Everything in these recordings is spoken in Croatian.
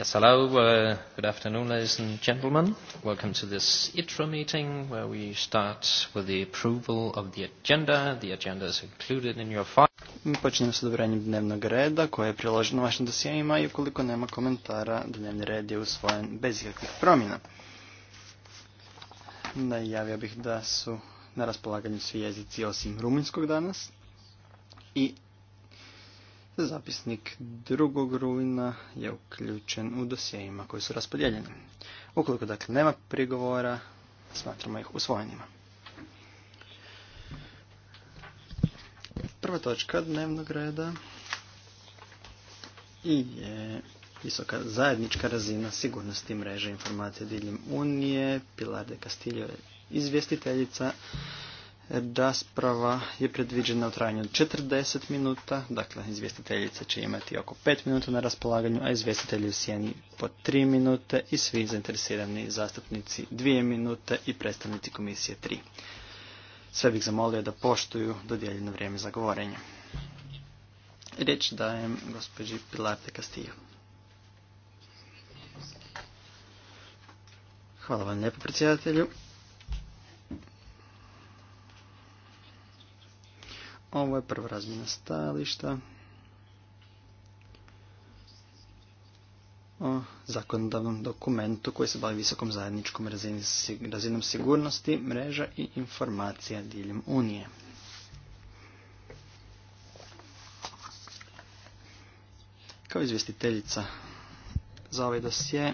Yes, hello. Uh, good afternoon, ladies and gentlemen. Welcome to this ITRA meeting where we start with the approval of the agenda. The agenda is included in your file. Počinjemo sa odobrenjem dnevnog reda koje je priloženo vašim dosijajima i ukoliko nema komentara, dnevni red je usvojen bez ikakvih promjena. Najavio bih da su na raspolaganju svi jezici osim rumunjskog danas i Zapisnik 2. rujna je uključen u dosjejima koji su raspodijeljeni. Ukoliko dakle nema prigovora, smatramo ih usvojenima. Prva točka dnevnog reda i je visoka zajednička razina sigurnosti mreže informacije diljem Unije. Pilar de Castillo izvjestiteljica. Rasprava je predviđena u trajanju od 40 minuta, dakle izvjestiteljica će imati oko 5 minuta na raspolaganju, a izvjestitelji u sjeni po 3 minute i svi zainteresirani zastupnici 2 minute i predstavnici komisije 3. Sve bih zamolio da poštuju dodijeljeno vrijeme za govorenje. Riječ dajem gospođi Pilate Castillo. Hvala vam lijepo predsjedatelju. Ovo je prva razmjena stajališta o zakonodavnom dokumentu koji se bavi visokom zajedničkom razinom sigurnosti, mreža i informacija diljem Unije. Kao izvjestiteljica za ovaj dosje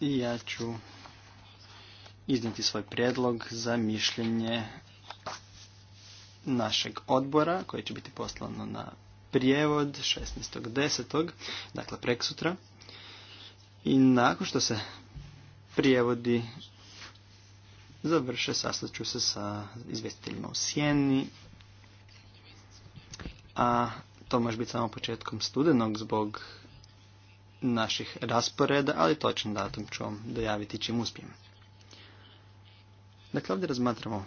i ja ću iznijeti svoj prijedlog za mišljenje našeg odbora koji će biti poslano na prijevod 16.10. dakle preksutra i nakon što se prijevodi završe sastaću se sa izvjestiteljima u Sjeni a to može biti samo početkom studenog zbog naših rasporeda, ali točan datum ću vam dojaviti čim uspijem. Dakle, ovdje razmatramo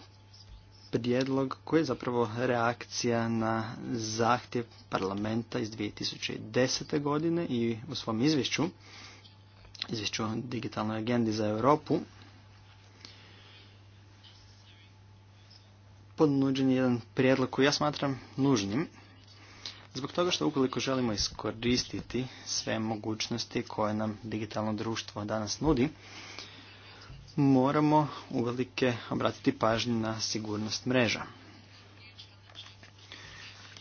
prijedlog koji je zapravo reakcija na zahtjev parlamenta iz 2010. godine i u svom izvješću, izvješću o digitalnoj agendi za Europu, ponuđen je jedan prijedlog koji ja smatram nužnim, zbog toga što ukoliko želimo iskoristiti sve mogućnosti koje nam digitalno društvo danas nudi, moramo uvelike obratiti pažnju na sigurnost mreža.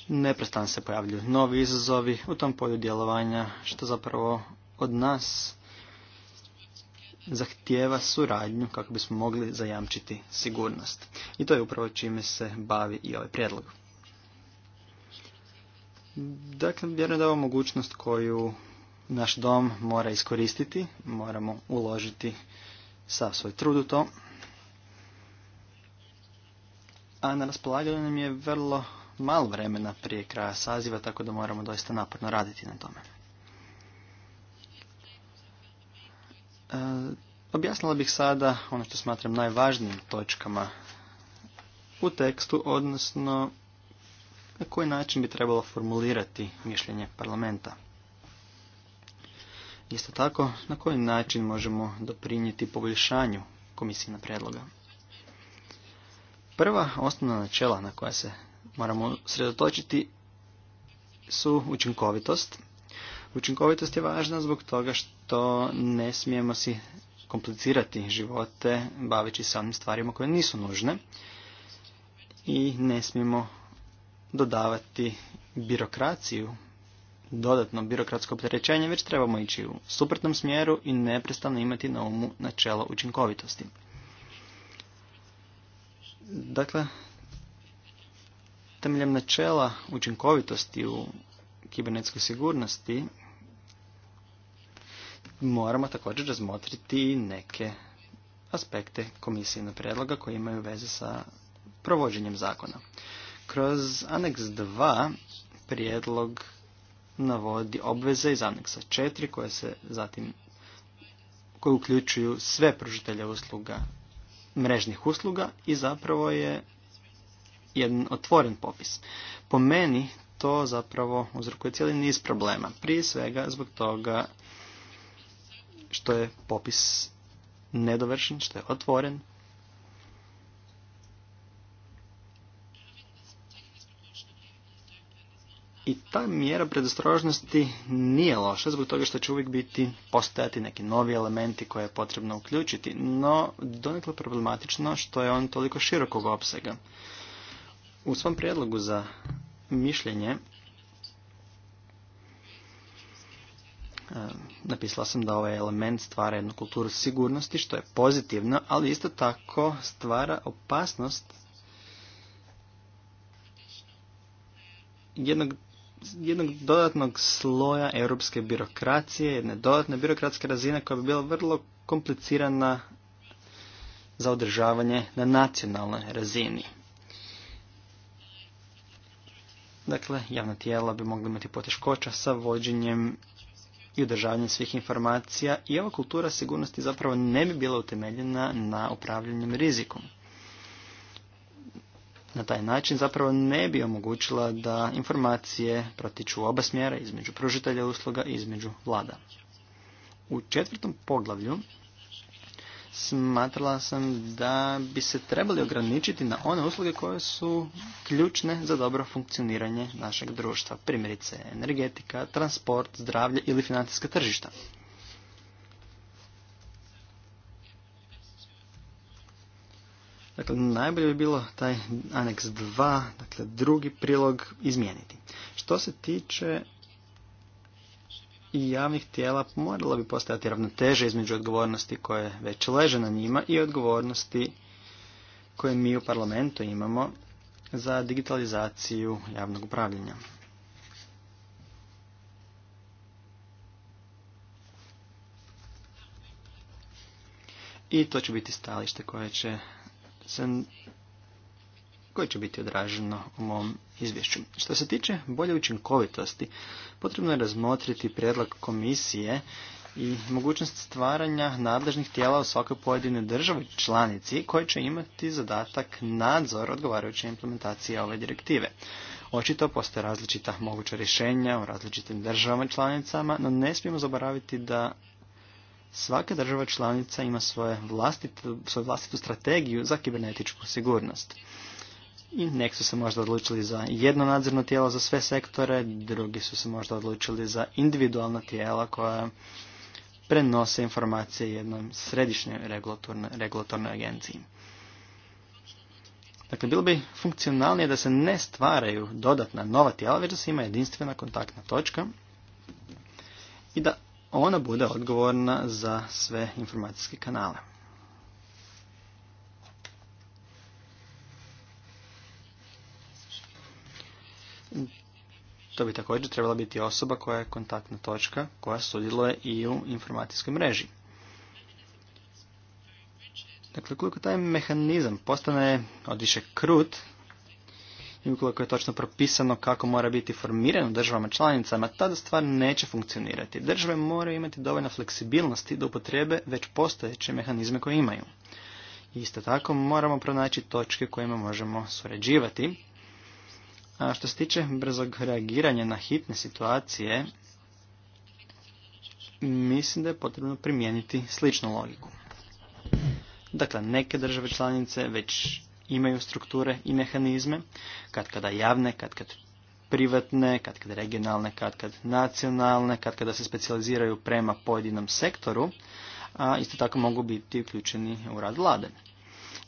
Neprestano se pojavljuju novi izazovi u tom polju djelovanja, što zapravo od nas zahtijeva suradnju kako bismo mogli zajamčiti sigurnost. I to je upravo čime se bavi i ovaj prijedlog. Dakle, vjerujem da je ovo mogućnost koju naš dom mora iskoristiti, moramo uložiti sav svoj trud u to. A na raspolaganju nam je vrlo malo vremena prije kraja saziva, tako da moramo doista naporno raditi na tome. E, objasnila bih sada ono što smatram najvažnijim točkama u tekstu, odnosno na koji način bi trebalo formulirati mišljenje parlamenta. Isto tako, na koji način možemo doprinijeti poboljšanju komisijna predloga. Prva osnovna načela na koja se moramo sredotočiti su učinkovitost. Učinkovitost je važna zbog toga što ne smijemo si komplicirati živote baveći se onim stvarima koje nisu nužne i ne smijemo dodavati birokraciju dodatno birokratsko opterećenje, već trebamo ići u suprotnom smjeru i neprestano imati na umu načelo učinkovitosti. Dakle, temeljem načela učinkovitosti u kibernetskoj sigurnosti moramo također razmotriti neke aspekte na predloga koji imaju veze sa provođenjem zakona. Kroz aneks 2 prijedlog navodi obveze iz aneksa 4 koje se zatim koje uključuju sve pružitelje usluga, mrežnih usluga i zapravo je jedan otvoren popis. Po meni to zapravo uzrokuje cijeli niz problema. Prije svega zbog toga što je popis nedovršen, što je otvoren, I ta mjera predostrožnosti nije loša zbog toga što će uvijek biti postojati neki novi elementi koje je potrebno uključiti, no donekle problematično što je on toliko širokog opsega. U svom prijedlogu za mišljenje e, napisala sam da ovaj element stvara jednu kulturu sigurnosti što je pozitivno, ali isto tako stvara opasnost jednog jednog dodatnog sloja europske birokracije, jedne dodatne birokratske razine koja bi bila vrlo komplicirana za održavanje na nacionalnoj razini. Dakle, javna tijela bi mogla imati poteškoća sa vođenjem i održavanjem svih informacija i ova kultura sigurnosti zapravo ne bi bila utemeljena na upravljanjem rizikom na taj način zapravo ne bi omogućila da informacije protiču oba smjera između pružitelja usluga i između vlada. U četvrtom poglavlju smatrala sam da bi se trebali ograničiti na one usluge koje su ključne za dobro funkcioniranje našeg društva, primjerice energetika, transport, zdravlje ili financijska tržišta. Dakle, najbolje bi bilo taj aneks 2, dakle drugi prilog, izmijeniti. Što se tiče i javnih tijela morala bi postojati ravnoteže između odgovornosti koje već leže na njima i odgovornosti koje mi u parlamentu imamo za digitalizaciju javnog upravljanja. I to će biti stalište koje će sam, koje će biti odraženo u mom izvješću. Što se tiče bolje učinkovitosti, potrebno je razmotriti prijedlog komisije i mogućnost stvaranja nadležnih tijela u svakoj pojedinoj državi članici koji će imati zadatak nadzor odgovarajuće implementacije ove direktive. Očito postoje različita moguća rješenja u različitim državama članicama, no ne smijemo zaboraviti da svaka država članica ima svoje vlastitu, svoju vlastitu strategiju za kibernetičku sigurnost. I neki su se možda odlučili za jedno nadzorno tijelo za sve sektore, drugi su se možda odlučili za individualna tijela koja prenose informacije jednom središnjoj regulatornoj, regulatornoj agenciji. Dakle, bilo bi funkcionalnije da se ne stvaraju dodatna nova tijela, već da se ima jedinstvena kontaktna točka i da ona bude odgovorna za sve informacijske kanale. To bi također trebala biti osoba koja je kontaktna točka koja sudjeluje i u informacijskoj mreži. Dakle, koliko taj mehanizam postane odviše krut, i ukoliko je točno propisano kako mora biti formirano državama članicama, tada stvar neće funkcionirati. Države moraju imati dovoljno fleksibilnosti da upotrebe već postojeće mehanizme koje imaju. Isto tako moramo pronaći točke kojima možemo surađivati. A što se tiče brzog reagiranja na hitne situacije, mislim da je potrebno primijeniti sličnu logiku. Dakle, neke države članice već imaju strukture i mehanizme, kad kada javne, kad kad privatne, kad kada regionalne, kad kad nacionalne, kad kada se specijaliziraju prema pojedinom sektoru, a isto tako mogu biti uključeni u rad vlade.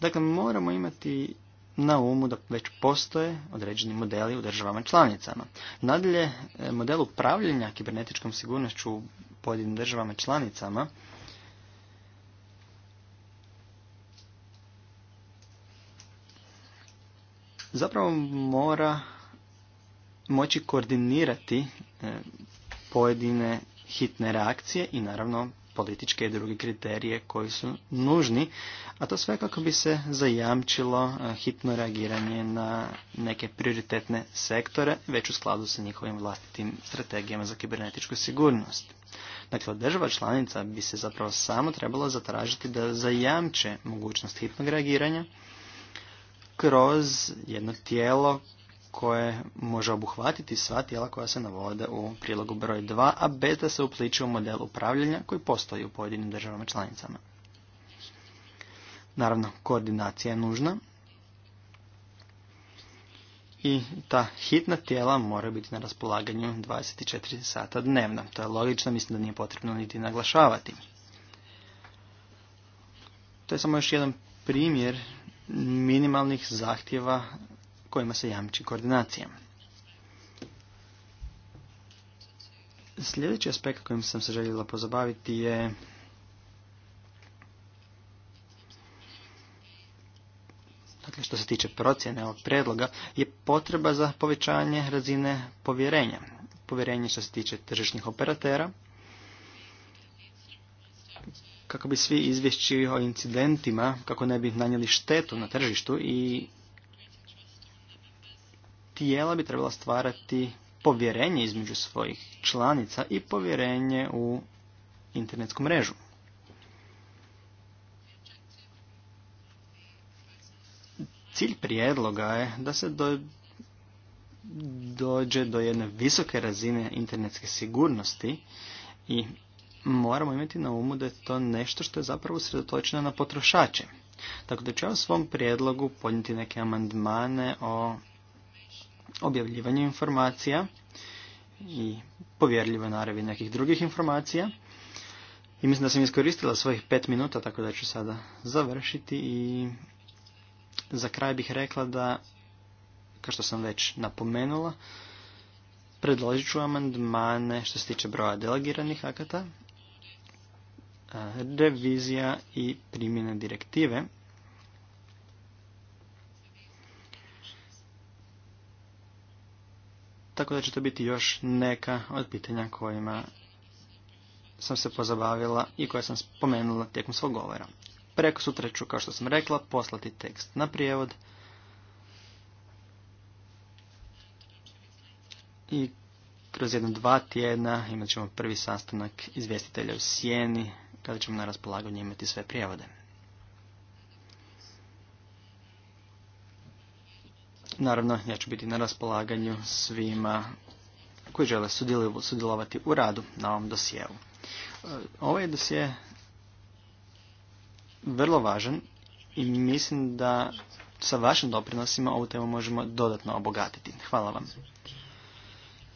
Dakle, moramo imati na umu da već postoje određeni modeli u državama članicama. Nadalje, e, model upravljanja kibernetičkom sigurnošću u pojedinim državama članicama zapravo mora moći koordinirati e, pojedine hitne reakcije i naravno političke i druge kriterije koji su nužni, a to sve kako bi se zajamčilo e, hitno reagiranje na neke prioritetne sektore, već u skladu sa njihovim vlastitim strategijama za kibernetičku sigurnost. Dakle, država članica bi se zapravo samo trebala zatražiti da zajamče mogućnost hitnog reagiranja, kroz jedno tijelo koje može obuhvatiti sva tijela koja se navode u prilogu broj 2, a bez da se upliče u model upravljanja koji postoji u pojedinim državama članicama. Naravno, koordinacija je nužna i ta hitna tijela mora biti na raspolaganju 24 sata dnevno. To je logično, mislim da nije potrebno niti naglašavati. To je samo još jedan primjer minimalnih zahtjeva kojima se jamči koordinacija. Sljedeći aspekt kojim sam se željela pozabaviti je dakle, što se tiče procjene ovog predloga je potreba za povećanje razine povjerenja. Povjerenje što se tiče tržišnih operatera, kako bi svi izvješći o incidentima, kako ne bi nanijeli štetu na tržištu i tijela bi trebala stvarati povjerenje između svojih članica i povjerenje u internetsku mrežu. Cilj prijedloga je da se dođe do jedne visoke razine internetske sigurnosti i moramo imati na umu da je to nešto što je zapravo sredotočeno na potrošače. Tako da ću ja u svom prijedlogu podnijeti neke amandmane o objavljivanju informacija i povjerljivo naravi nekih drugih informacija. I mislim da sam iskoristila svojih pet minuta, tako da ću sada završiti i za kraj bih rekla da, kao što sam već napomenula, predložit ću amandmane što se tiče broja delegiranih akata revizija i primjena direktive. Tako da će to biti još neka od pitanja kojima sam se pozabavila i koja sam spomenula tijekom svog govora. Preko sutra ću, kao što sam rekla, poslati tekst na prijevod. I kroz jedno dva tjedna imat ćemo prvi sastanak izvjestitelja u Sijeni kada ćemo na raspolaganju imati sve prijevode. Naravno, ja ću biti na raspolaganju svima koji žele sudjelovati u radu na ovom je e, Ovaj dosije vrlo važan i mislim da sa vašim doprinosima ovu temu možemo dodatno obogatiti. Hvala vam.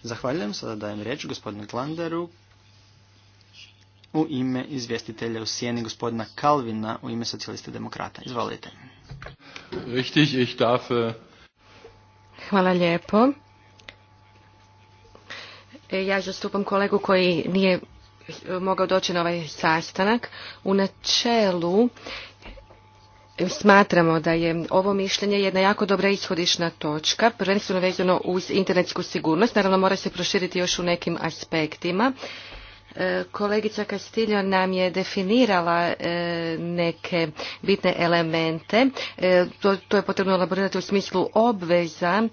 Zahvaljujem, sada dajem riječ gospodinu Klanderu u ime izvjestitelja u sjeni gospodina Kalvina u ime socijaliste demokrata. Izvolite. Richtig, ich darf... Eh, Hvala lijepo. E, ja zastupam kolegu koji nije mogao doći na ovaj sastanak. U načelu e, smatramo da je ovo mišljenje jedna jako dobra ishodišna točka, prvenstveno vezano uz internetsku sigurnost. Naravno mora se proširiti još u nekim aspektima. E, kolegica Castillo nam je definirala e, neke bitne elemente. E, to je potrebno elaborirati u smislu obveza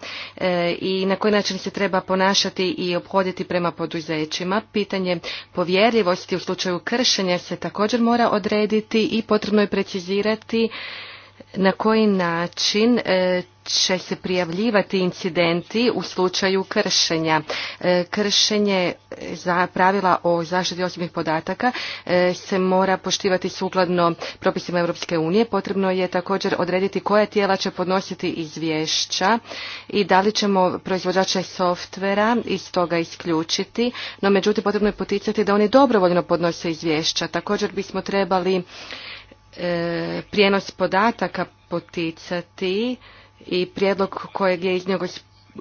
i na koji način se treba ponašati i obhoditi prema poduzećima. Pitanje povjerljivosti u slučaju kršenja se također mora odrediti i potrebno je precizirati na koji način e, će se prijavljivati incidenti u slučaju kršenja. E, kršenje za pravila o zaštiti osobnih podataka e, se mora poštivati sukladno propisima Europske unije. Potrebno je također odrediti koja tijela će podnositi izvješća i da li ćemo proizvođače softvera iz toga isključiti, no međutim potrebno je poticati da oni dobrovoljno podnose izvješća. Također bismo trebali E, prijenos podataka poticati i prijedlog kojeg je iznio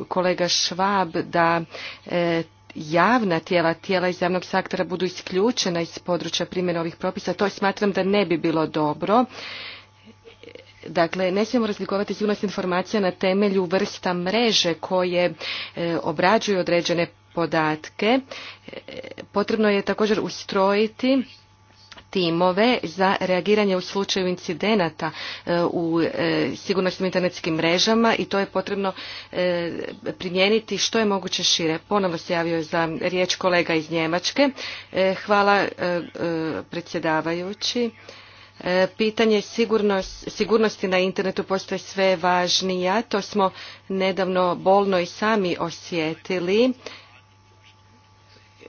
kolega Švab da e, javna tijela, tijela iz javnog sektora budu isključena iz područja primjene ovih propisa, to smatram da ne bi bilo dobro. Dakle, ne smijemo razlikovati sigurnost informacija na temelju vrsta mreže koje e, obrađuju određene podatke. Potrebno je također ustrojiti timove za reagiranje u slučaju incidenata e, u e, sigurnosnim internetskim mrežama i to je potrebno e, primijeniti što je moguće šire. Ponovo se javio za riječ kolega iz Njemačke. Hvala predsjedavajući. Pitanje sigurnosti na internetu postoje sve važnija. To smo nedavno bolno i sami osjetili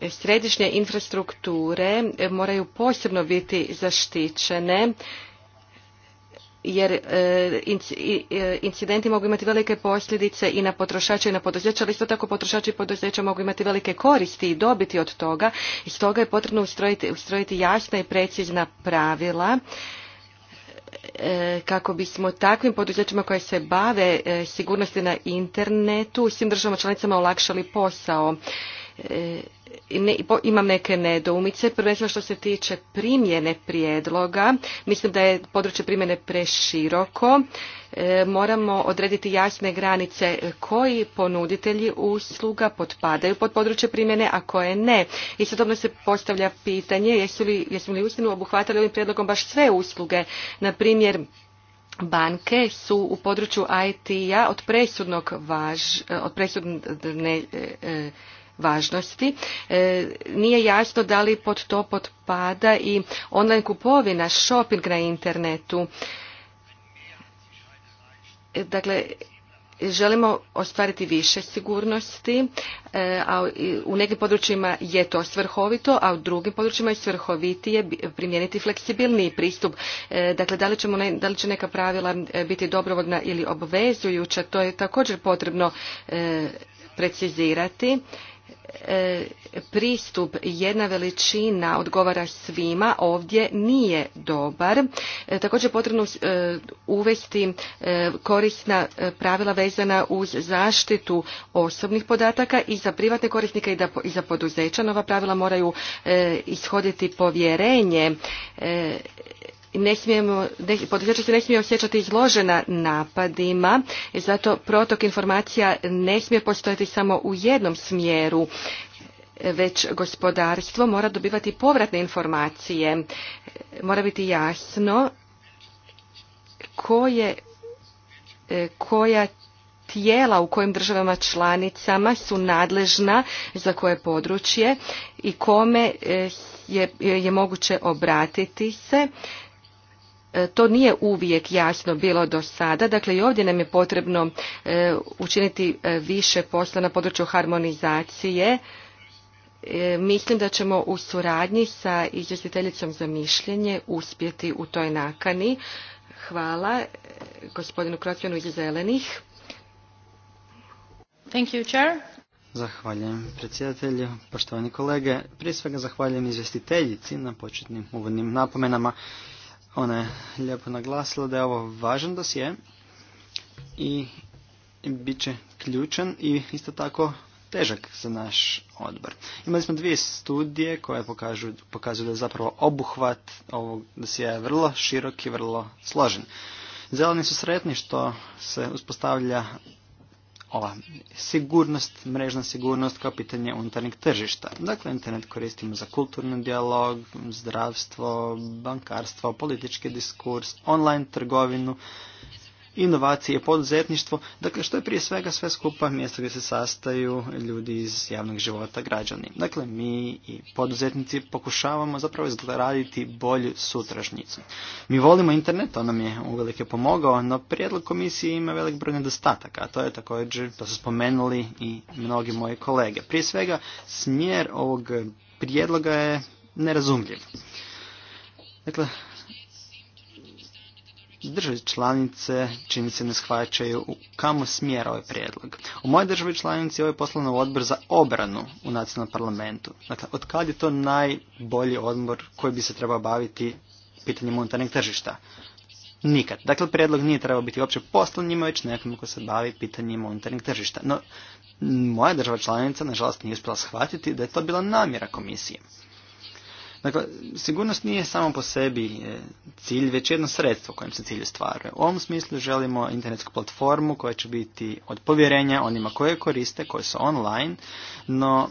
središnje infrastrukture moraju posebno biti zaštićene jer e, e, incidenti mogu imati velike posljedice i na potrošače i na poduzeća, ali isto tako potrošači i poduzeća mogu imati velike koristi i dobiti od toga. I stoga je potrebno ustrojiti, ustrojiti jasna i precizna pravila e, kako bismo takvim poduzećima koje se bave sigurnosti na internetu u svim državama članicama olakšali posao. E, imam neke nedoumice, prvenstveno što se tiče primjene prijedloga. Mislim da je područje primjene preširoko. E, moramo odrediti jasne granice koji ponuditelji usluga potpadaju pod područje primjene, a koje ne. Istodobno se postavlja pitanje jesu li, ustinu li obuhvatili ovim prijedlogom baš sve usluge, na primjer banke su u području IT-a od presudnog važ, od presudne e, važnosti. E, nije jasno da li pod to potpada i online kupovina, shopping na internetu. E, dakle, želimo ostvariti više sigurnosti, e, a u nekim područjima je to svrhovito, a u drugim područjima je svrhovitije primijeniti fleksibilniji pristup. Dakle, da li, ćemo, da li će neka pravila biti dobrovodna ili obvezujuća, to je također potrebno precizirati. E, pristup jedna veličina odgovara svima ovdje nije dobar. E, također potrebno e, uvesti korisna pravila vezana uz zaštitu osobnih podataka i za privatne korisnike i za poduzeća. Nova pravila moraju ishoditi povjerenje ne se ne smije osjećati izložena napadima i zato protok informacija ne smije postojati samo u jednom smjeru već gospodarstvo mora dobivati povratne informacije. Mora biti jasno koje, e, koja tijela u kojim državama članicama su nadležna za koje područje i kome e, je, je moguće obratiti se E, to nije uvijek jasno bilo do sada. Dakle, i ovdje nam je potrebno e, učiniti e, više posla na području harmonizacije. Mislim da ćemo u suradnji sa izvjestiteljicom za mišljenje uspjeti u toj nakani. Hvala gospodinu Krotjonu iz Zelenih. Zahvaljujem predsjedatelju, poštovani kolege. Prije svega zahvaljujem izvjestiteljici na početnim uvodnim napomenama ona je lijepo naglasila da je ovo važan dosje i bit će ključan i isto tako težak za naš odbor. Imali smo dvije studije koje pokazuju da je zapravo obuhvat ovog je vrlo širok i vrlo složen. Zeleni su sretni što se uspostavlja ova sigurnost, mrežna sigurnost kao pitanje unutarnjeg tržišta. Dakle, internet koristimo za kulturni dijalog, zdravstvo, bankarstvo, politički diskurs, online trgovinu inovacije poduzetništvo, dakle što je prije svega sve skupa mjesto gdje se sastaju ljudi iz javnog života građani. Dakle, mi i poduzetnici pokušavamo zapravo izgraditi bolju sutrašnjicu. Mi volimo internet, on nam je uvelike pomogao, no prijedlog komisije ima velik broj nedostataka, a to je također, to su spomenuli i mnogi moji kolege. Prije svega, smjer ovog prijedloga je nerazumljiv. Dakle, države članice čini se ne shvaćaju u kamo smjera ovaj prijedlog. U mojoj državi članici ovo je ovaj poslano odbor za obranu u nacionalnom parlamentu. Dakle, od kad je to najbolji odbor koji bi se trebao baviti pitanjem unutarnjeg tržišta? Nikad. Dakle, prijedlog nije trebao biti uopće poslan njima, već nekom ko se bavi pitanjima unutarnjeg tržišta. No, moja država članica, nažalost, nije uspjela shvatiti da je to bila namjera komisije. Dakle, sigurnost nije samo po sebi e, cilj, već jedno sredstvo kojim se cilje stvaruje. U ovom smislu želimo internetsku platformu koja će biti od povjerenja onima koje koriste, koje su online, no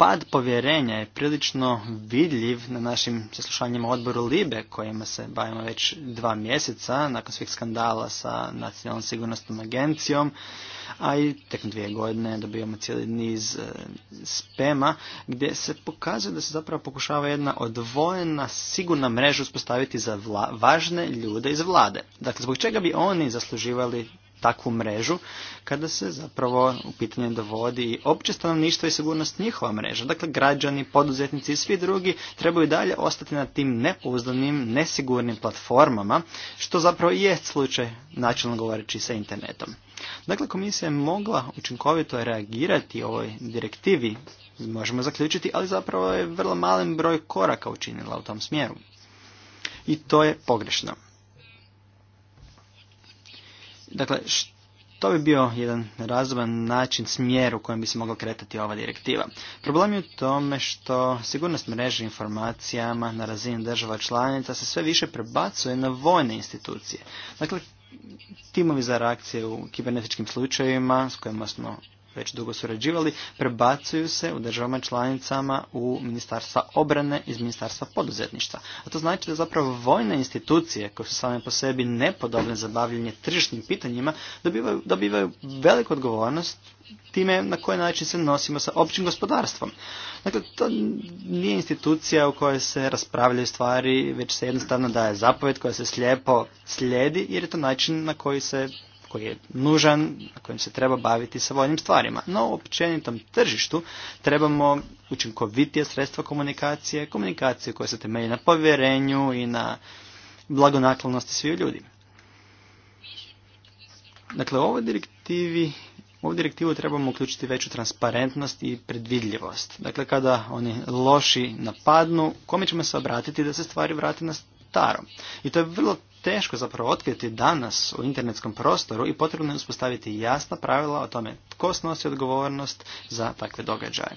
pad povjerenja je prilično vidljiv na našim saslušanjima odboru Libe kojima se bavimo već dva mjeseca nakon svih skandala sa Nacionalnom sigurnosnom agencijom, a i tek dvije godine dobijamo cijeli niz e, spema gdje se pokazuje da se zapravo pokušava jedna odvojena sigurna mreža uspostaviti za važne ljude iz vlade. Dakle, zbog čega bi oni zasluživali takvu mrežu kada se zapravo u pitanje dovodi i opće stanovništvo i sigurnost njihova mreža. Dakle, građani, poduzetnici i svi drugi trebaju dalje ostati na tim nepouzdanim, nesigurnim platformama, što zapravo i je slučaj načelno govoreći sa internetom. Dakle, komisija je mogla učinkovito reagirati ovoj direktivi, možemo zaključiti, ali zapravo je vrlo malen broj koraka učinila u tom smjeru. I to je pogrešno. Dakle, to bi bio jedan razuman način, smjer u kojem bi se mogla kretati ova direktiva. Problem je u tome što sigurnost mreže informacijama na razini država članica se sve više prebacuje na vojne institucije. Dakle, timovi za reakcije u kibernetičkim slučajevima s kojima smo već dugo surađivali, prebacuju se u državama članicama u ministarstva obrane iz ministarstva poduzetništva. A to znači da zapravo vojne institucije koje su same po sebi nepodobne za bavljanje tržišnim pitanjima dobivaju, dobivaju veliku odgovornost time na koji način se nosimo sa općim gospodarstvom. Dakle, to nije institucija u kojoj se raspravljaju stvari, već se jednostavno daje zapovjed koja se slijepo slijedi, jer je to način na koji se koji je nužan, na kojem se treba baviti sa vojnim stvarima. No, u općenitom tržištu trebamo učinkovitije sredstva komunikacije, komunikacije koje se temelji na povjerenju i na blagonaklonosti svih ljudi. Dakle, u ovoj direktivi u direktivu trebamo uključiti veću transparentnost i predvidljivost. Dakle, kada oni loši napadnu, kome ćemo se obratiti da se stvari vrate na staro? I to je vrlo teško zapravo otkriti danas u internetskom prostoru i potrebno je uspostaviti jasna pravila o tome tko snosi odgovornost za takve događaje.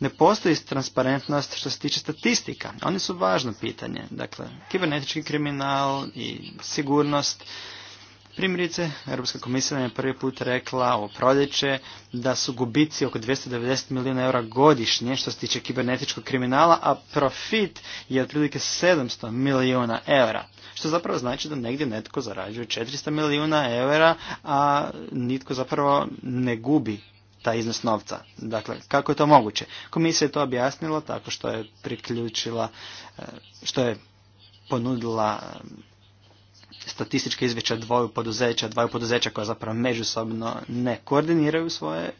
Ne postoji transparentnost što se tiče statistika. Oni su važno pitanje. Dakle, kibernetički kriminal i sigurnost. Primjerice, Europska komisija nam je prvi put rekla o proljeće da su gubici oko 290 milijuna eura godišnje što se tiče kibernetičkog kriminala, a profit je otprilike 700 milijuna eura što zapravo znači da negdje netko zarađuje 400 milijuna eura, a nitko zapravo ne gubi taj iznos novca. Dakle, kako je to moguće? Komisija je to objasnila tako što je priključila, eh, što je ponudila eh, statistička izvješća dvoju poduzeća, dvaju poduzeća koja zapravo međusobno ne koordiniraju svoje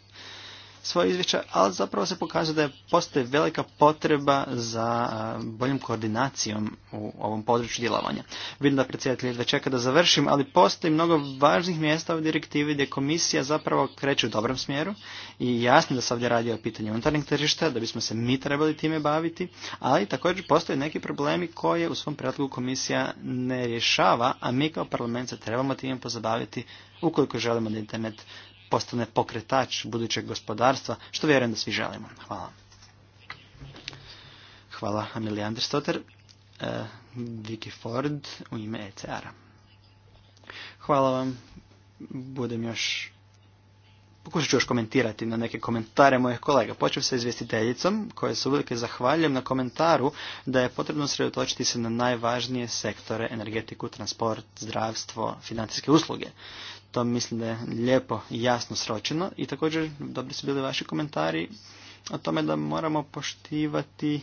svoje izvješće, ali zapravo se pokazuje da je postoji velika potreba za boljom koordinacijom u ovom području djelovanja. Vidim da predsjedatelj da čeka da završim, ali postoji mnogo važnih mjesta u direktivi gdje komisija zapravo kreće u dobrom smjeru i jasno da se ovdje radi o pitanju unutarnjeg tržišta, da bismo se mi trebali time baviti, ali također postoje neki problemi koje u svom prijedlogu komisija ne rješava, a mi kao parlament se trebamo time pozabaviti ukoliko želimo da internet postane pokretač budućeg gospodarstva, što vjerujem da svi želimo. Hvala. Hvala Amelie Anderstotter, e, Vicky Ford u ime ECR-a. Hvala vam, budem još, pokušat ću još komentirati na neke komentare mojih kolega. Počeo sa izvjestiteljicom koje se uvijek zahvaljujem na komentaru da je potrebno sredotočiti se na najvažnije sektore, energetiku, transport, zdravstvo, financijske usluge. To mislim da je lijepo i jasno sročeno i također dobri su bili vaši komentari o tome da moramo poštivati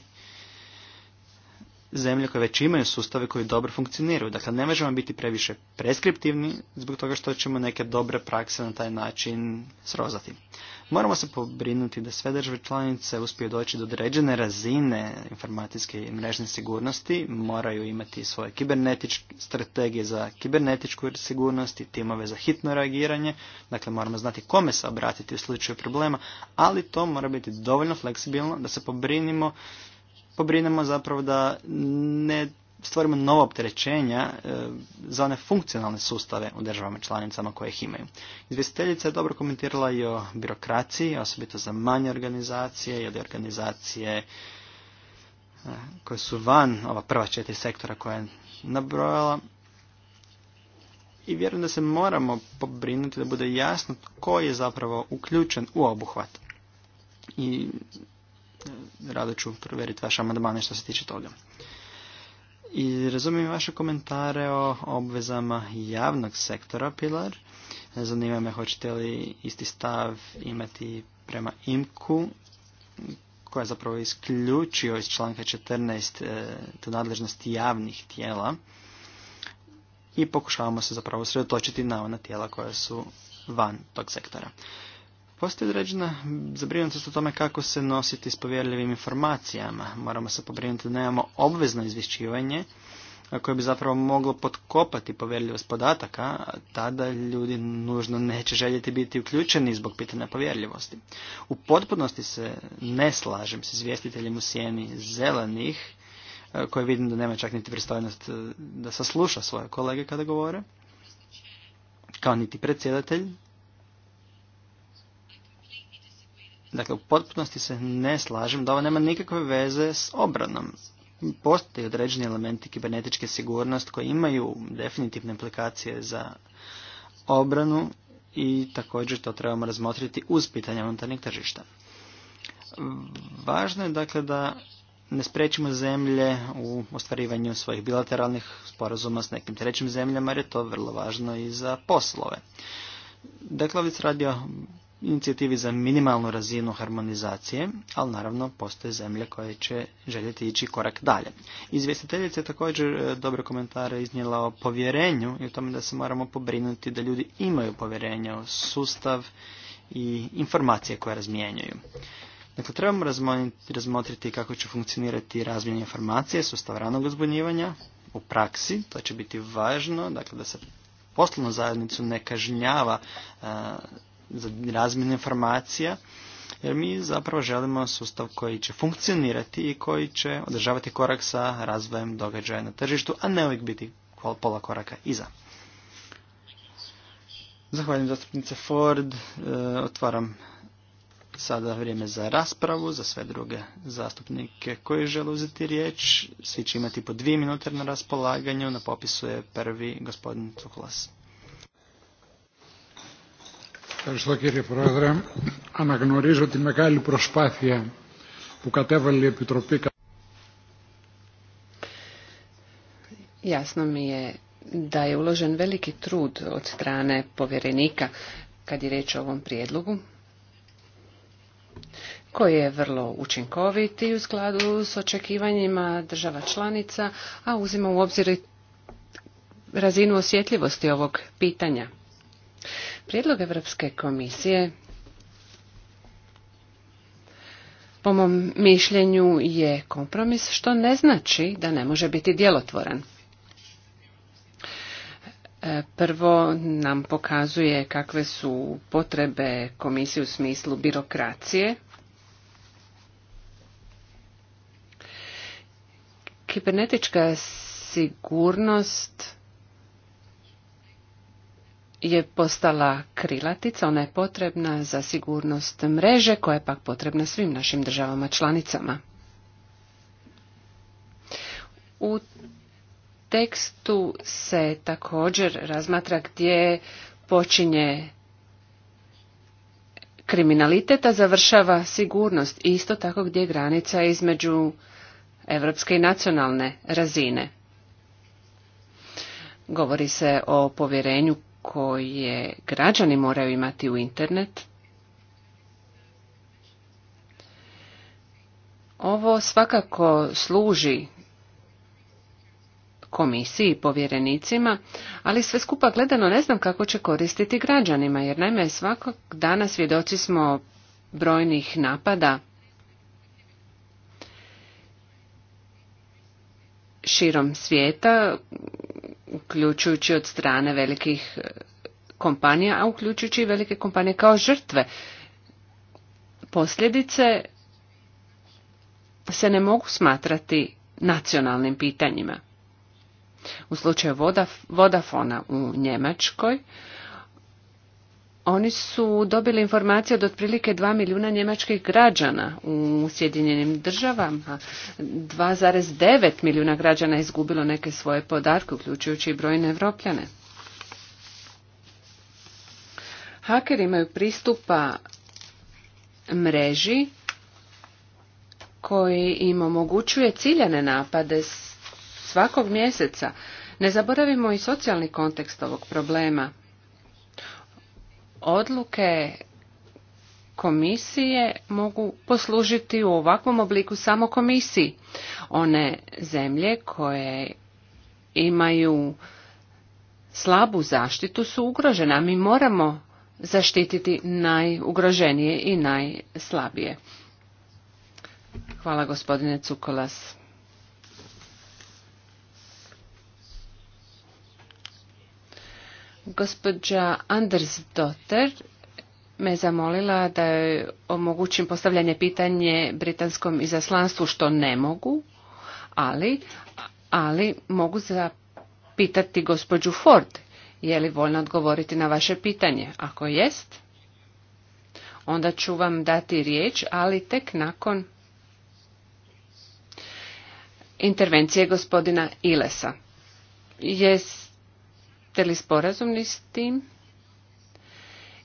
zemlje koje već imaju sustave koji dobro funkcioniraju. Dakle, ne možemo biti previše preskriptivni zbog toga što ćemo neke dobre prakse na taj način srozati. Moramo se pobrinuti da sve države članice uspiju doći do određene razine informacijske i mrežne sigurnosti, moraju imati svoje kibernetičke strategije za kibernetičku sigurnost i timove za hitno reagiranje. Dakle, moramo znati kome se obratiti u slučaju problema, ali to mora biti dovoljno fleksibilno da se pobrinimo pobrinemo zapravo da ne stvorimo nova opterećenja e, za one funkcionalne sustave u državama članicama koje ih imaju. Izvjestiteljica je dobro komentirala i o birokraciji, osobito za manje organizacije ili organizacije e, koje su van ova prva četiri sektora koja je nabrojala. I vjerujem da se moramo pobrinuti da bude jasno tko je zapravo uključen u obuhvat. I rado ću provjeriti vaše amandmane što se tiče toga. I razumijem vaše komentare o obvezama javnog sektora Pilar. Zanima me hoćete li isti stav imati prema IMKU koja zapravo isključio iz članka 14 e, nadležnosti javnih tijela i pokušavamo se zapravo sredotočiti na ona tijela koja su van tog sektora. Postoji određena zabrinutost o tome kako se nositi s povjerljivim informacijama. Moramo se pobrinuti da nemamo obvezno izvješćivanje koje bi zapravo moglo potkopati povjerljivost podataka, tada ljudi nužno neće željeti biti uključeni zbog pitanja povjerljivosti. U potpunosti se ne slažem s izvjestiteljem u sjeni zelenih, koje vidim da nema čak niti pristojnost e, da sasluša svoje kolege kada govore, kao niti predsjedatelj, Dakle, u potpunosti se ne slažem da ovo nema nikakve veze s obranom. Postoje određeni elementi kibernetičke sigurnosti koji imaju definitivne implikacije za obranu i također to trebamo razmotriti uz pitanje unutarnjeg tržišta. Važno je dakle da ne sprečimo zemlje u ostvarivanju svojih bilateralnih sporazuma s nekim trećim zemljama jer je to vrlo važno i za poslove. Dakle, ovdje radi o inicijativi za minimalnu razinu harmonizacije, ali naravno postoje zemlje koje će željeti ići korak dalje. Izvjestiteljica je također e, dobre komentare iznijela o povjerenju i o tome da se moramo pobrinuti da ljudi imaju povjerenje u sustav i informacije koje razmijenjuju. Dakle, trebamo razmotriti kako će funkcionirati razmjena informacije, sustav ranog uzbunjivanja u praksi. To će biti važno, dakle, da se poslovnu zajednicu ne kažnjava e, za razmjen informacija jer mi zapravo želimo sustav koji će funkcionirati i koji će održavati korak sa razvojem događaja na tržištu, a ne uvijek biti pola koraka iza. Zahvaljujem zastupnice Ford. E, otvaram sada vrijeme za raspravu, za sve druge zastupnike koji žele uzeti riječ. Svi će imati po dvije minute na raspolaganju. Na popisu je prvi gospodin Cuklas. Ευχαριστώ κύριε Πρόεδρε. Αναγνωρίζω τη μεγάλη προσπάθεια που κατέβαλε η Jasno mi je da je uložen veliki trud od strane povjerenika kad je riječ o ovom prijedlogu koji je vrlo učinkovit i u skladu s očekivanjima država članica, a uzima u obzir razinu osjetljivosti ovog pitanja. Prijedlog Europske komisije po mom mišljenju je kompromis što ne znači da ne može biti djelotvoran. E, prvo nam pokazuje kakve su potrebe komisije u smislu birokracije. Kibernetička sigurnost je postala krilatica, ona je potrebna za sigurnost mreže koja je pak potrebna svim našim državama članicama. U tekstu se također razmatra gdje počinje kriminaliteta završava sigurnost i isto tako gdje je granica između evropske i nacionalne razine. Govori se o povjerenju koje građani moraju imati u internet. Ovo svakako služi komisiji i povjerenicima, ali sve skupa gledano ne znam kako će koristiti građanima, jer naime svakog dana svjedoci smo brojnih napada širom svijeta uključujući od strane velikih e, kompanija, a uključujući i velike kompanije kao žrtve. Posljedice se ne mogu smatrati nacionalnim pitanjima. U slučaju Vodafona u Njemačkoj oni su dobili informacije od otprilike 2 milijuna njemačkih građana u Sjedinjenim državama. 2,9 milijuna građana je izgubilo neke svoje podatke, uključujući i brojne evropljane. Hakeri imaju pristupa mreži koji im omogućuje ciljane napade svakog mjeseca. Ne zaboravimo i socijalni kontekst ovog problema. Odluke komisije mogu poslužiti u ovakvom obliku samo komisiji. One zemlje koje imaju slabu zaštitu su ugrožene, a mi moramo zaštititi najugroženije i najslabije. Hvala gospodine Cukolas. Gospođa Anders me zamolila da joj omogućim postavljanje pitanje britanskom izaslanstvu što ne mogu, ali, ali mogu zapitati gospođu Ford je li voljna odgovoriti na vaše pitanje. Ako jest, onda ću vam dati riječ, ali tek nakon intervencije gospodina Ilesa. Jest te li sporazumni s tim?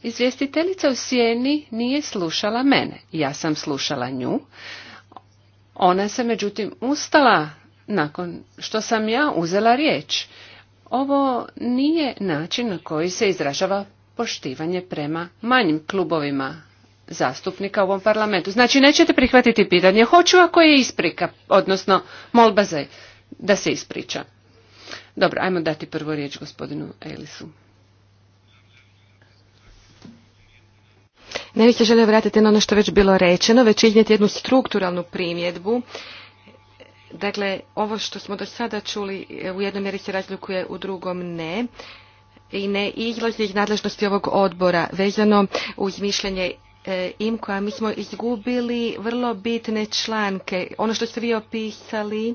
Izvjestiteljica u sjeni nije slušala mene. Ja sam slušala nju. Ona se međutim ustala nakon što sam ja uzela riječ. Ovo nije način na koji se izražava poštivanje prema manjim klubovima zastupnika u ovom parlamentu. Znači nećete prihvatiti pitanje. Hoću ako je isprika, odnosno molba za da se ispriča. Dobro, ajmo dati prvo riječ gospodinu Elisu. Ne bih se želio vratiti na ono što već bilo rečeno, već iznijeti jednu strukturalnu primjedbu. Dakle, ovo što smo do sada čuli e, u jednom mjeri se razlikuje, u drugom ne i ne izlazi iz nadležnosti ovog odbora vezano uz mišljenje E, a mi smo izgubili vrlo bitne članke. Ono što ste vi opisali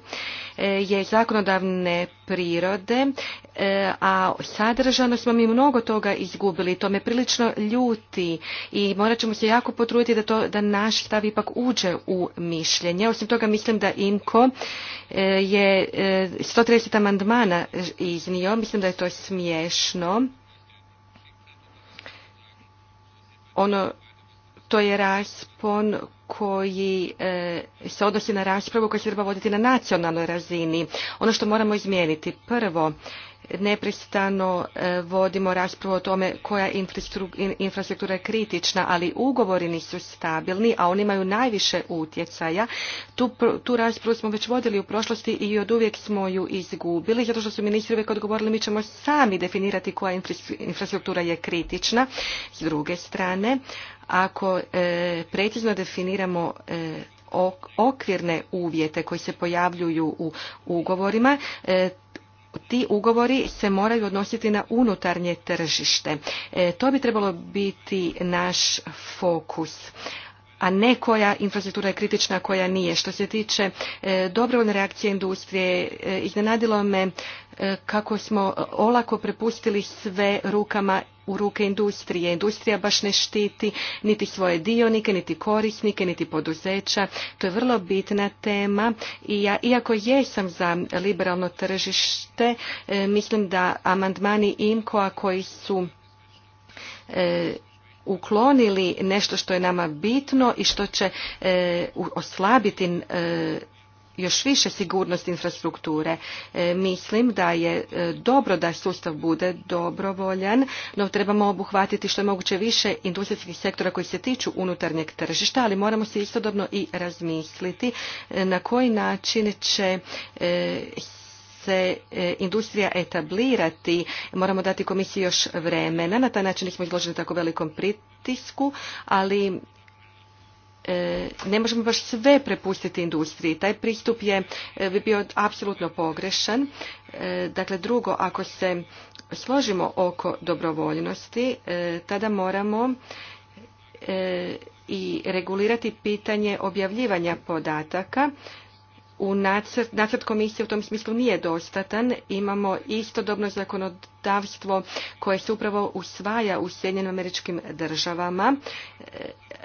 e, je zakonodavne prirode, e, a sadržano smo mi mnogo toga izgubili. To me prilično ljuti i morat ćemo se jako potruditi da, to, da naš stav ipak uđe u mišljenje. Osim toga mislim da imko je 130 amandmana iznio. Mislim da je to smiješno. Ono to je raspon koji e, se odnosi na raspravu koja se treba voditi na nacionalnoj razini. Ono što moramo izmijeniti, prvo, nepristano e, vodimo raspravu o tome koja infrastruktura je kritična, ali ugovori nisu stabilni, a oni imaju najviše utjecaja. Tu, tu raspravu smo već vodili u prošlosti i od uvijek smo ju izgubili, zato što su ministri uvijek odgovorili mi ćemo sami definirati koja infrastruktura je kritična. S druge strane, ako e, precizno definiramo e, okvirne uvjete koji se pojavljuju u ugovorima, e, ti ugovori se moraju odnositi na unutarnje tržište. To bi trebalo biti naš fokus a ne koja infrastruktura je kritična, a koja nije. Što se tiče e, dobrovoljne reakcije industrije, e, iznenadilo me e, kako smo olako prepustili sve rukama u ruke industrije. Industrija baš ne štiti niti svoje dionike, niti korisnike, niti poduzeća. To je vrlo bitna tema i ja, iako jesam za liberalno tržište, mislim da amandmani IMKO-a koji su uklonili nešto što je nama bitno i što će e, oslabiti e, još više sigurnost infrastrukture. E, mislim da je dobro da sustav bude dobrovoljan, no trebamo obuhvatiti što je moguće više industrijskih sektora koji se tiču unutarnjeg tržišta, ali moramo se istodobno i razmisliti na koji način će se e, industrija etablirati, moramo dati komisiji još vremena. Na taj način nismo izloženi tako velikom pritisku, ali e, ne možemo baš sve prepustiti industriji. Taj pristup je e, bi bio apsolutno pogrešan. Dakle, drugo, ako se složimo oko dobrovoljnosti, tada moramo i regulirati pitanje objavljivanja podataka u nacrt, komisije u tom smislu nije dostatan. Imamo istodobno zakonodavstvo koje se upravo usvaja u Sjedinjenim američkim državama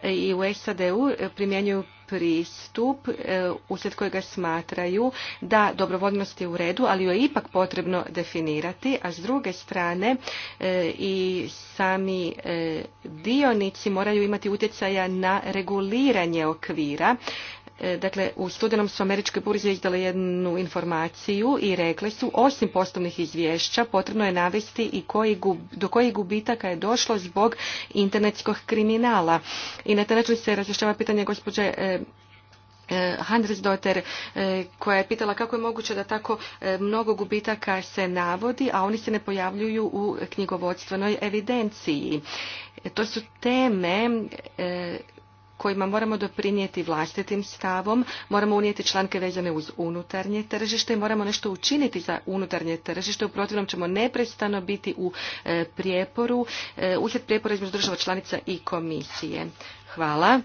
e, i u SAD-u primjenjuju pristup e, uslijed kojega smatraju da dobrovoljnost je u redu, ali joj je ipak potrebno definirati, a s druge strane e, i sami dionici moraju imati utjecaja na reguliranje okvira. E, dakle, u studenom su američke burze izdale jednu informaciju i rekle su, osim poslovnih izvješća, potrebno je navesti i koji, do kojih gubitaka je došlo zbog internetskog kriminala. I na taj način se razrješava pitanje gospođe e, e, Handelsdotter koja je pitala kako je moguće da tako mnogo gubitaka se navodi, a oni se ne pojavljuju u knjigovodstvenoj evidenciji. To su teme kojima moramo doprinijeti vlastitim stavom, moramo unijeti članke vezane uz unutarnje tržište i moramo nešto učiniti za unutarnje tržište. U protivnom ćemo neprestano biti u e, prijeporu, e, uslijed prijepora između država članica i komisije. Hvala.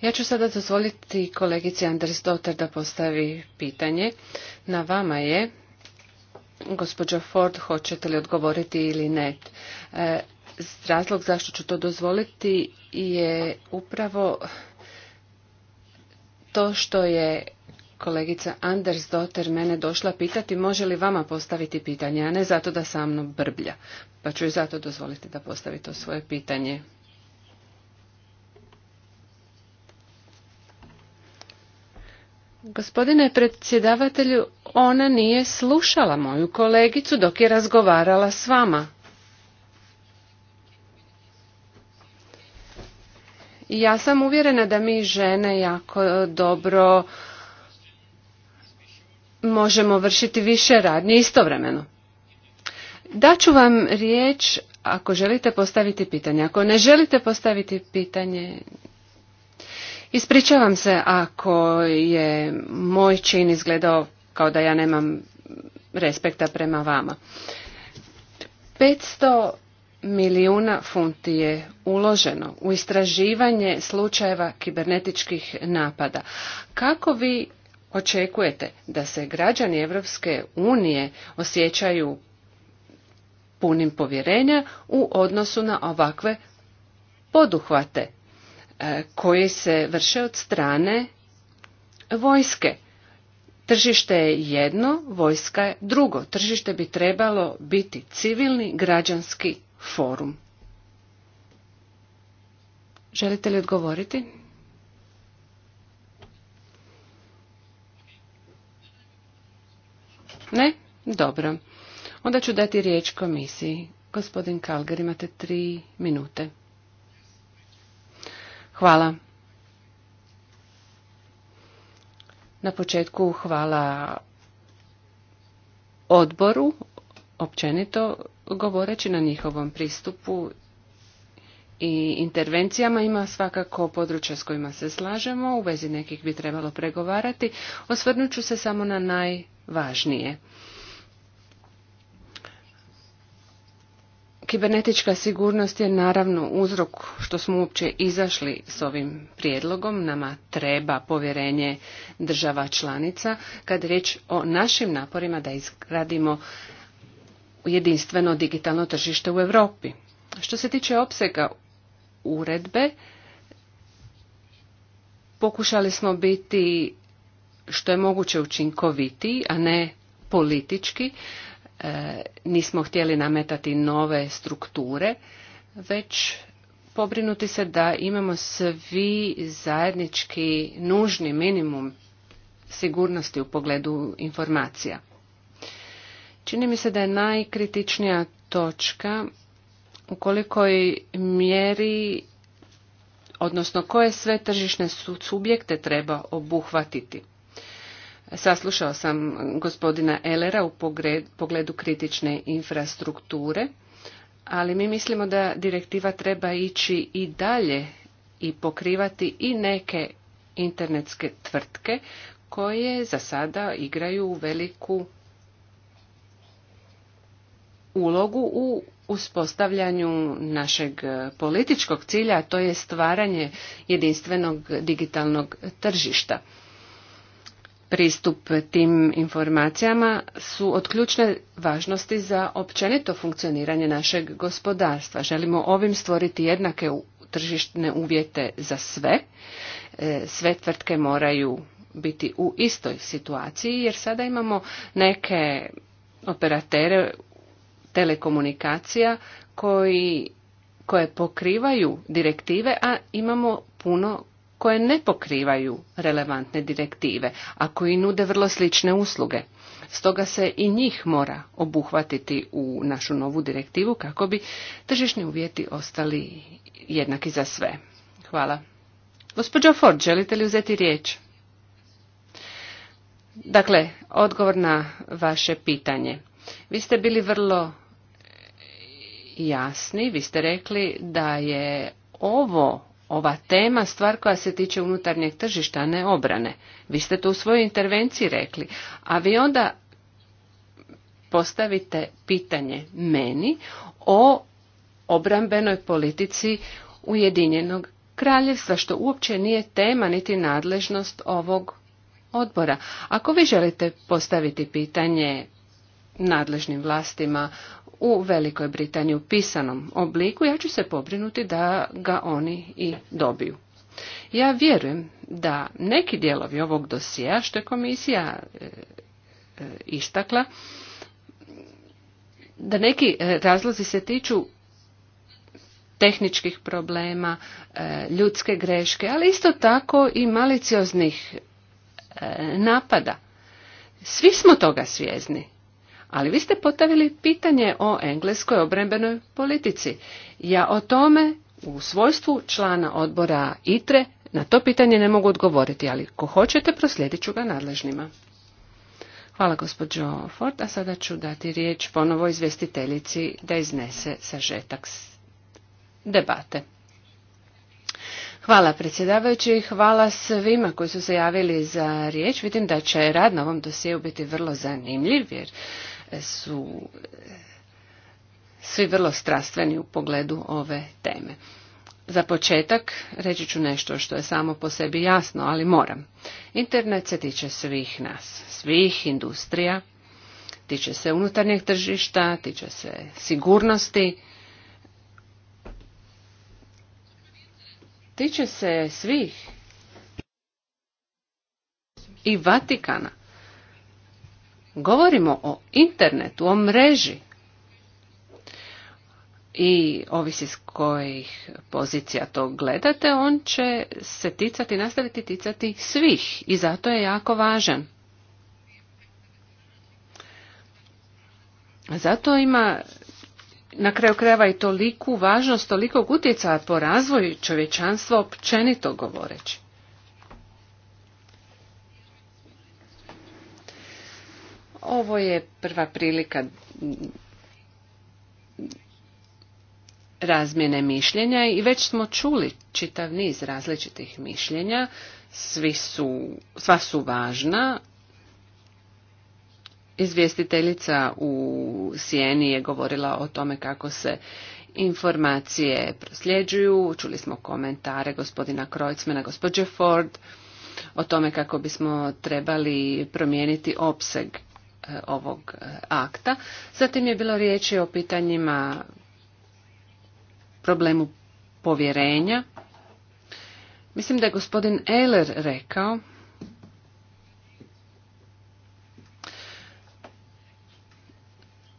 Ja ću sada dozvoliti kolegici Anders Dotter da postavi pitanje. Na vama je, gospođo Ford, hoćete li odgovoriti ili ne. E, razlog zašto ću to dozvoliti je upravo to što je kolegica Anders Dotter mene došla pitati može li vama postaviti pitanje, a ne zato da sa mnom brblja. Pa ću joj zato dozvoliti da postavi to svoje pitanje. Gospodine predsjedavatelju, ona nije slušala moju kolegicu dok je razgovarala s vama. Ja sam uvjerena da mi žene jako dobro možemo vršiti više radnje istovremeno. Daću vam riječ ako želite postaviti pitanje. Ako ne želite postaviti pitanje, ispričavam se ako je moj čin izgledao kao da ja nemam respekta prema vama milijuna funti je uloženo u istraživanje slučajeva kibernetičkih napada. Kako vi očekujete da se građani Europske unije osjećaju punim povjerenja u odnosu na ovakve poduhvate e, koji se vrše od strane vojske. Tržište je jedno, vojska je drugo. Tržište bi trebalo biti civilni građanski forum. Želite li odgovoriti? Ne? Dobro. Onda ću dati riječ komisiji. Gospodin Kalger, imate tri minute. Hvala. Na početku hvala odboru općenito Govoreći na njihovom pristupu i intervencijama ima svakako područja s kojima se slažemo, u vezi nekih bi trebalo pregovarati, osvrnut ću se samo na najvažnije. Kibernetička sigurnost je naravno uzrok što smo uopće izašli s ovim prijedlogom. Nama treba povjerenje država članica kad je riječ o našim naporima da izgradimo jedinstveno digitalno tržište u Europi. Što se tiče opsega uredbe, pokušali smo biti što je moguće učinkovitiji, a ne politički. E, nismo htjeli nametati nove strukture, već pobrinuti se da imamo svi zajednički nužni minimum sigurnosti u pogledu informacija. Čini mi se da je najkritičnija točka u kolikoj mjeri, odnosno koje sve tržišne subjekte treba obuhvatiti. Saslušao sam gospodina Elera u pogledu kritične infrastrukture, ali mi mislimo da direktiva treba ići i dalje i pokrivati i neke internetske tvrtke koje za sada igraju veliku ulogu u uspostavljanju našeg e, političkog cilja, a to je stvaranje jedinstvenog digitalnog tržišta. Pristup tim informacijama su od ključne važnosti za općenito funkcioniranje našeg gospodarstva. Želimo ovim stvoriti jednake tržištne uvjete za sve. E, sve tvrtke moraju biti u istoj situaciji jer sada imamo neke operatere telekomunikacija koji, koje pokrivaju direktive, a imamo puno koje ne pokrivaju relevantne direktive, a koji nude vrlo slične usluge. Stoga se i njih mora obuhvatiti u našu novu direktivu kako bi tržišni uvjeti ostali jednaki za sve. Hvala. Gospođo Ford, želite li uzeti riječ? Dakle, odgovor na vaše pitanje. Vi ste bili vrlo jasni. Vi ste rekli da je ovo, ova tema stvar koja se tiče unutarnjeg tržišta, ne obrane. Vi ste to u svojoj intervenciji rekli. A vi onda postavite pitanje meni o obrambenoj politici Ujedinjenog kraljevstva, što uopće nije tema niti nadležnost ovog odbora. Ako vi želite postaviti pitanje nadležnim vlastima u Velikoj Britaniji u pisanom obliku, ja ću se pobrinuti da ga oni i dobiju. Ja vjerujem da neki dijelovi ovog dosija što je komisija e, e, istakla, da neki e, razlozi se tiču tehničkih problema, ljudske greške, ali isto tako i malicioznih napada. Svi smo toga svjesni. Ali vi ste potavili pitanje o engleskoj obrambenoj politici. Ja o tome u svojstvu člana odbora ITRE na to pitanje ne mogu odgovoriti, ali ko hoćete proslijedit ću ga nadležnima. Hvala gospođo Ford, a sada ću dati riječ ponovo izvjestiteljici da iznese sažetak debate. Hvala predsjedavajući, hvala svima koji su se javili za riječ. Vidim da će rad na ovom dosjeu biti vrlo zanimljiv jer su eh, svi vrlo strastveni u pogledu ove teme. Za početak reći ću nešto što je samo po sebi jasno, ali moram. Internet se tiče svih nas, svih industrija, tiče se unutarnjeg tržišta, tiče se sigurnosti, tiče se svih i Vatikana. Govorimo o internetu, o mreži i ovisi s kojih pozicija to gledate, on će se ticati, nastaviti ticati svih i zato je jako važan. Zato ima na kraju krajeva i toliku važnost, tolikog utjecaja po razvoju čovječanstva općenito govoreći. Ovo je prva prilika razmjene mišljenja i već smo čuli čitav niz različitih mišljenja. Svi su, sva su važna. Izvjestiteljica u Sijeni je govorila o tome kako se informacije prosljeđuju. Čuli smo komentare gospodina Krojcmana, gospođe Ford o tome kako bismo trebali promijeniti opseg E, ovog e, akta. Zatim je bilo riječi o pitanjima problemu povjerenja. Mislim da je gospodin Eiler rekao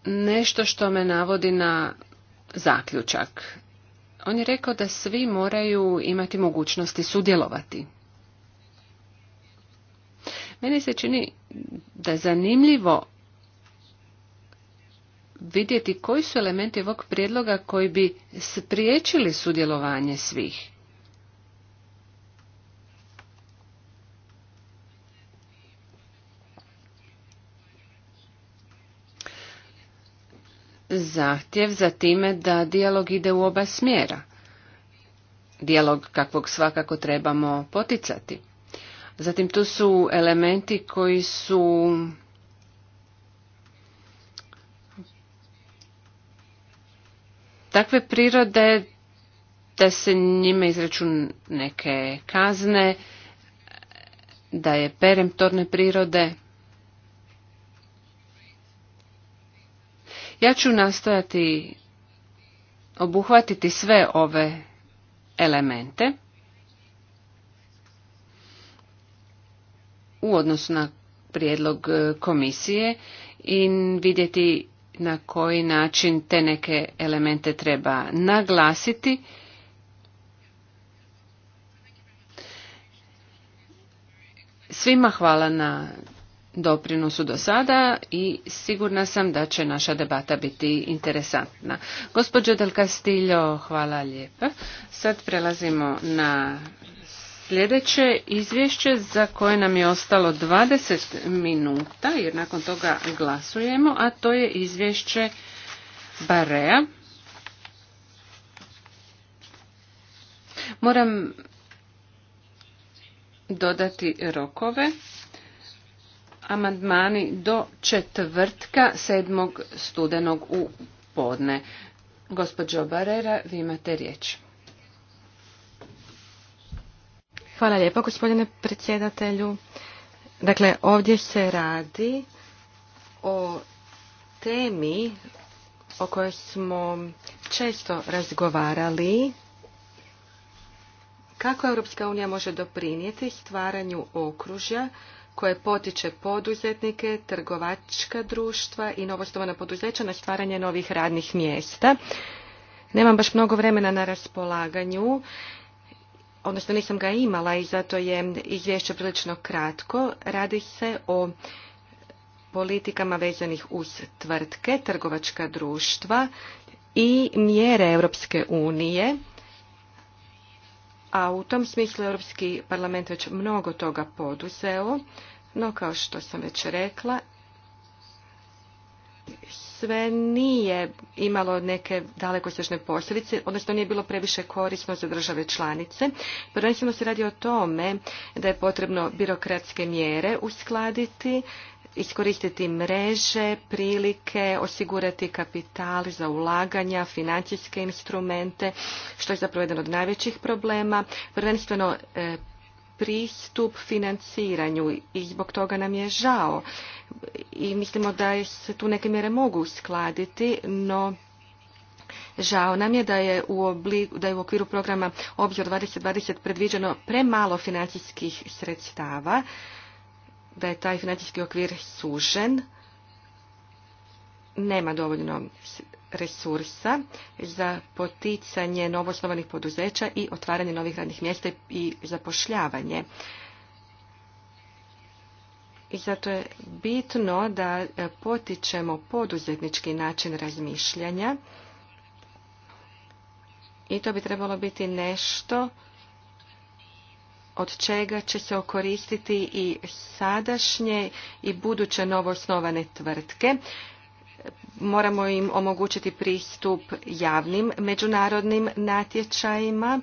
nešto što me navodi na zaključak. On je rekao da svi moraju imati mogućnosti sudjelovati. Meni se čini da je zanimljivo vidjeti koji su elementi ovog prijedloga koji bi spriječili sudjelovanje svih. Zahtjev za time da dijalog ide u oba smjera. Dijalog kakvog svakako trebamo poticati. Zatim tu su elementi koji su takve prirode da se njime izreču neke kazne, da je peremptorne prirode. Ja ću nastojati obuhvatiti sve ove elemente. u odnosu na prijedlog e, komisije i vidjeti na koji način te neke elemente treba naglasiti. Svima hvala na doprinosu do sada i sigurna sam da će naša debata biti interesantna. Gospođo Del Castillo, hvala lijepa. Sad prelazimo na Sljedeće izvješće za koje nam je ostalo 20 minuta, jer nakon toga glasujemo, a to je izvješće Barea. Moram dodati rokove. Amandmani do četvrtka 7. studenog u podne. Gospođo Barera, vi imate riječ. Hvala lijepo, gospodine predsjedatelju. Dakle, ovdje se radi o temi o kojoj smo često razgovarali. Kako Europska unija može doprinijeti stvaranju okružja koje potiče poduzetnike, trgovačka društva i novostovana poduzeća na stvaranje novih radnih mjesta. Nemam baš mnogo vremena na raspolaganju odnosno nisam ga imala i zato je izvješće prilično kratko. Radi se o politikama vezanih uz tvrtke, trgovačka društva i mjere Europske unije. A u tom smislu Europski parlament već mnogo toga poduzeo, no kao što sam već rekla, sve nije imalo neke dalekosežne posljedice, odnosno nije bilo previše korisno za države članice. Prvenstveno se radi o tome da je potrebno birokratske mjere uskladiti, iskoristiti mreže, prilike, osigurati kapital za ulaganja, financijske instrumente, što je zapravo jedan od najvećih problema. Prvenstveno e, pristup financiranju i zbog toga nam je žao. I mislimo da se tu neke mjere mogu uskladiti, no Žao nam je da je u, obliku, da je u okviru programa Obzor 2020 predviđeno premalo financijskih sredstava, da je taj financijski okvir sužen, nema dovoljno resursa za poticanje novoosnovanih poduzeća i otvaranje novih radnih mjesta i zapošljavanje. I zato je bitno da potičemo poduzetnički način razmišljanja i to bi trebalo biti nešto od čega će se okoristiti i sadašnje i buduće novoosnovane tvrtke moramo im omogućiti pristup javnim međunarodnim natječajima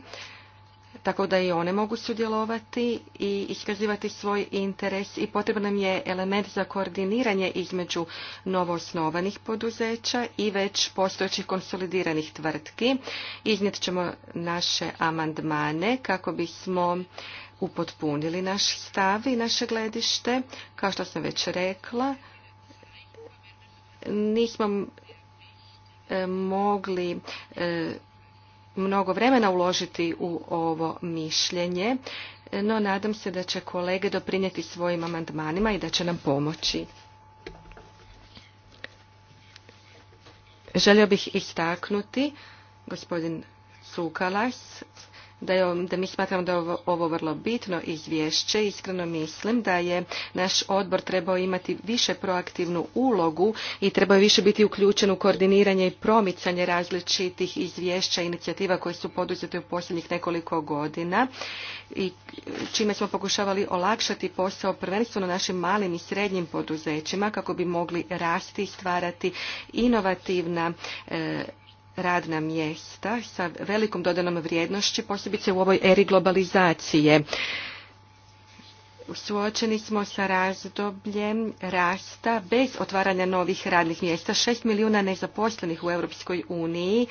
tako da i one mogu sudjelovati i iskazivati svoj interes i potreban nam je element za koordiniranje između novoosnovanih poduzeća i već postojećih konsolidiranih tvrtki. Iznijet ćemo naše amandmane kako bismo upotpunili naš stav i naše gledište. Kao što sam već rekla, nismo e, mogli e, mnogo vremena uložiti u ovo mišljenje, no nadam se da će kolege doprinijeti svojim amandmanima i da će nam pomoći. Želio bih istaknuti, gospodin Sukalas da, mi smatramo da je ovo, vrlo bitno izvješće. Iskreno mislim da je naš odbor trebao imati više proaktivnu ulogu i trebao je više biti uključen u koordiniranje i promicanje različitih izvješća i inicijativa koje su poduzete u posljednjih nekoliko godina i čime smo pokušavali olakšati posao prvenstveno našim malim i srednjim poduzećima kako bi mogli rasti i stvarati inovativna e, radna mjesta sa velikom dodanom vrijednošću, posebice u ovoj eri globalizacije suočeni smo sa razdobljem rasta bez otvaranja novih radnih mjesta. Šest milijuna nezaposlenih u Europskoj uniji.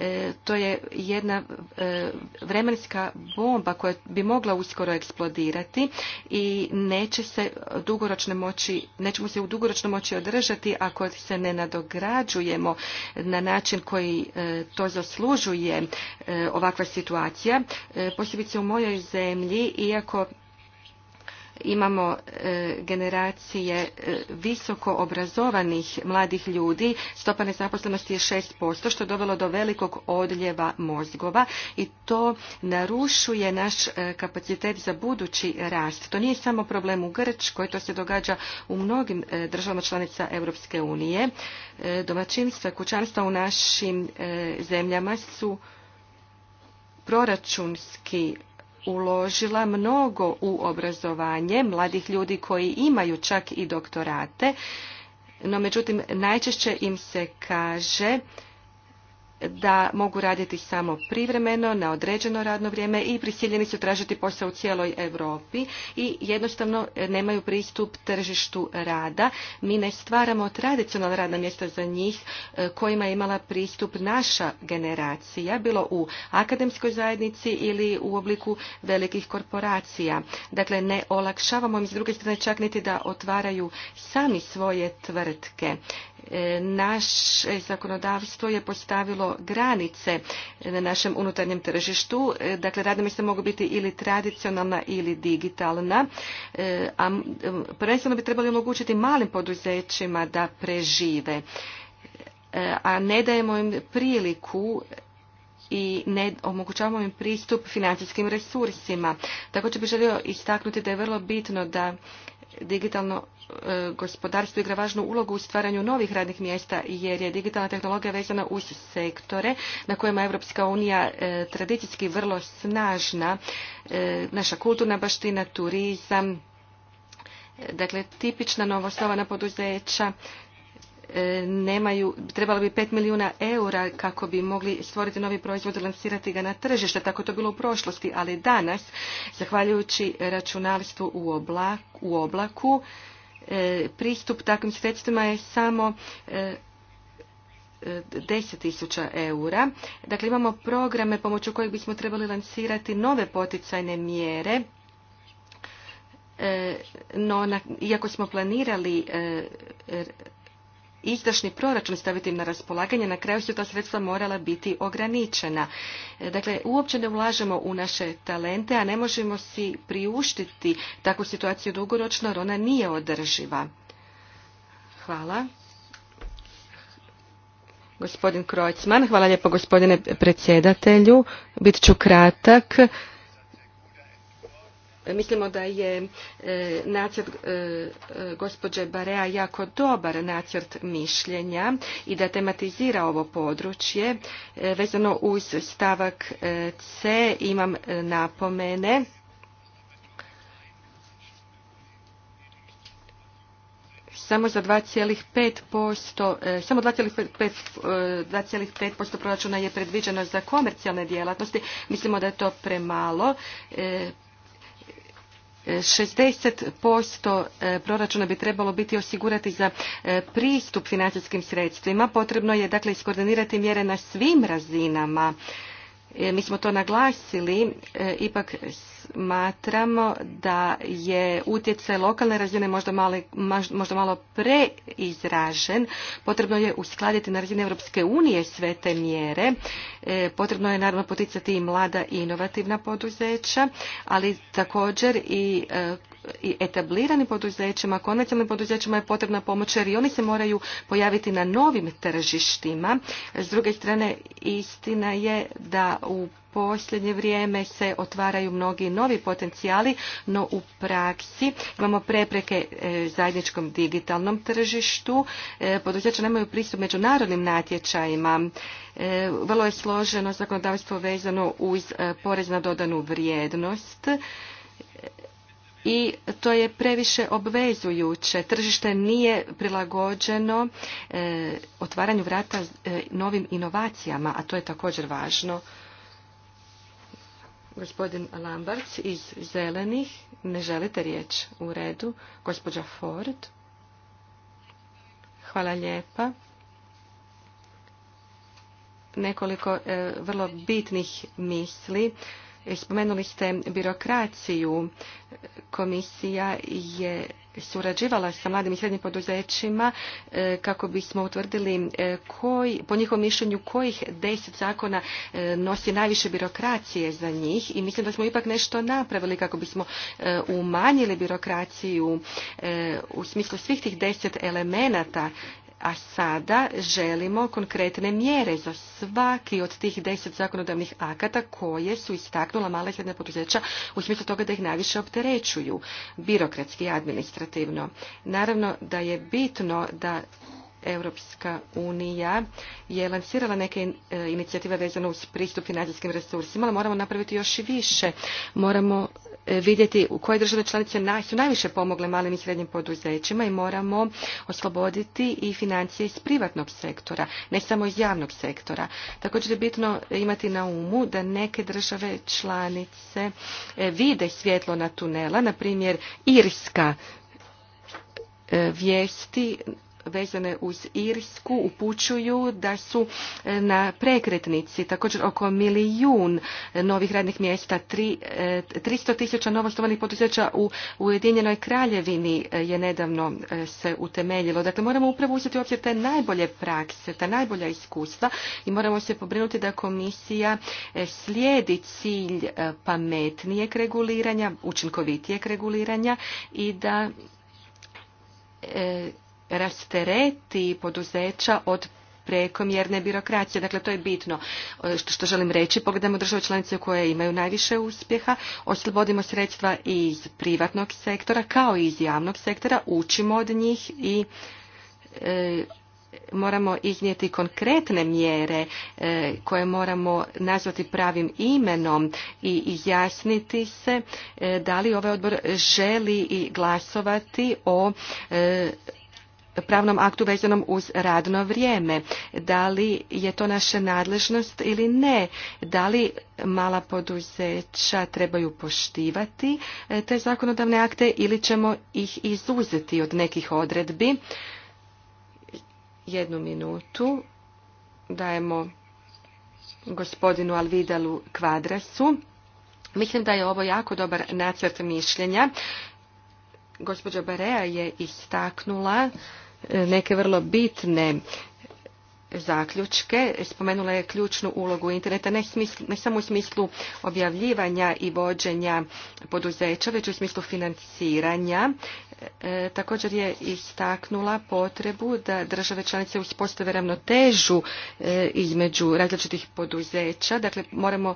E, to je jedna e, vremenska bomba koja bi mogla uskoro eksplodirati i neće se dugoročno moći, nećemo se u dugoročno moći održati ako se ne nadograđujemo na način koji e, to zaslužuje ovakva situacija. Posebice u mojoj zemlji, iako imamo e, generacije e, visoko obrazovanih mladih ljudi, stopa nezaposlenosti je 6%, što je dovelo do velikog odljeva mozgova i to narušuje naš e, kapacitet za budući rast. To nije samo problem u Grčkoj, to se događa u mnogim državama članica Europske unije. Domaćinstva, kućanstva u našim zemljama su proračunski uložila mnogo u obrazovanje mladih ljudi koji imaju čak i doktorate, no međutim najčešće im se kaže da mogu raditi samo privremeno na određeno radno vrijeme i prisiljeni su tražiti posao u cijeloj Europi i jednostavno e, nemaju pristup tržištu rada. Mi ne stvaramo tradicionalna radna mjesta za njih e, kojima je imala pristup naša generacija, bilo u akademskoj zajednici ili u obliku velikih korporacija. Dakle, ne olakšavamo im s druge strane čak niti da otvaraju sami svoje tvrtke. E, naše zakonodavstvo je postavilo granice na našem unutarnjem tržištu. E, dakle, radna mjesta mogu biti ili tradicionalna ili digitalna. E, a prvenstveno bi trebali omogućiti malim poduzećima da prežive. A ne dajemo im priliku i ne omogućavamo im pristup financijskim resursima. Također bih želio istaknuti da je vrlo bitno da digitalno e, gospodarstvo igra važnu ulogu u stvaranju novih radnih mjesta jer je digitalna tehnologija vezana uz sektore na kojima Europska unija e, tradicijski vrlo snažna, e, naša kulturna baština, turizam, dakle tipična novoosnovana poduzeća E, nemaju, trebalo bi 5 milijuna eura kako bi mogli stvoriti novi proizvod i lansirati ga na tržište. Tako to bilo u prošlosti, ali danas, zahvaljujući računalstvu u, oblaku, e, pristup takvim sredstvima je samo e, tisuća eura. Dakle, imamo programe pomoću kojih bismo trebali lansirati nove poticajne mjere, no iako smo planirali izdašni proračun staviti na raspolaganje, na kraju su ta sredstva morala biti ograničena. E, dakle, uopće ne ulažemo u naše talente, a ne možemo si priuštiti takvu situaciju dugoročno, jer ona nije održiva. Hvala. Gospodin Krojcman, hvala lijepo gospodine predsjedatelju. Bit ću kratak. Mislimo da je e, nacrt e, e, gospođe Barea jako dobar nacrt mišljenja i da tematizira ovo područje. Vezano uz stavak C imam napomene. samo za 2,5%, samo 2,5% proračuna je predviđeno za komercijalne djelatnosti. Mislimo da je to premalo. 60% e, proračuna bi trebalo biti osigurati za e, pristup financijskim sredstvima. Potrebno je dakle iskoordinirati mjere na svim razinama E, mi smo to naglasili, e, ipak smatramo da je utjecaj lokalne razine možda malo, možda malo preizražen. Potrebno je uskladiti na razine Europske unije sve te mjere. E, potrebno je naravno poticati i mlada i inovativna poduzeća, ali također i i etabliranim poduzećima, Konvencionalnim poduzećima je potrebna pomoć jer i oni se moraju pojaviti na novim tržištima. S druge strane, istina je da u posljednje vrijeme se otvaraju mnogi novi potencijali, no u praksi imamo prepreke e, zajedničkom digitalnom tržištu. E, poduzeća nemaju pristup međunarodnim natječajima. E, vrlo je složeno zakonodavstvo vezano uz porez na dodanu vrijednost i to je previše obvezujuće. Tržište nije prilagođeno e, otvaranju vrata e, novim inovacijama, a to je također važno. Gospodin Lamberts iz Zelenih, ne želite riječ u redu. Gospođa Ford. Hvala lijepa. Nekoliko e, vrlo bitnih misli Eh, spomenuli ste birokraciju. Komisija je surađivala sa mladim i srednjim poduzećima eh, kako bismo utvrdili eh, koji, po njihovom mišljenju kojih deset zakona nosi najviše birokracije za njih i mislim da smo ipak nešto napravili kako bismo umanjili birokraciju u smislu svih tih deset elemenata a sada želimo konkretne mjere za svaki od tih deset zakonodavnih akata koje su istaknula mala i srednja poduzeća u smislu toga da ih najviše opterećuju birokratski i administrativno. Naravno da je bitno da Europska unija je lansirala neke e, inicijative vezane uz pristup financijskim resursima, ali moramo napraviti još i više. Moramo E, vidjeti u koje države članice su najviše pomogle malim i srednjim poduzećima i moramo osloboditi i financije iz privatnog sektora, ne samo iz javnog sektora. Također je bitno imati na umu da neke države članice e, vide svjetlo na tunela, na primjer Irska e, vijesti vezane uz Irsku upućuju da su e, na prekretnici također oko milijun e, novih radnih mjesta, 300 e, tisuća novostovanih poduzeća u Ujedinjenoj kraljevini je nedavno se utemeljilo. Dakle, moramo upravo uzeti uopće te najbolje prakse, ta najbolja iskustva i moramo se pobrinuti da komisija slijedi cilj pametnijeg reguliranja, učinkovitijeg reguliranja i da rastereti poduzeća od prekomjerne birokracije. Dakle, to je bitno e, što, želim reći. Pogledajmo države članice koje imaju najviše uspjeha, oslobodimo sredstva iz privatnog sektora kao i iz javnog sektora, učimo od njih i e, moramo iznijeti konkretne mjere e, koje moramo nazvati pravim imenom i izjasniti se da li ovaj odbor želi i glasovati o pravnom aktu vezanom uz radno vrijeme. Da li je to naša nadležnost ili ne? Da li mala poduzeća trebaju poštivati e, te zakonodavne akte ili ćemo ih izuzeti od nekih odredbi? Jednu minutu dajemo gospodinu Alvidalu Kvadrasu. Mislim da je ovo jako dobar nacrt mišljenja. Gospođa Barea je istaknula e, neke vrlo bitne zaključke. Spomenula je ključnu ulogu interneta ne, samo u smislu objavljivanja i vođenja poduzeća, već u smislu financiranja. E, također je istaknula potrebu da države članice uspostave ravnotežu e, između različitih poduzeća. Dakle, moramo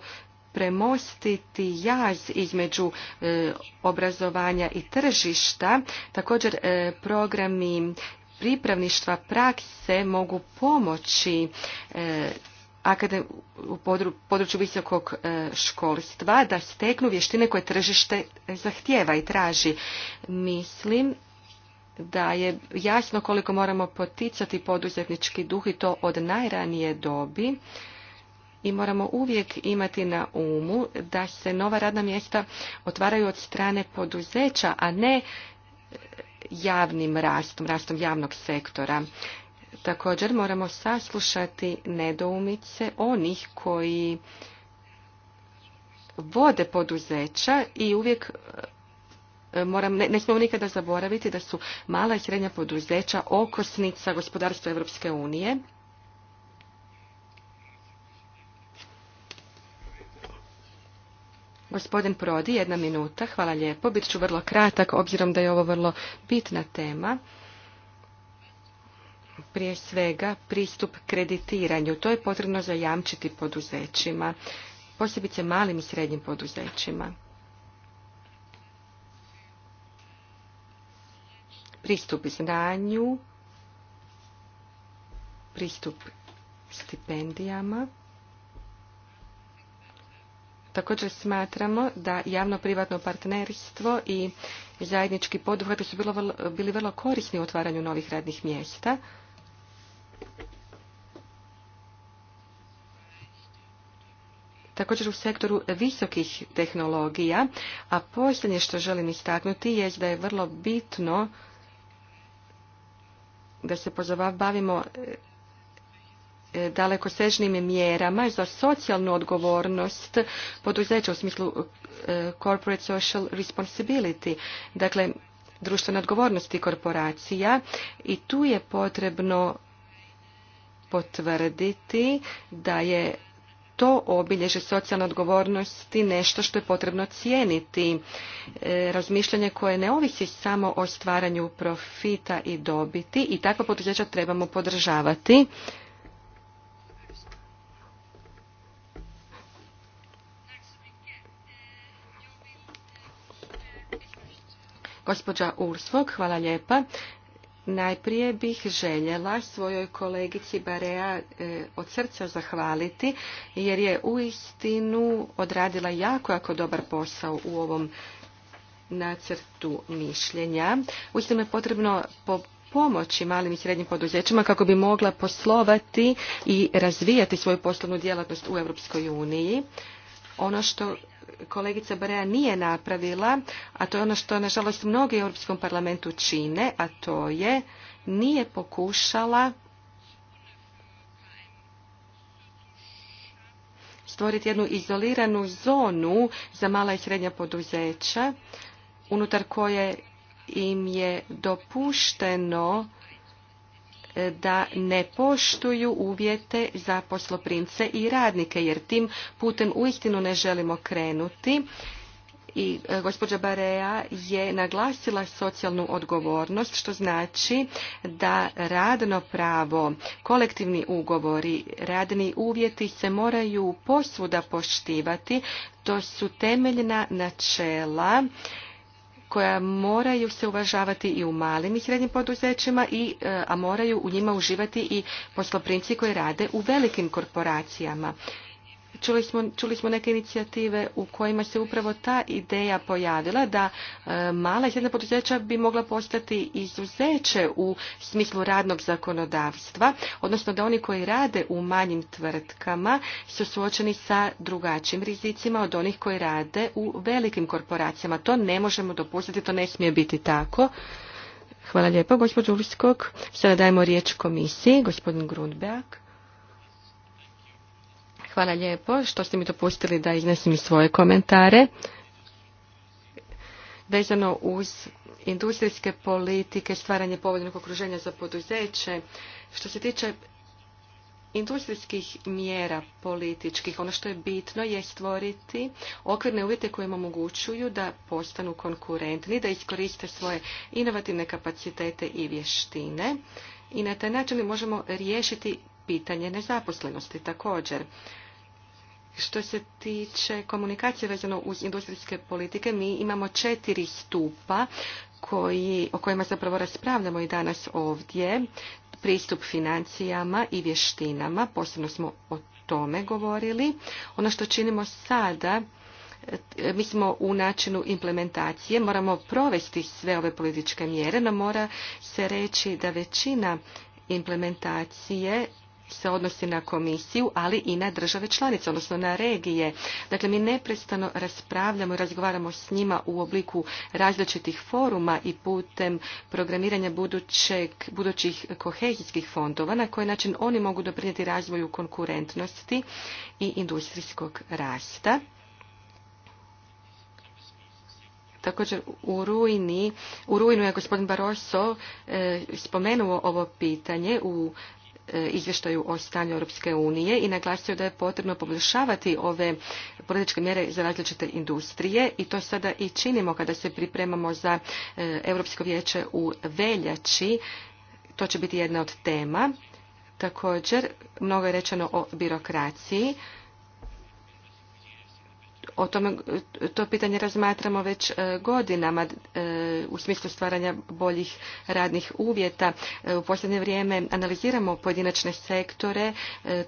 premostiti jaz između e, obrazovanja i tržišta. Također e, programi pripravništva prakse mogu pomoći e, u području visokog školstva da steknu vještine koje tržište zahtjeva i traži. Mislim da je jasno koliko moramo poticati poduzetnički duh i to od najranije dobi i moramo uvijek imati na umu da se nova radna mjesta otvaraju od strane poduzeća, a ne e, javnim rastom, rastom javnog sektora. Također moramo saslušati nedoumice onih koji vode poduzeća i uvijek e, moram, ne, ne smijemo nikada zaboraviti da su mala i srednja poduzeća okosnica gospodarstva Europske unije Gospodin Prodi, jedna minuta, hvala lijepo. Bit ću vrlo kratak, obzirom da je ovo vrlo bitna tema. Prije svega, pristup kreditiranju. To je potrebno zajamčiti poduzećima, posebice malim i srednjim poduzećima. Pristup znanju, pristup stipendijama. Također smatramo da javno-privatno partnerstvo i zajednički poduhvati su bili vrlo korisni u otvaranju novih radnih mjesta. također u sektoru visokih tehnologija, a posljednje što želim istaknuti je da je vrlo bitno da se pozabavimo E, dalekosežnim mjerama za socijalnu odgovornost poduzeća u smislu e, corporate social responsibility, dakle društvene odgovornosti korporacija i tu je potrebno potvrditi da je to obilježe socijalne odgovornosti nešto što je potrebno cijeniti. E, razmišljanje koje ne ovisi samo o stvaranju profita i dobiti i takva poduzeća trebamo podržavati. Gospođa Ursvog, hvala lijepa. Najprije bih željela svojoj kolegici Barea e, od srca zahvaliti jer je uistinu odradila jako, jako dobar posao u ovom nacrtu mišljenja. Uistinu je potrebno po pomoći malim i srednjim poduzećima kako bi mogla poslovati i razvijati svoju poslovnu djelatnost u Europskoj uniji. Ono što kolegica Barea nije napravila, a to je ono što nažalost mnogi u Europskom parlamentu čine, a to je nije pokušala stvoriti jednu izoliranu zonu za mala i srednja poduzeća unutar koje im je dopušteno da ne poštuju uvjete za posloprince i radnike, jer tim putem uistinu ne želimo krenuti i e, gospođa Barea je naglasila socijalnu odgovornost, što znači da radno pravo, kolektivni ugovori, radni uvjeti se moraju posvuda poštivati. To su temeljna načela koja moraju se uvažavati i u malim i srednjim poduzećima, e, a moraju u njima uživati i posloprimci koji rade u velikim korporacijama. Čuli smo, čuli smo neke inicijative u kojima se upravo ta ideja pojavila da e, mala i srednja poduzeća bi mogla postati izuzeće u smislu radnog zakonodavstva, odnosno da oni koji rade u manjim tvrtkama su suočeni sa drugačijim rizicima od onih koji rade u velikim korporacijama. To ne možemo dopustiti, to ne smije biti tako. Hvala lijepo, gospođo Uliskog. Sada dajemo riječ komisiji, gospodin Grundberg. Hvala lijepo što ste mi dopustili da iznesem svoje komentare. Vezano uz industrijske politike, stvaranje povoljnog okruženja za poduzeće, što se tiče industrijskih mjera političkih, ono što je bitno je stvoriti okvirne uvjete koje im omogućuju da postanu konkurentni, da iskoriste svoje inovativne kapacitete i vještine i na taj način možemo riješiti pitanje nezaposlenosti također. Što se tiče komunikacije vezano uz industrijske politike, mi imamo četiri stupa koji, o kojima zapravo raspravljamo i danas ovdje. Pristup financijama i vještinama, posebno smo o tome govorili. Ono što činimo sada, e, mi smo u načinu implementacije, moramo provesti sve ove političke mjere, no mora se reći da većina implementacije se odnosi na komisiju, ali i na države članice, odnosno na regije. Dakle, mi neprestano raspravljamo i razgovaramo s njima u obliku različitih foruma i putem programiranja budućeg, budućih kohezijskih fondova, na koji način oni mogu doprinijeti razvoju konkurentnosti i industrijskog rasta. Također u, rujni, u rujnu je gospodin Barroso e, spomenuo ovo pitanje u izvještaju o stanju Europske unije i naglasio da je potrebno poboljšavati ove političke mjere za različite industrije i to sada i činimo kada se pripremamo za e, Europsko vijeće u veljači. To će biti jedna od tema. Također, mnogo je rečeno o birokraciji o tome, to pitanje razmatramo već e, godinama e, u smislu stvaranja boljih radnih uvjeta. E, u posljednje vrijeme analiziramo pojedinačne sektore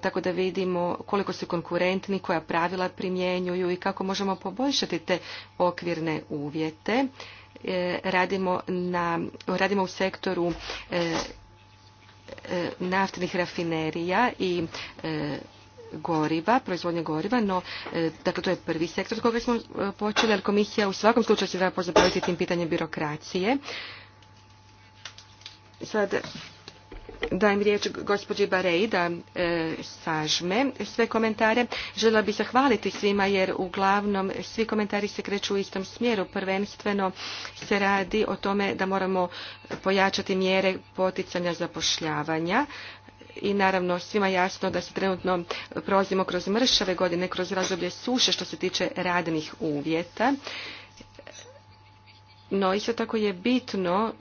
tako da vidimo koliko su konkurentni, koja pravila primjenjuju i kako možemo poboljšati te okvirne uvjete. Radimo, na, radimo u sektoru naftnih rafinerija i goriva, proizvodnje goriva, no e, dakle to je prvi sektor koga smo e, počeli, ali komisija u svakom slučaju se treba pozabaviti tim pitanjem birokracije. Sad dajem riječ gospođi Barej da e, sažme sve komentare. Žela bih zahvaliti svima jer uglavnom svi komentari se kreću u istom smjeru. Prvenstveno se radi o tome da moramo pojačati mjere poticanja zapošljavanja i naravno svima jasno da se trenutno prolazimo kroz mršave godine, kroz razdoblje suše što se tiče radnih uvjeta. No isto tako je bitno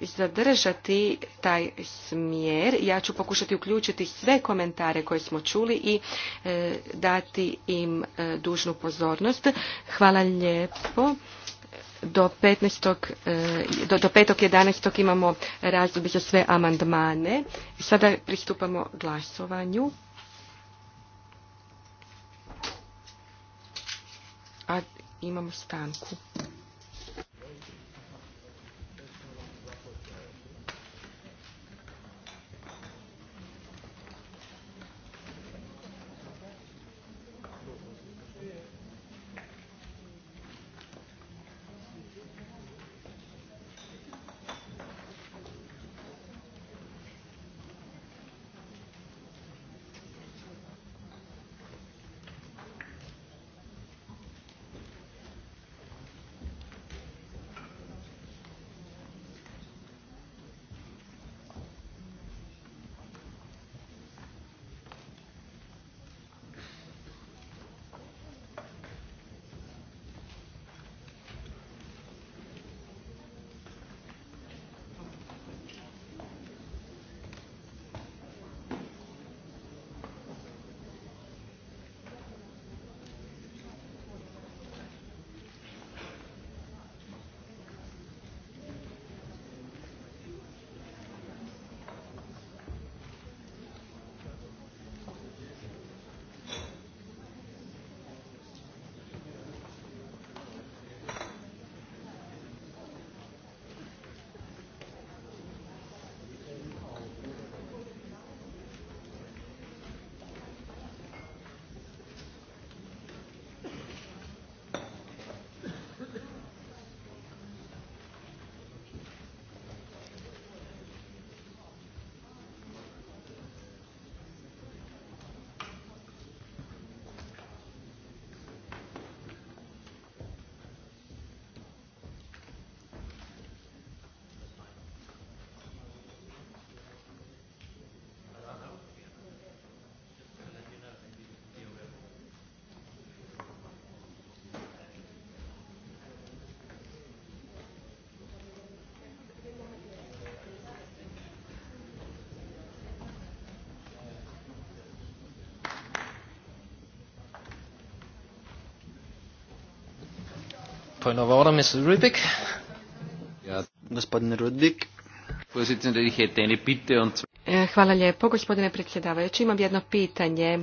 zadržati taj smjer. Ja ću pokušati uključiti sve komentare koje smo čuli i e, dati im e, dužnu pozornost. Hvala lijepo do 15. E, do, do 11. imamo razdoblje za sve amandmane. Sada pristupamo glasovanju. A imamo stanku. Gospodin e, Hvala lijepo, gospodine predsjedavajući. Imam jedno pitanje.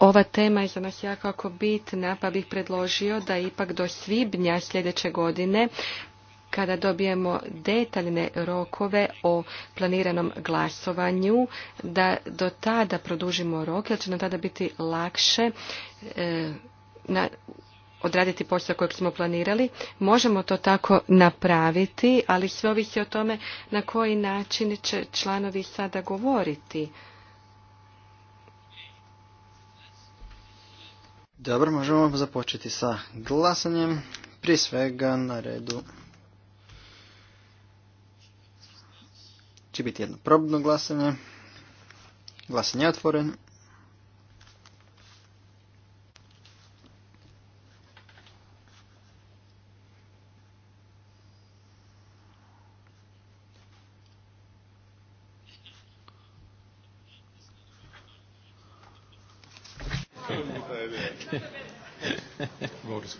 Ova tema je za nas jako bitna, pa bih predložio da ipak do svibnja sljedeće godine kada dobijemo detaljne rokove o planiranom glasovanju, da do tada produžimo rok, jer će nam tada biti lakše e, na, odraditi posao kojeg smo planirali. Možemo to tako napraviti, ali sve ovisi o tome na koji način će članovi sada govoriti. Dobro, možemo započeti sa glasanjem. Prije svega na redu će biti jedno probno glasanje. Glasanje je otvoren.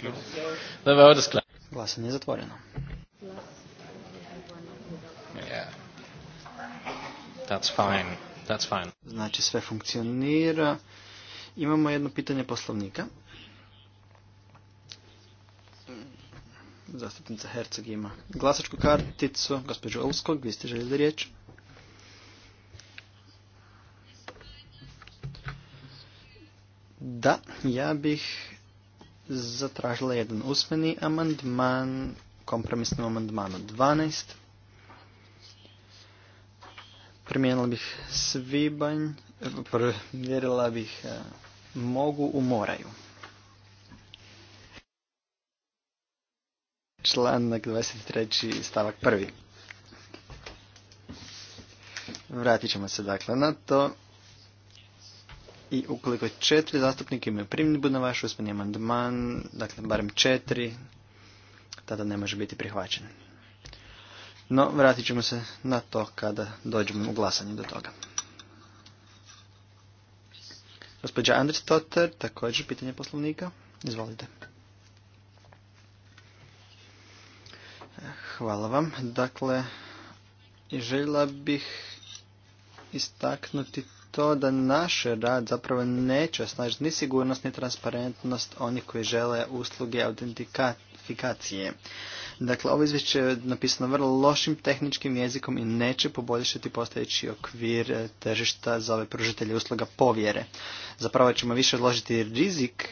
The vote Glasanje er je zatvoreno. That's fine. That's fine. Znači sve funkcionira. Imamo jedno pitanje poslovnika. Zastupnica Herceg ima glasačku karticu. Gospođo Ulskog, vi ste željeli riječ? Da, ja bih zatražila jedan usmeni amandman kompromisnom amandmanu 12. Primijenila bih svibanj, provjerila bih e, mogu u moraju. Članak 23. stavak 1. Vratit ćemo se dakle na to. I ukoliko četiri zastupnika imaju primjedbu na vaš usmeni amandman, dakle barem četiri, tada ne može biti prihvaćen. No, vratit ćemo se na to kada dođemo u glasanje do toga. Gospođa Andres Totter, također pitanje poslovnika. Izvolite. Hvala vam. Dakle, željela bih istaknuti to da naš rad zapravo neće osnažiti ni sigurnost ni transparentnost onih koji žele usluge autentifikacije. Dakle, ovo izvješće je napisano vrlo lošim tehničkim jezikom i neće poboljšati postojeći okvir eh, tržišta za ove pružitelje usluga povjere. Zapravo ćemo više odložiti rizik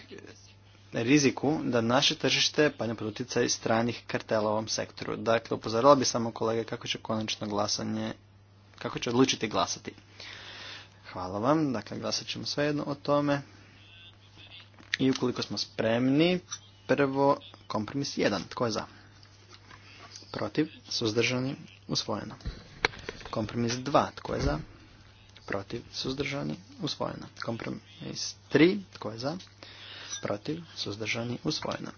riziku da naše tržište padne pod utjecaj stranih kartela u ovom sektoru. Dakle, upozorila bi samo kolege kako će konačno glasanje, kako će odlučiti glasati. Hvala vam. Dakle, glasat ćemo svejedno o tome. I ukoliko smo spremni, prvo kompromis 1. Tko je za? Protiv, suzdržani, usvojeno. Kompromis 2. Tko je za? Protiv, suzdržani, usvojeno. Kompromis 3. Tko je za? Protiv, suzdržani, usvojeno.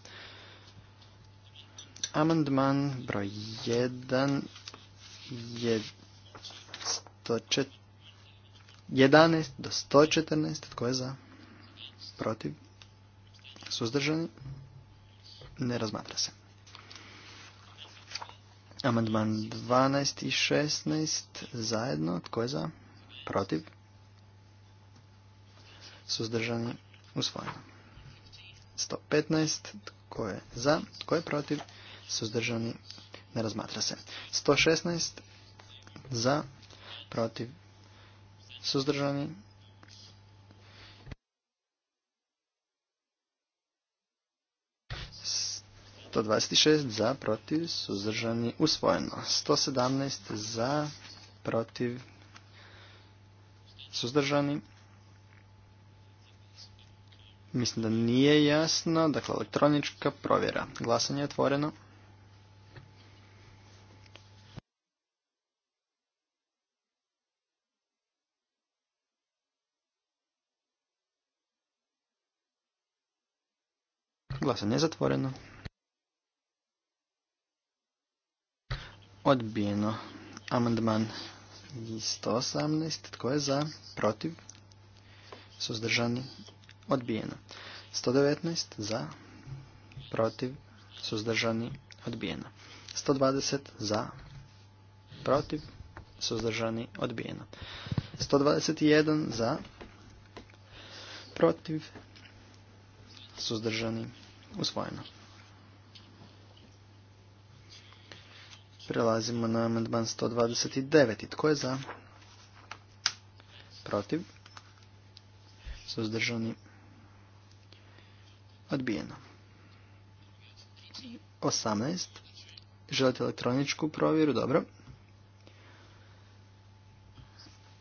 Amandman broj 1 je 104. 11 do 114. Tko je za? Protiv? Suzdržani? Ne razmatra se. Amandman 12 i 16 zajedno. Tko je za? Protiv? Suzdržani? Usvojeno. 115. Tko je za? Tko je protiv? Suzdržani? Ne razmatra se. 116. Za? Protiv? Suzdržani? Sto dvadeset za, protiv, suzdržani, usvojeno. Sto sedamnaest za, protiv, suzdržani. Mislim da nije jasno, dakle elektronička provjera. Glasanje je otvoreno. glasa nezatvoreno. zatvoreno. Odbijeno. Amandman 118. Tko je za? Protiv? Suzdržani? Odbijeno. 119. Za? Protiv? Suzdržani? Odbijeno. 120. Za? Protiv? Suzdržani? Odbijeno. 121. Za? Protiv? Suzdržani? Usvojeno. Prelazimo na amandman 129. Tko je za? Protiv? Suzdržani? Odbijeno. 18. Želite elektroničku provjeru? Dobro.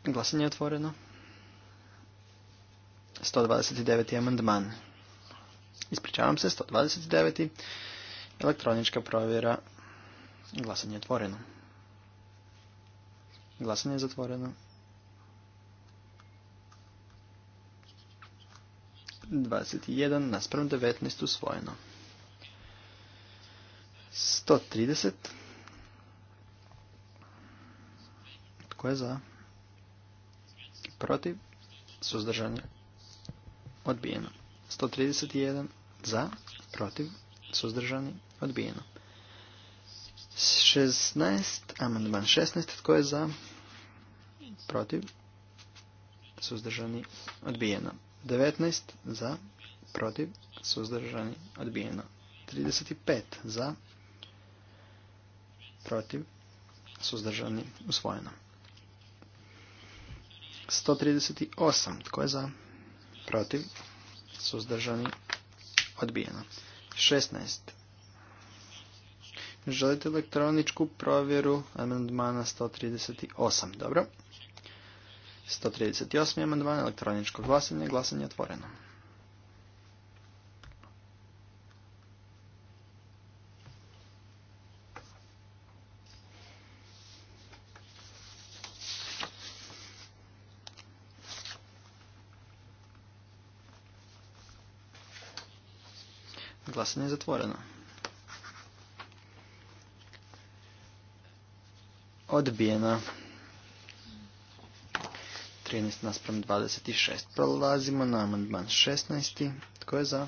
Glasanje je otvoreno. 129. amandman. Ispričavam se, 129. Elektronička provjera. Glasanje je otvoreno. Glasanje je zatvoreno. 21 Nasprem 19 usvojeno. 130. Tko je za? Protiv? Suzdržanje? Odbijeno. 131. Za, protiv, suzdržani, odbijeno. 16, amandman 16, tko je za, protiv, suzdržani, odbijeno. 19, za, protiv, suzdržani, odbijeno. 35, za, protiv, suzdržani, usvojeno. 138, tko je za, protiv, suzdržani, Odbijeno. 16. Želite elektroničku provjeru amandmana 138. Dobro. 138. amandman elektroničko glasanje. Glasanje otvoreno. Glasanje je zatvoreno. Odbijeno. 13 naspram 26. Prolazimo na amandman 16. Tko je za?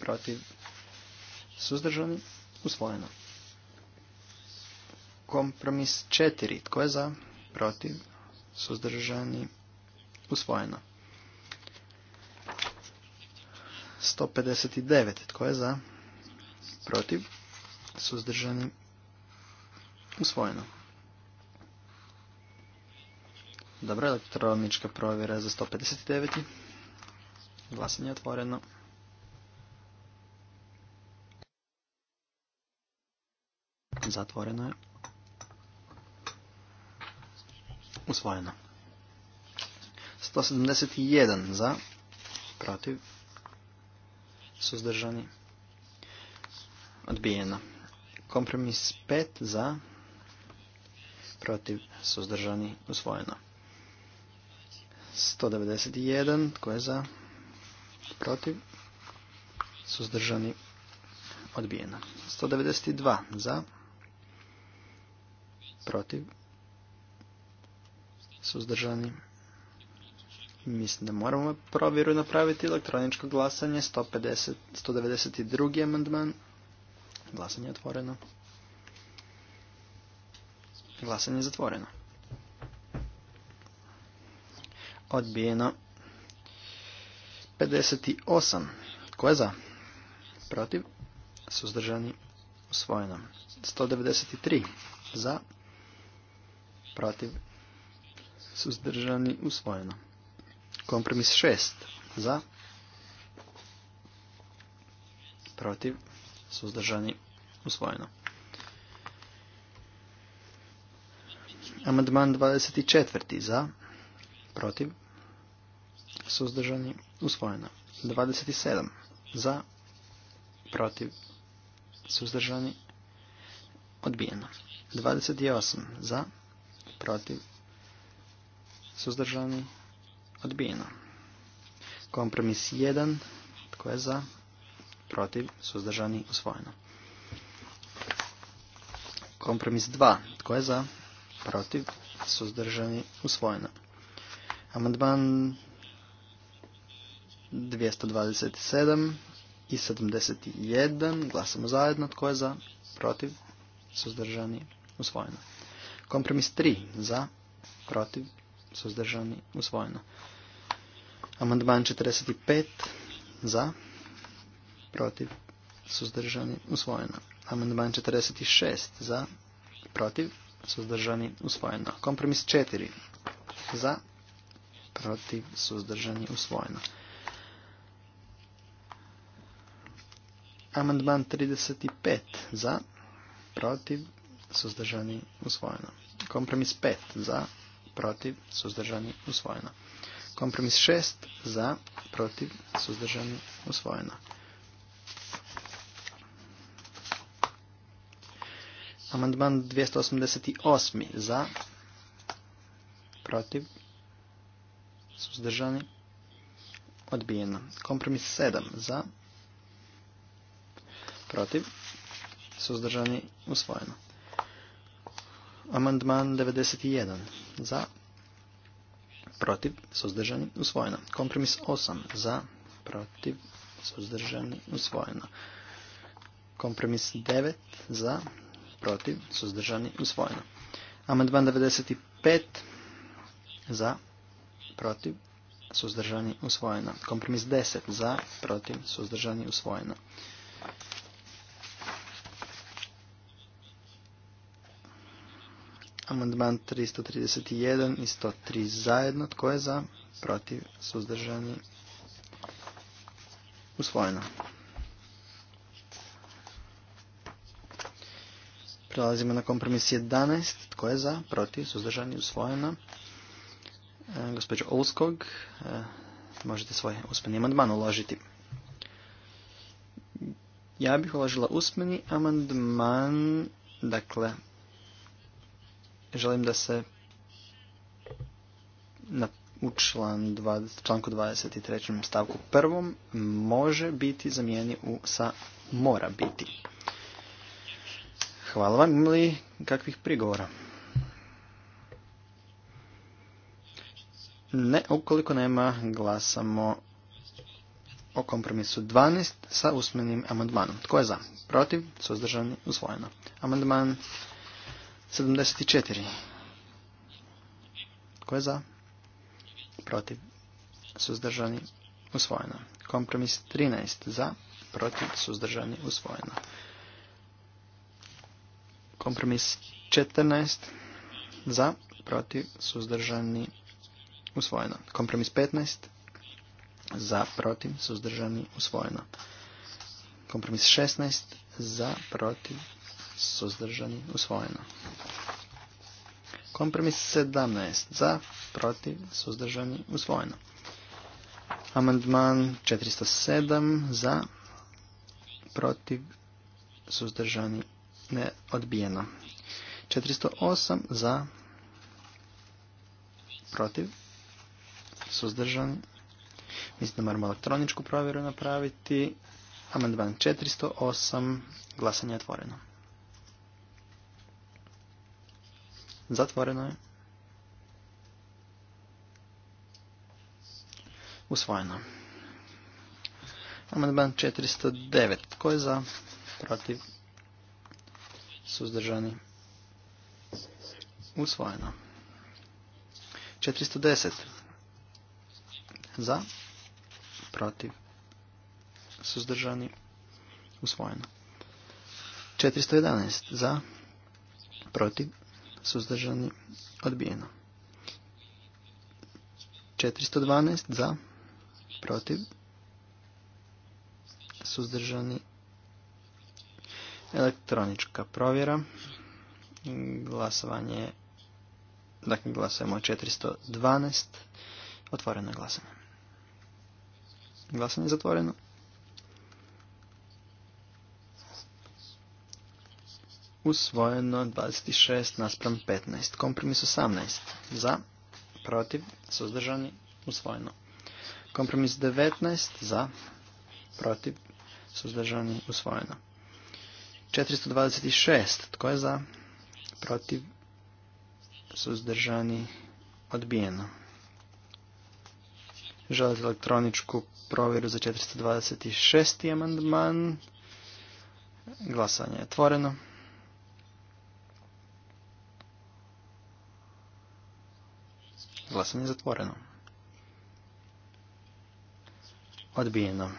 Protiv? Suzdržani? Usvojeno. Kompromis 4. Tko je za? Protiv? Suzdržani? Usvojeno. 159. Tko je za? Protiv? Suzdržani? Usvojeno. Dobro, elektronička provjera za 159. Glasanje je otvoreno. Zatvoreno je. Usvojeno. 171 za, protiv, suzdržani, odbijeno. Kompromis 5 za, protiv, suzdržani, usvojeno. 191, tko je za, protiv, suzdržani, odbijeno. 192 za, protiv, suzdržani, Mislim da moramo provjeru napraviti elektroničko glasanje. 150, 192. amandman. Glasanje je otvoreno. Glasanje je zatvoreno. Odbijeno. 58. Ko je za? Protiv? Suzdržani? Usvojeno. 193. Za? Protiv? Suzdržani? Usvojeno. Kompromis šest Za. Protiv. Suzdržani. Usvojeno. Amandman 24. Za. Protiv. Suzdržani. Usvojeno. 27. Za. Protiv. Suzdržani. Odbijeno. 28. Za. Protiv. Suzdržani. Odbijeno. Kompromis 1. Tko je za? Protiv. Suzdržani. Usvojeno. Kompromis 2. Tko je za? Protiv. Suzdržani. Usvojeno. Amandman 227 i 71. Glasamo zajedno. Tko je za? Protiv. Suzdržani. Usvojeno. Kompromis 3. Za. Protiv suzdržani, usvojeno. Amandman 45 za, protiv, suzdržani, usvojeno. Amandman 46 za, protiv, suzdržani, usvojeno. Kompromis 4 za, protiv, suzdržani, usvojeno. Amandman 35 za, protiv, suzdržani, usvojeno. Kompromis 5 za, protiv, suzdržani, usvojeno. Kompromis 6 za, protiv, suzdržani, usvojeno. Amandman 288 za, protiv, suzdržani, odbijeno. Kompromis 7 za, protiv, suzdržani, usvojeno. Amandman 91 za, protiv, suzdržani, usvojeno. Kompromis 8 za, protiv, suzdržani, usvojeno. Kompromis 9 za, protiv, suzdržani, usvojeno. Amandman 95 za, protiv, suzdržani, usvojeno. Kompromis 10 za, protiv, suzdržani, usvojeno. Amandman 331 i 103 zajedno. Tko je za? Protiv. Suzdržani. Usvojeno. Prelazimo na kompromis 11. Tko je za? Protiv. Suzdržani. Usvojeno. Gospodin e, gospođo Olskog, e, možete svoj usmeni amandman uložiti. Ja bih uložila usmeni amandman, dakle, želim da se na, u član članku 23. stavku prvom može biti zamijeni u, sa mora biti. Hvala vam. li kakvih prigovora? Ne, ukoliko nema, glasamo o kompromisu 12 sa usmenim amandmanom. Tko je za? Protiv? Suzdržani? Usvojeno. Amandman 74. Ko je za? Protiv. Suzdržani. Usvojeno. Kompromis 13. Za. Protiv. Suzdržani. Usvojeno. Kompromis 14. Za. Protiv. Suzdržani. Usvojeno. Kompromis 15. Za. Protiv. Suzdržani. Usvojeno. Kompromis 16. Za. Protiv suzdržani, usvojeno. Kompromis 17 za, protiv, suzdržani, usvojeno. Amandman 407 za, protiv, suzdržani, ne odbijeno. 408 za, protiv, suzdržani. Mislim da moramo elektroničku provjeru napraviti. Amandman 408, glasanje je otvoreno. Zatvoreno je. Usvojeno. Amandman 409. Tko je za? Protiv? Suzdržani? Usvojeno. 410. Za? Protiv? Suzdržani? Usvojeno. 411. Za? Protiv? suzdržani, odbijeno. 412 za, protiv, suzdržani, elektronička provjera, glasovanje, dakle glasujemo 412, otvoreno glasanje. Glasanje je zatvoreno. usvojeno 26 naspram 15. Kompromis 18. Za, protiv, suzdržani, usvojeno. Kompromis 19. Za, protiv, suzdržani, usvojeno. 426. Tko je za, protiv, suzdržani, odbijeno. Želite elektroničku provjeru za 426. amandman. Glasanje je otvoreno. Glasanje zatvoreno. Odbijeno.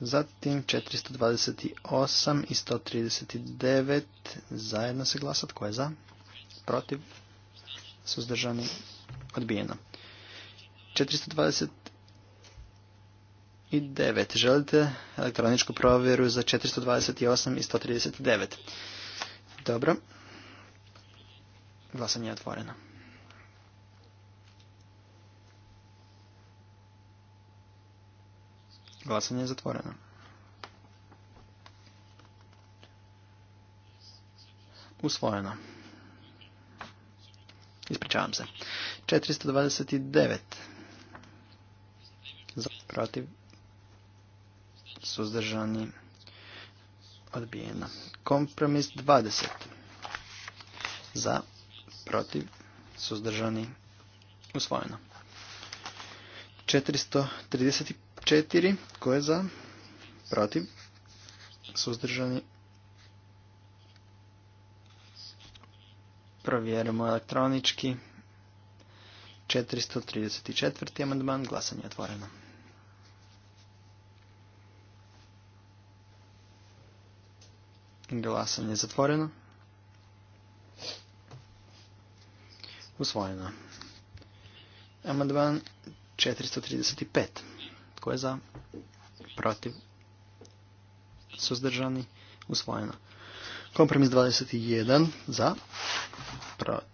Zatim 428 i 139 zajedno se glasa. Tko je za? Protiv? Suzdržani? Odbijeno. 429. Želite elektroničku provjeru za 428 i 139? Dobro. Glasanje je otvoreno. Glasanje je zatvoreno. Usvojeno. Ispričavam se. 429. Za, protiv. Suzdržani. Odbijeno. Kompromis 20. Za protiv, suzdržani, usvojeno. 434, ko je za, protiv, suzdržani, provjerimo elektronički. 434. amandman, glasanje je otvoreno. Glasanje je zatvoreno. Usvojeno. Amandman 435. Tko je za? Protiv? Suzdržani? Usvojeno. Kompromis 21. Za? Protiv?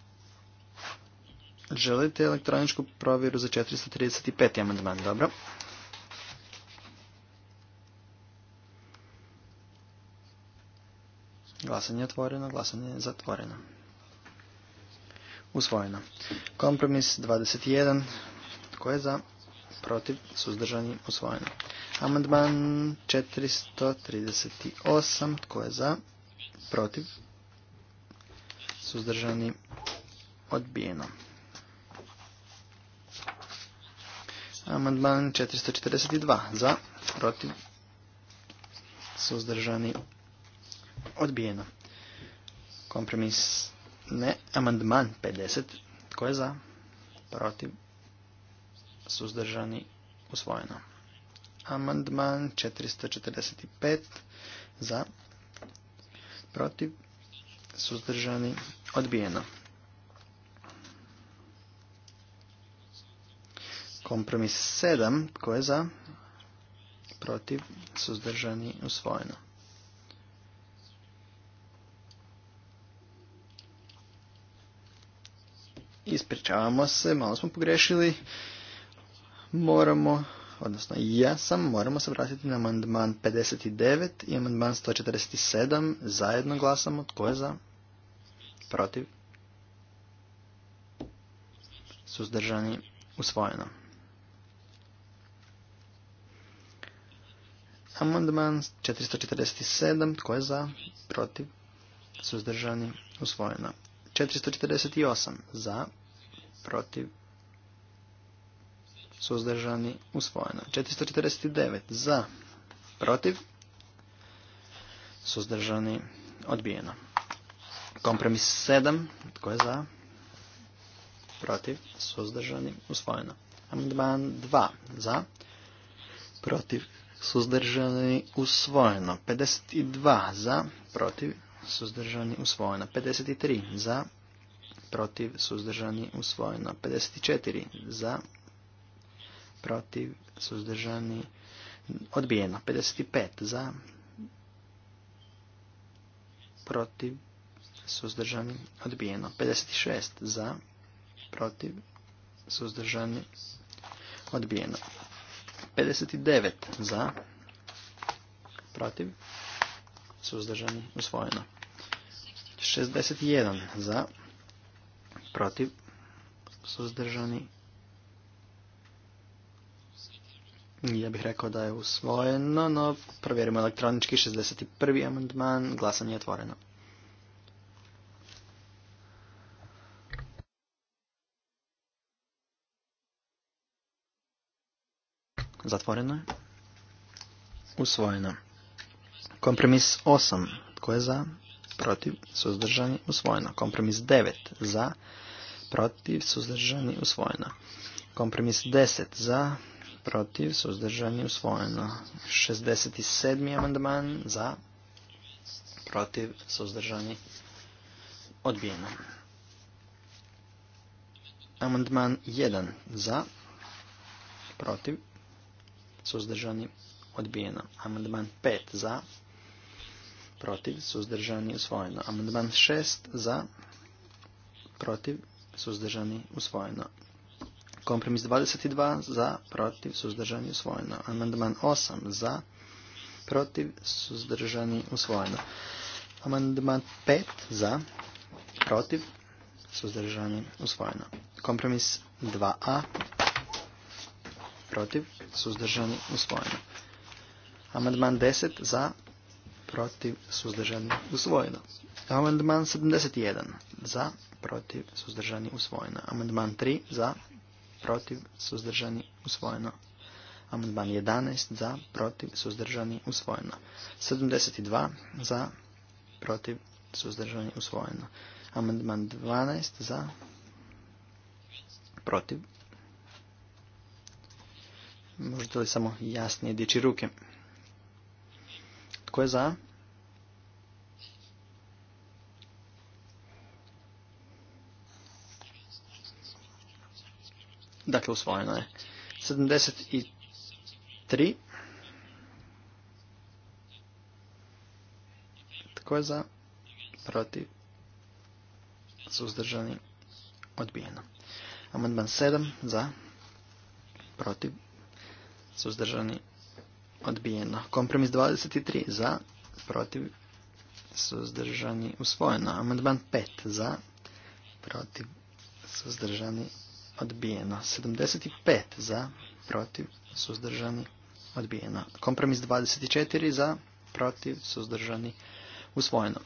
Želite elektroničku provjeru za 435. amandman? Dobro. Glasanje je otvoreno, glasanje je zatvoreno. Usvojeno. Kompromis 21. Tko je za? Protiv. Suzdržani. Usvojeno. Amandman 438. Tko je za? Protiv. Suzdržani. Odbijeno. Amandman 442. Za. Protiv. Suzdržani. Odbijeno. Kompromis ne. Amandman 50. Tko je za? Protiv. Suzdržani. Usvojeno. Amandman 445. Za. Protiv. Suzdržani. Odbijeno. Kompromis 7. Tko je za? Protiv. Suzdržani. Usvojeno. ispričavamo se, malo smo pogrešili, moramo, odnosno ja sam, moramo se vratiti na amandman 59 i amandman 147, zajedno glasamo, tko je za, protiv, suzdržani, usvojeno. Amandman 447, tko je za, protiv, suzdržani, usvojeno. 448, za, protiv, suzdržani, usvojeno. 449 za, protiv, suzdržani, odbijeno. Kompromis 7, tko je za, protiv, suzdržani, usvojeno. Amandman 2 za, protiv, suzdržani, usvojeno. 52 za, protiv, suzdržani, usvojeno. 53 za, protiv, suzdržani, usvojeno. 54 za, protiv, suzdržani, odbijeno. 55 za, protiv, suzdržani, odbijeno. 56 za, protiv, suzdržani, odbijeno. 59 za, protiv, suzdržani, usvojeno. 61 za, protiv, suzdržani. Ja bih rekao da je usvojeno, no provjerimo elektronički 61. amandman, glasanje je otvoreno. Zatvoreno je. Usvojeno. Kompromis 8. Tko je za? Protiv. Suzdržani. Usvojeno. Kompromis 9. Za protiv, suzdržani, usvojeno. Kompromis 10 za, protiv, suzdržani, usvojeno. 67. amandman za, protiv, suzdržani, odbijeno. Amandman 1 za, protiv, suzdržani, odbijeno. Amandman 5 za, protiv, suzdržani, usvojeno. Amandman 6 za, protiv, suzdržani, usvojeno. Kompromis 22 za, protiv, suzdržani, usvojeno. Amandman 8 za, protiv, suzdržani, usvojeno. Amandman 5 za, protiv, suzdržani, usvojeno. Kompromis 2a, protiv, suzdržani, usvojeno. Amandman 10 za, protiv, suzdržani, usvojeno. Amandman 71 za, protiv, suzdržani, usvojeno. Amandman 3 za, protiv, suzdržani, usvojeno. Amandman 11 za, protiv, suzdržani, usvojeno. 72 za, protiv, suzdržani, usvojeno. Amandman 12 za, protiv. Možete li samo jasnije dići ruke? Tko je za? Dakle, usvojeno je. 73. Tko je za? Protiv. Suzdržani. Odbijeno. Amandman 7. Za. Protiv. Suzdržani. Odbijeno. Kompromis 23. Za. Protiv. Suzdržani. Usvojeno. Amandman 5. Za. Protiv. Suzdržani. Odbijeno odbijeno. 75 za, protiv, suzdržani, odbijeno. Kompromis 24 za, protiv, suzdržani, usvojeno.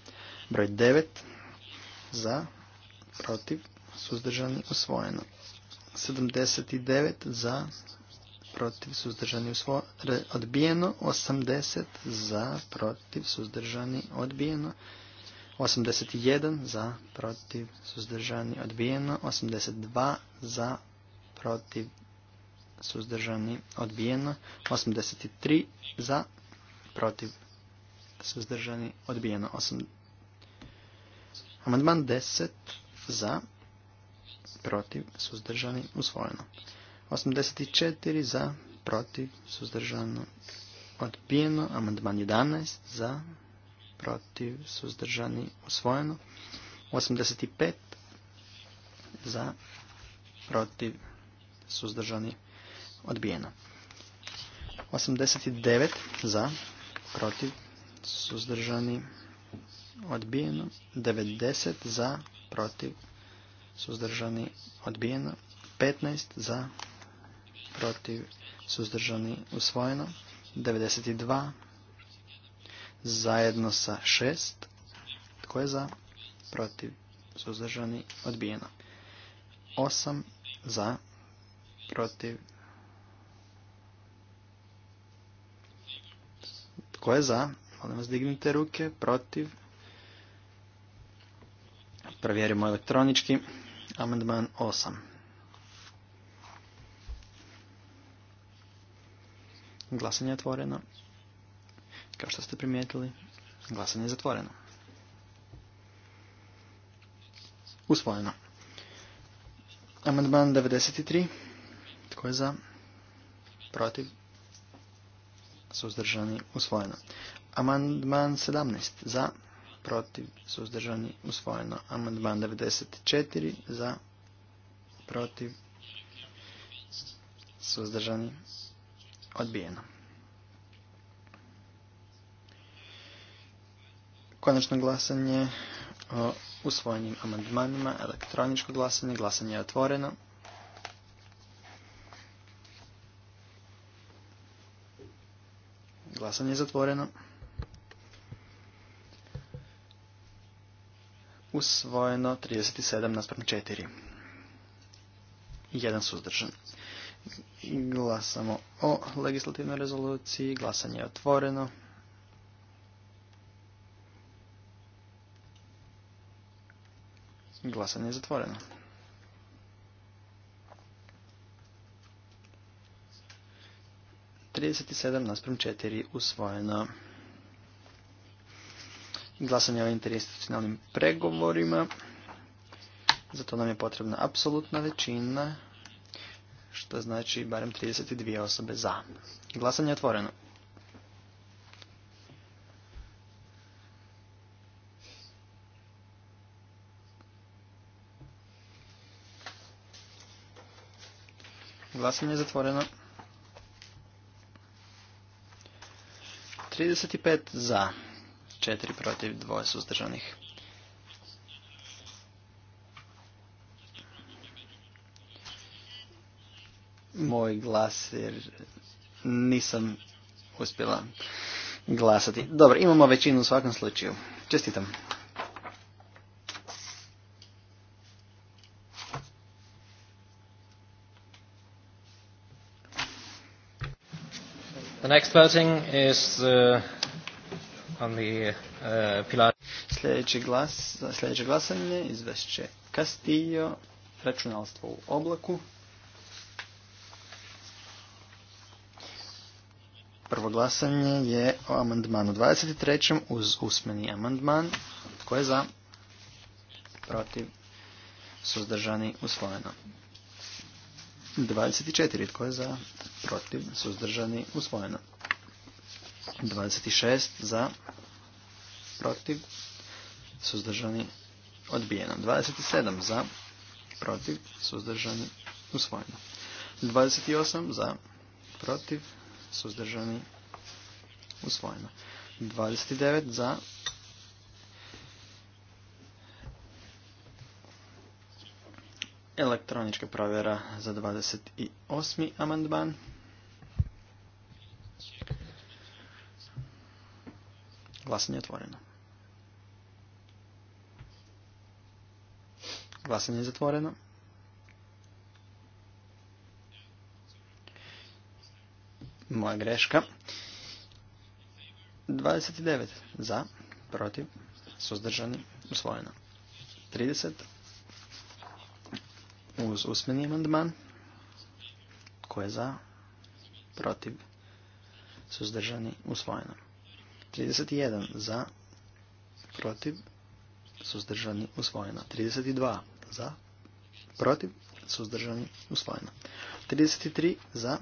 Broj 9 za, protiv, suzdržani, usvojeno. 79 za, protiv, suzdržani, Odbijeno. 80 za, protiv, suzdržani, odbijeno. 81 za, protiv, suzdržani, odbijeno. 82 za, protiv, suzdržani, odbijeno. 83 za, protiv, suzdržani, odbijeno. 8... Amandman 10 za, protiv, suzdržani, usvojeno. 84 za, protiv, suzdržano, odbijeno. Amandman 11 za, protiv, suzdržani, osvojeno. 85 za, protiv, suzdržani, odbijeno. 89 za, protiv, suzdržani, odbijeno. 90 za, protiv, suzdržani, odbijeno. 15 za, protiv, suzdržani, usvojeno. 92 zajedno sa šest Tko je za? Protiv. Suzdržani. Odbijeno. osam, za. Protiv. Tko je za? Molim vas dignite ruke. Protiv. Provjerimo elektronički. Amandman 8. Glasanje je otvoreno. Kao što ste primijetili, glasanje je zatvoreno. Usvojeno. Amandman 93. Tko je za? Protiv? Suzdržani? Usvojeno. Amandman 17. Za? Protiv? Suzdržani? Usvojeno. Amandman 94. Za? Protiv? Suzdržani? Odbijeno. Konačno glasanje o usvojenim amandmanima, elektroničko glasanje, glasanje je otvoreno. Glasanje je zatvoreno. Usvojeno 37 naspram 4. Jedan suzdržan. Glasamo o legislativnoj rezoluciji. Glasanje je otvoreno. Glasanje je zatvoreno. Trideset sedam naspram četiri usvojeno. Glasanje o interinstitucionalnim pregovorima. Zato nam je potrebna apsolutna većina, što znači barem 32 osobe za. Glasanje je otvoreno. Glasanje je zatvoreno. 35 za, 4 protiv, 2 suzdržanih. Moj glas jer nisam uspjela glasati. Dobro, imamo većinu u svakom slučaju. Čestitam. next voting is uh, on the uh, Pilar. Sljedeće, glas, sljedeće glasanje izvešće Castillo, računalstvo u oblaku. Prvo glasanje je o amandmanu 23. uz usmeni amandman. Tko je za? Protiv? Suzdržani? Usvojeno. 24. Tko je za? Protiv. Suzdržani. Usvojeno. 26. Za. Protiv. Suzdržani. Odbijeno. 27. Za. Protiv. Suzdržani. Usvojeno. 28. Za. Protiv. Suzdržani. Usvojeno. 29. Za. Elektronička provjera za 28. amandman. Glasanje je otvoreno. Glasanje je zatvoreno. Moja greška. 29 za, protiv, suzdržani, usvojeno. 30 uz usmeni amandman. Tko je za? Protiv? Suzdržani? Usvojeno. 31 za? Protiv? Suzdržani? Usvojeno. 32 za? Protiv? Suzdržani? Usvojeno. 33 za?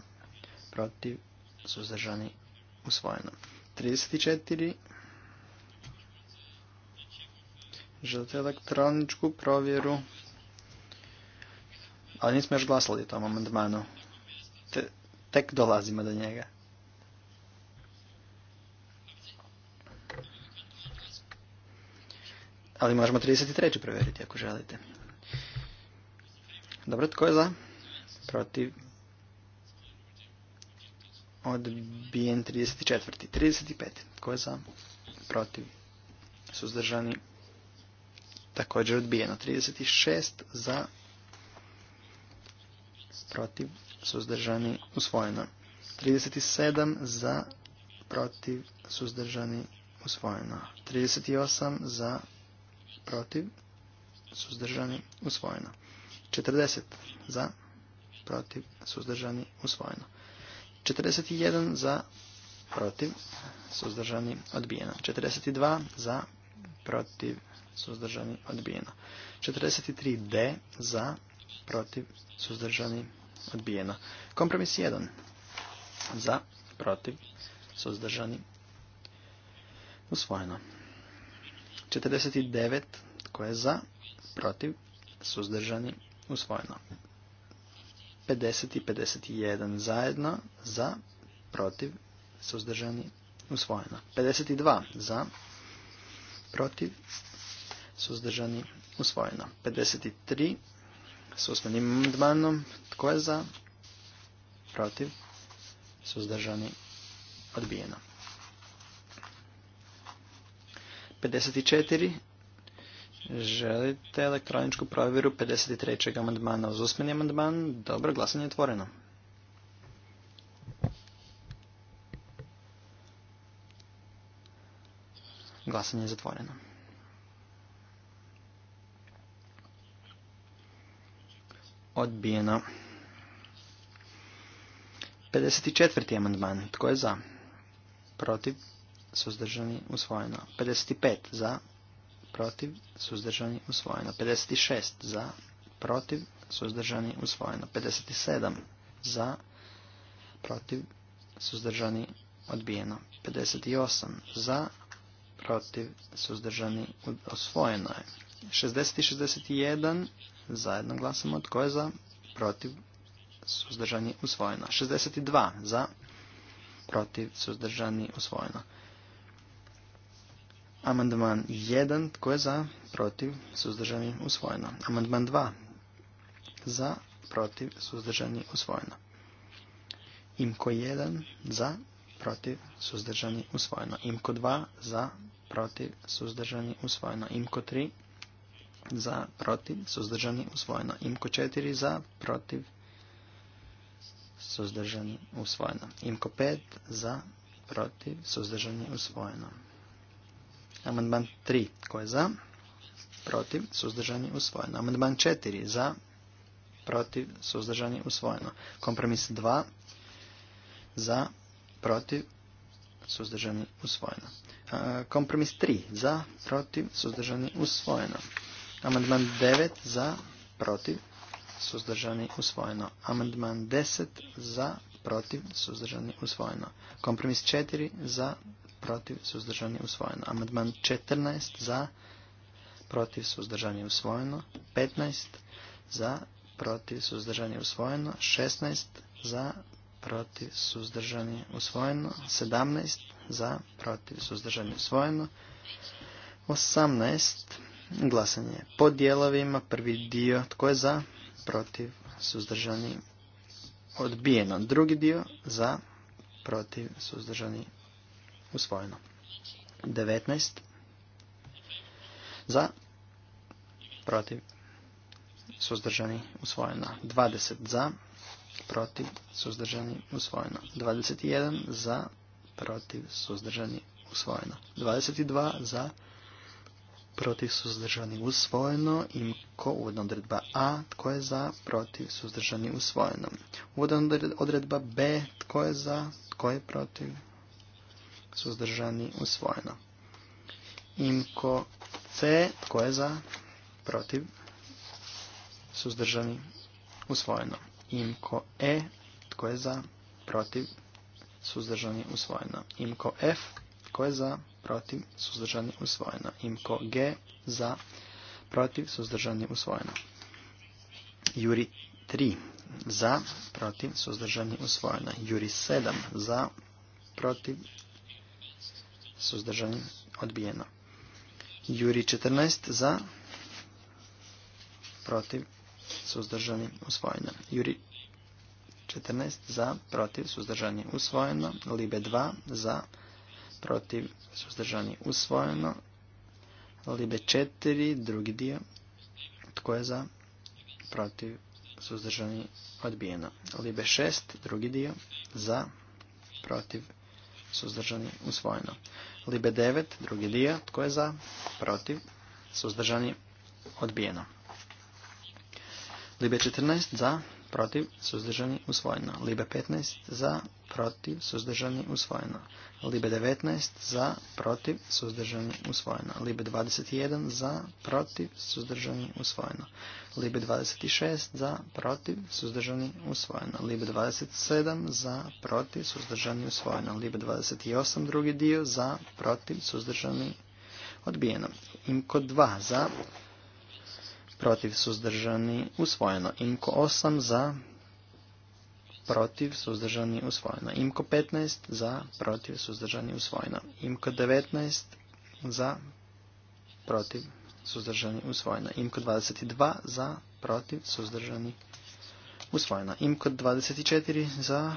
Protiv? Suzdržani? Usvojeno. 34 Želite elektroničku provjeru? Ali nismo još glasali o tom amandmanu. tek dolazimo do njega. Ali možemo 33. provjeriti ako želite. Dobro, tko je za? Protiv. Odbijen 34. 35. Tko je za? Protiv. Suzdržani. Također odbijeno. 36 za protiv, suzdržani, usvojeno. 37 za, protiv, suzdržani, usvojeno. 38 za, protiv, suzdržani, usvojeno. 40 za, protiv, suzdržani, usvojeno. 41 za, protiv, suzdržani, odbijeno. 42 za, protiv, suzdržani, odbijeno. 43D za, protiv, suzdržani, odbijeno. Kompromis 1. Za, protiv, suzdržani, usvojeno. 49. Tko je za, protiv, suzdržani, usvojeno. 50 i 51 zajedno, za, protiv, suzdržani, usvojeno. 52 za, protiv, suzdržani, usvojeno. 53 s usmenim amandmanom. Tko je za? Protiv? Suzdržani? Odbijeno. 54. Želite elektroničku provjeru 53. amandmana uz usmeni amandman? Dobro, glasanje je otvoreno. Glasanje je zatvoreno. Odbijeno. 54. amandman. Tko je za? Protiv. Suzdržani. Usvojeno. 55. Za. Protiv. Suzdržani. Usvojeno. 56. Za. Protiv. Suzdržani. Usvojeno. 57. Za. Protiv. Suzdržani. Odbijeno. 58. Za. Protiv. Suzdržani. Usvojeno je. 60 i 61 Zajedno glasamo tko je za, protiv, suzdržani, usvojeno. 62 za, protiv, suzdržani, usvojeno. Amandman 1, tko je za, protiv, suzdržani, usvojeno. Amandman 2, za, protiv, suzdržani, usvojeno. Imko 1, za, protiv, suzdržani, usvojeno. Imko 2, za, protiv, suzdržani, usvojeno. Imko 3, za, protiv, suzdržani, usvojeno. Imko 4 za, protiv, suzdržani, usvojeno. Imko 5 za, protiv, suzdržani, usvojeno. Amandman 3, ko je za, protiv, suzdržani, usvojeno. Amandman 4 za, protiv, suzdržani, usvojeno. Kompromis 2 za, protiv, suzdržani, usvojeno. E, kompromis 3 za, protiv, suzdržani, usvojeno. Amandman 9 za, protiv, suzdržani, usvojeno. Amandman 10 za, protiv, suzdržani, usvojeno. Kompromis 4 za, protiv, suzdržani, usvojeno. Amandman 14 za, protiv, suzdržani, usvojeno. 15 za, protiv, suzdržani, usvojeno. 16 za, protiv, suzdržani, usvojeno. 17 za, protiv, suzdržani, usvojeno. 18 Glasanje po dijelovima. Prvi dio tko je za, protiv, suzdržani, odbijeno. Drugi dio za, protiv, suzdržani, usvojeno. 19. Za, protiv, suzdržani, usvojeno. 20 za, protiv, suzdržani, usvojeno. 21 za, protiv, suzdržani, usvojeno. 22 za, protiv suzdržani usvojeno, imko uvodna odredba A, tko je za, protiv suzdržani usvojeno. Uvodna odredba B, tko je za, tko je protiv suzdržani usvojeno. Imko C, tko je za, protiv suzdržani usvojeno. Imko E, tko je za, protiv suzdržani usvojeno. Imko F, tko je za, protiv, suzdržani, usvojeno. Imko G za, protiv, suzdržani, usvojeno. Juri 3 za, protiv, suzdržani, usvojeno. Juri 7 za, protiv, suzdržani, odbijeno. Juri 14 za, protiv, suzdržani, usvojeno. Juri 14 za, protiv, suzdržani, usvojeno. Libe 2 za, protiv, suzdržani usvojeno. Libe 4, drugi dio. Tko je za? Protiv, suzdržani odbijeno. Libe 6, drugi dio. Za, protiv, suzdržani usvojeno. Libe 9, drugi dio. Tko je za? Protiv, suzdržani odbijeno. Libe 14, za, protiv, suzdržani, usvojeno. Libe 15 za, protiv, suzdržani, usvojeno. Libe 19 za, protiv, suzdržani, usvojeno. Libe 21 za, protiv, suzdržani, usvojeno. Libe 26 za, protiv, suzdržani, usvojeno. Libe 27 za, protiv, suzdržani, usvojeno. Libe 28 drugi dio za, protiv, suzdržani, odbijeno. Imko 2 za, protiv suzdržani usvojeno. Imko 8 za, protiv suzdržani usvojeno. Imko 15 za, protiv suzdržani usvojeno. Imko 19 za, protiv suzdržani usvojeno. Imko 22 za, protiv suzdržani usvojeno. Imko 24 za,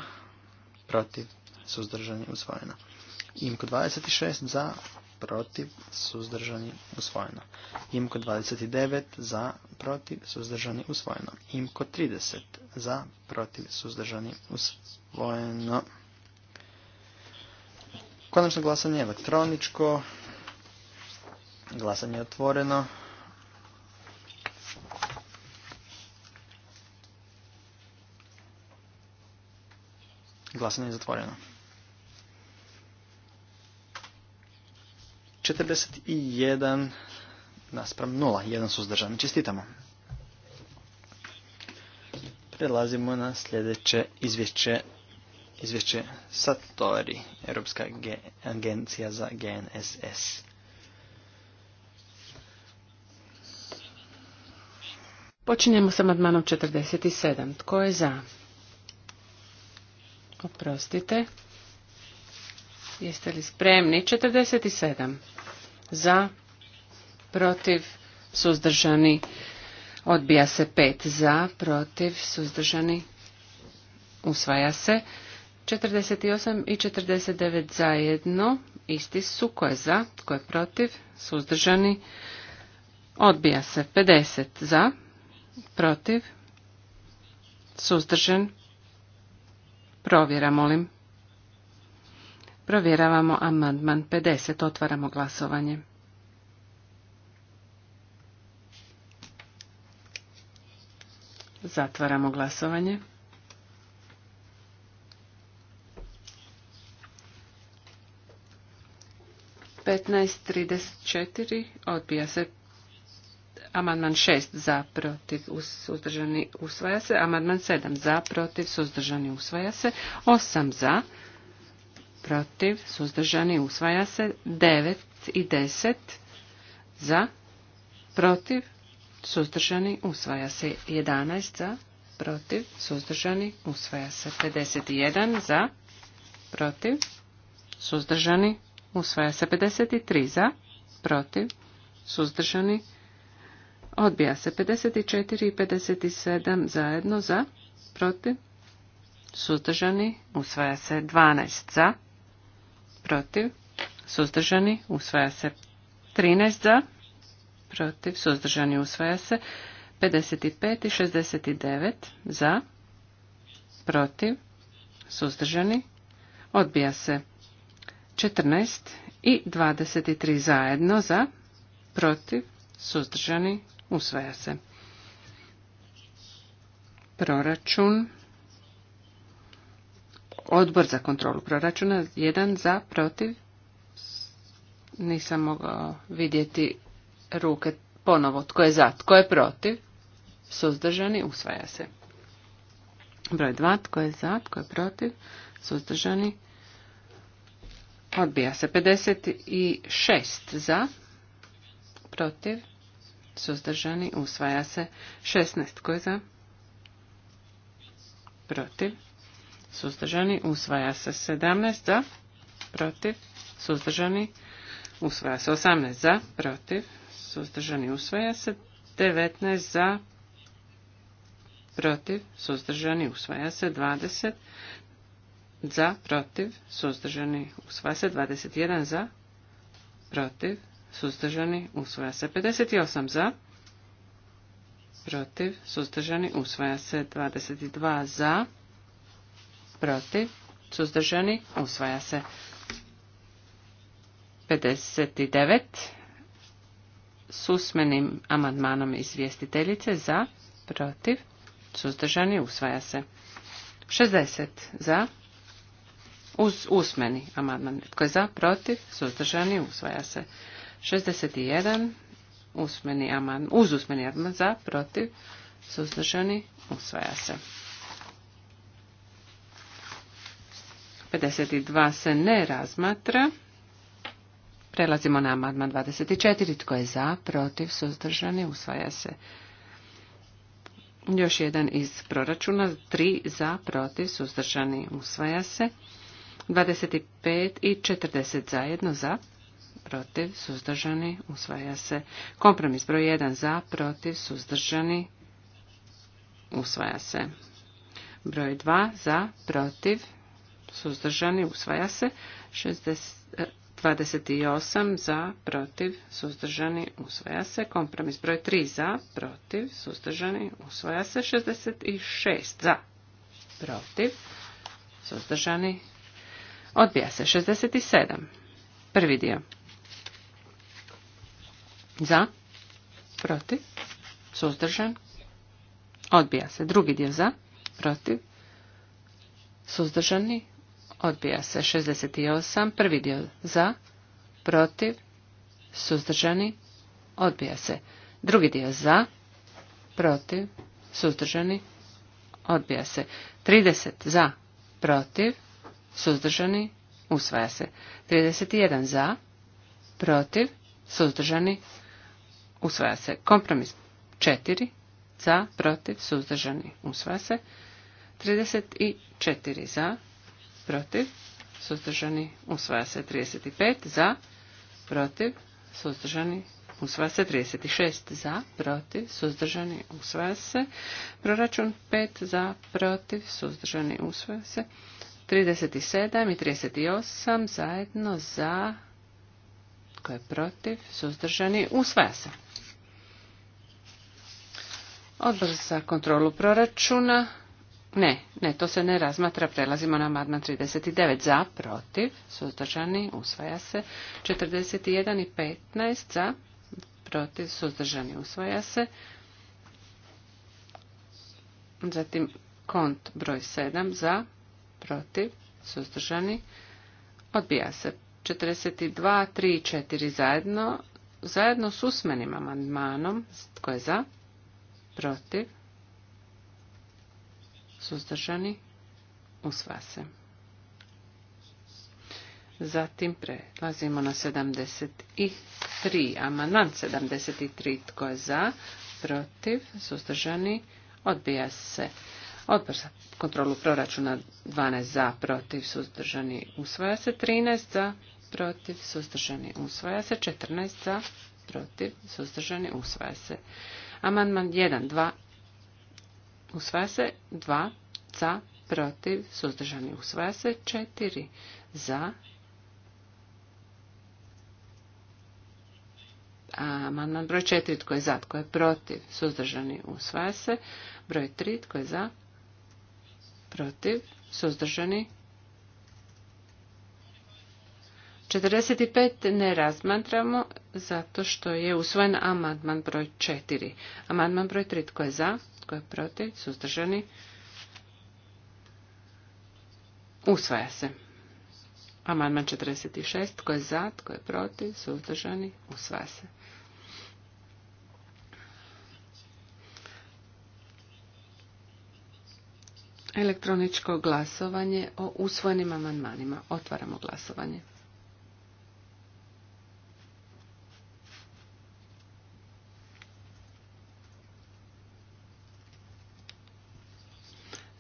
protiv suzdržani usvojeno. Imko 26 za, protiv, suzdržani, usvojeno. Imko 29 za, protiv, suzdržani, usvojeno. Imko 30 za, protiv, suzdržani, usvojeno. Konačno glasanje je elektroničko. Glasanje je otvoreno. Glasanje je zatvoreno. 41 naspram 0, jedan suzdržan. Čestitamo. Prelazimo na sljedeće izvješće, izvješće Satori, Europska agencija za GNSS. Počinjemo sa madmanom 47. Tko je za? Oprostite. Jeste li spremni? 47 za, protiv, suzdržani, odbija se 5 za, protiv, suzdržani, usvaja se. 48 i 49 zajedno, isti su, ko je za, ko je protiv, suzdržani, odbija se 50 za, protiv, suzdržan, provjera molim. Provjeravamo amandman 50. Otvaramo glasovanje. Zatvaramo glasovanje. trideset četiri odbija se amandman 6 za protiv suzdržani usvaja se amandman 7 za protiv suzdržani usvaja se 8 za protiv, suzdržani, usvaja se. 9 i 10 za, protiv, suzdržani, usvaja se. 11 za, protiv, suzdržani, usvaja se. 51 za, protiv, suzdržani, usvaja se. 53 za, protiv, suzdržani, odbija se. 54 i 57 zajedno za, protiv, suzdržani, usvaja se. 12 za, protiv, suzdržani, usvaja se. 13 za, protiv, suzdržani, usvaja se. 55 i 69 za, protiv, suzdržani, odbija se. 14 i 23 zajedno za, protiv, suzdržani, usvaja se. Proračun odbor za kontrolu proračuna, jedan za, protiv, nisam mogao vidjeti ruke ponovo, tko je za, tko je protiv, suzdržani, usvaja se. Broj dva, tko je za, tko je protiv, suzdržani, odbija se. 56 za, protiv, suzdržani, usvaja se. 16, tko je za, protiv, suzdržani, usvaja se 17 za, protiv, suzdržani, usvaja se 18 za, protiv, suzdržani, usvaja se 19 za, protiv, suzdržani, usvaja se 20 za, protiv, suzdržani, usvaja se 21 za, protiv, suzdržani, usvaja se 58 za, protiv, suzdržani, usvaja se 22 za, protiv, suzdržani, usvaja se. 59 s usmenim amandmanom izvjestiteljice za, protiv, suzdržani, usvaja se. 60 za, uz usmeni amandman. Tko je za, protiv, suzdržani, usvaja se. 61 usmeni uz usmeni amandman za, protiv, suzdržani, usvaja se. 52 se ne razmatra. Prelazimo na amandman 24. Tko je za, protiv, suzdržani, usvaja se. Još jedan iz proračuna. 3 za, protiv, suzdržani, usvaja se. 25 i 40 zajedno za, protiv, suzdržani, usvaja se. Kompromis broj 1 za, protiv, suzdržani, usvaja se. Broj 2 za, protiv, suzdržani, usvaja se. 60, 28 eh, za, protiv, suzdržani, usvaja se. Kompromis broj 3 za, protiv, suzdržani, usvaja se. 66 za, protiv, suzdržani, odbija se. 67. Prvi dio. Za, protiv, suzdržan, odbija se. Drugi dio za, protiv, suzdržani, Odbija se 68. Prvi dio za, protiv, suzdržani. Odbija se. Drugi dio za, protiv, suzdržani. Odbija se. 30 za, protiv, suzdržani. Usvaja se. 31 za, protiv, suzdržani. Usvaja se. Kompromis 4 za, protiv, suzdržani. Usvaja se. 34 za, protiv, suzdržani, usvaja se 35 za, protiv, suzdržani, usvaja se 36 za, protiv, suzdržani, usvaja se, proračun 5 za, protiv, suzdržani, usvaja se, 37 i 38 zajedno za, koje je protiv, suzdržani, usvaja se. Odbor za kontrolu proračuna ne, ne, to se ne razmatra. Prelazimo na amandman 39 za, protiv, suzdržani, usvaja se. 41 i 15 za, protiv, suzdržani, usvaja se. Zatim kont broj 7 za, protiv, suzdržani, odbija se. 42, 3 i 4 zajedno, zajedno s usmenim amandmanom, tko je za, protiv, suzdržani, usva se. Zatim prelazimo na 73, amandman 73, tko je za, protiv, suzdržani, odbija se. Odbor za kontrolu proračuna 12 za, protiv, suzdržani, usvaja se 13 za, protiv, suzdržani, usvaja se 14 za, protiv, suzdržani, usvaja se. Amandman 1, 2 Usvaja se 2 za, protiv, suzdržani. Usvaja se 4 za. Amandman broj 4 tko je za, tko je protiv, suzdržani. Usvaja se broj 3 tko je za, protiv, suzdržani. 45 ne razmatramo zato što je usvojen amandman broj 4. Amandman broj 3 tko je za, tko je protiv? Suzdržani? Usvaja se. Amandman 46. Tko je za? Tko je protiv? Suzdržani? Usvaja se. Elektroničko glasovanje o usvojenim amandmanima. Otvaramo glasovanje.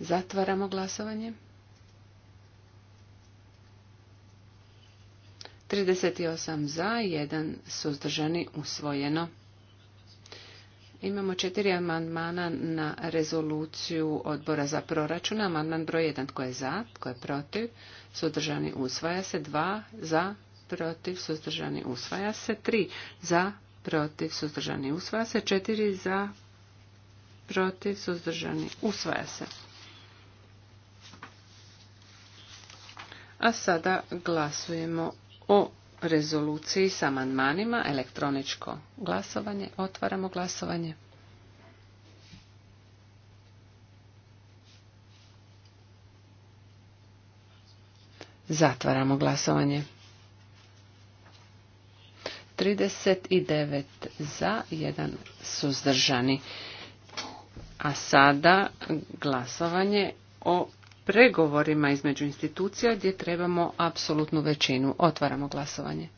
Zatvaramo glasovanje. 38 za, 1 suzdržani usvojeno. Imamo četiri amandmana na rezoluciju odbora za proračun. Amandman broj 1 tko je za, tko je protiv, suzdržani usvaja se. 2 za, protiv, suzdržani usvaja se. 3 za, protiv, suzdržani usvaja se. 4 za, protiv, suzdržani usvaja se. A sada glasujemo o rezoluciji sa amandmanima, elektroničko glasovanje, otvaramo glasovanje. Zatvaramo glasovanje. 39 za, 1 suzdržani. A sada glasovanje o pregovorima između institucija gdje trebamo apsolutnu većinu. Otvaramo glasovanje.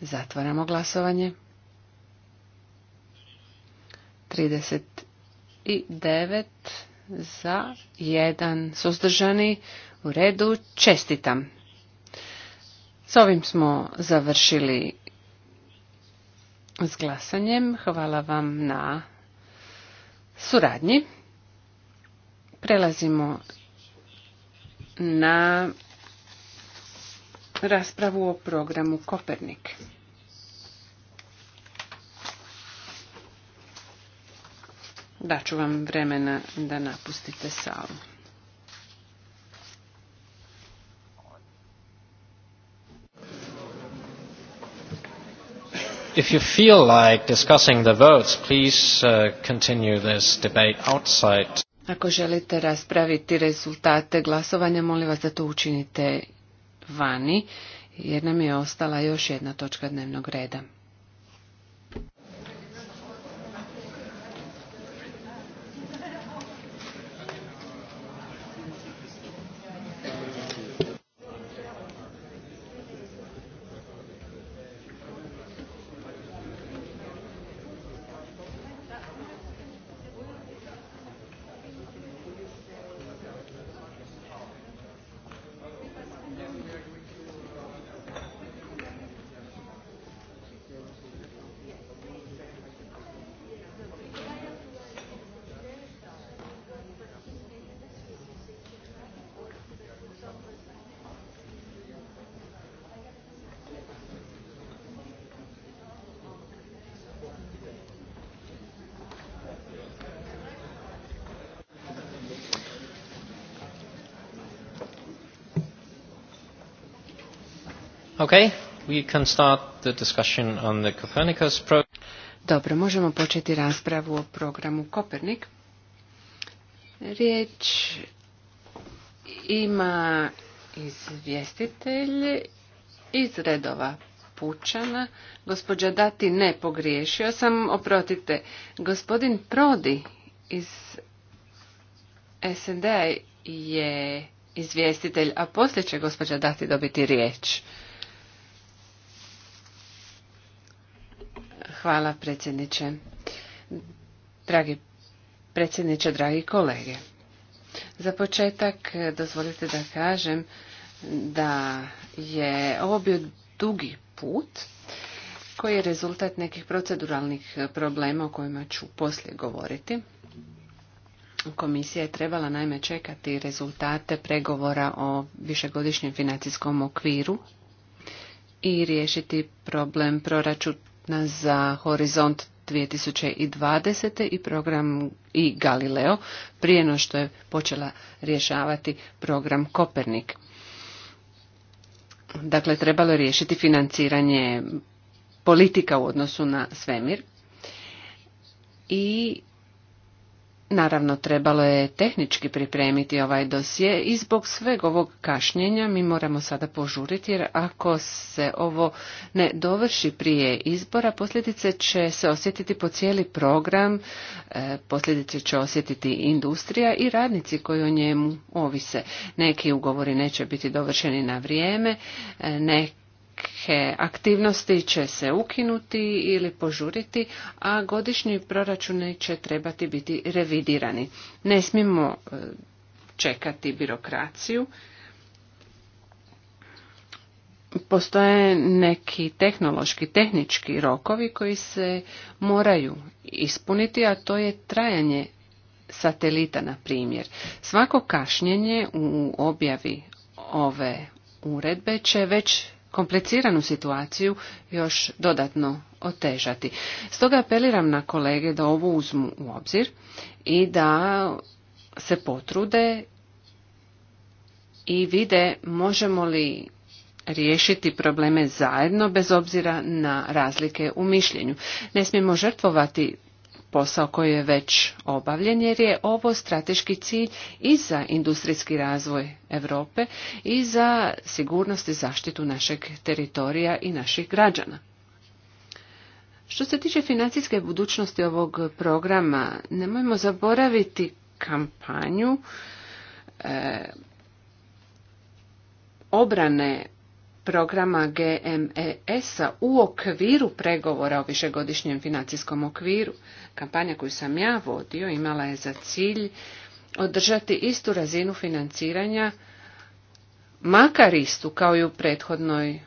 Zatvaramo glasovanje. 39 za, 1 suzdržani. U redu, čestitam. S ovim smo završili s glasanjem. Hvala vam na suradnji. Prelazimo na raspravu o programu Kopernik. Daću vam vremena da napustite salu. if you feel like discussing the votes, please uh, continue this debate outside. Ako želite raspraviti rezultate glasovanja, molim vas da to učinite vani, jer nam je ostala još jedna točka dnevnog reda. Okay, we can start the discussion on the Copernicus Dobro, možemo početi raspravu o programu Kopernik. Riječ ima izvjestitelj iz redova Pučana. Gospođa Dati, ne, pogriješio sam, oprotite. Gospodin Prodi iz SND je izvjestitelj, a poslije će gospođa Dati dobiti riječ. Hvala predsjedniče. Dragi predsjedniče, dragi kolege. Za početak e, dozvolite da kažem da je ovo bio dugi put koji je rezultat nekih proceduralnih problema o kojima ću poslije govoriti. Komisija je trebala najme čekati rezultate pregovora o višegodišnjem financijskom okviru i riješiti problem proračuna bitna za Horizont 2020. i program i Galileo prije no što je počela rješavati program Kopernik. Dakle, trebalo je riješiti financiranje politika u odnosu na svemir i Naravno, trebalo je tehnički pripremiti ovaj dosje i zbog sveg ovog kašnjenja mi moramo sada požuriti jer ako se ovo ne dovrši prije izbora, posljedice će se osjetiti po cijeli program, e, posljedice će osjetiti industrija i radnici koji o njemu ovise. Neki ugovori neće biti dovršeni na vrijeme, e, neki neke aktivnosti će se ukinuti ili požuriti, a godišnji proračuni će trebati biti revidirani. Ne smijemo e, čekati birokraciju. Postoje neki tehnološki, tehnički rokovi koji se moraju ispuniti, a to je trajanje satelita, na primjer. Svako kašnjenje u objavi ove uredbe će već kompliciranu situaciju još dodatno otežati. Stoga apeliram na kolege da ovo uzmu u obzir i da se potrude i vide možemo li riješiti probleme zajedno bez obzira na razlike u mišljenju. Ne smijemo žrtvovati posao koji je već obavljen jer je ovo strateški cilj i za industrijski razvoj Europe i za sigurnost i zaštitu našeg teritorija i naših građana. Što se tiče financijske budućnosti ovog programa, nemojmo zaboraviti kampanju eh, obrane programa GMES-a u okviru pregovora o višegodišnjem financijskom okviru. Kampanja koju sam ja vodio imala je za cilj održati istu razinu financiranja, makar istu kao i u prethodnoj e,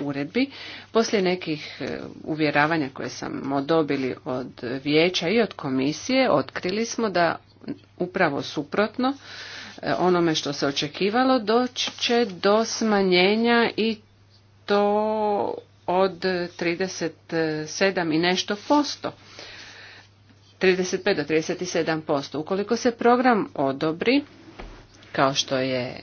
uredbi. Poslije nekih e, uvjeravanja koje smo dobili od vijeća i od komisije, otkrili smo da upravo suprotno, E, onome što se očekivalo, doći će do smanjenja i to od 37 i nešto posto. 35 do 37 posto. Ukoliko se program odobri, kao što je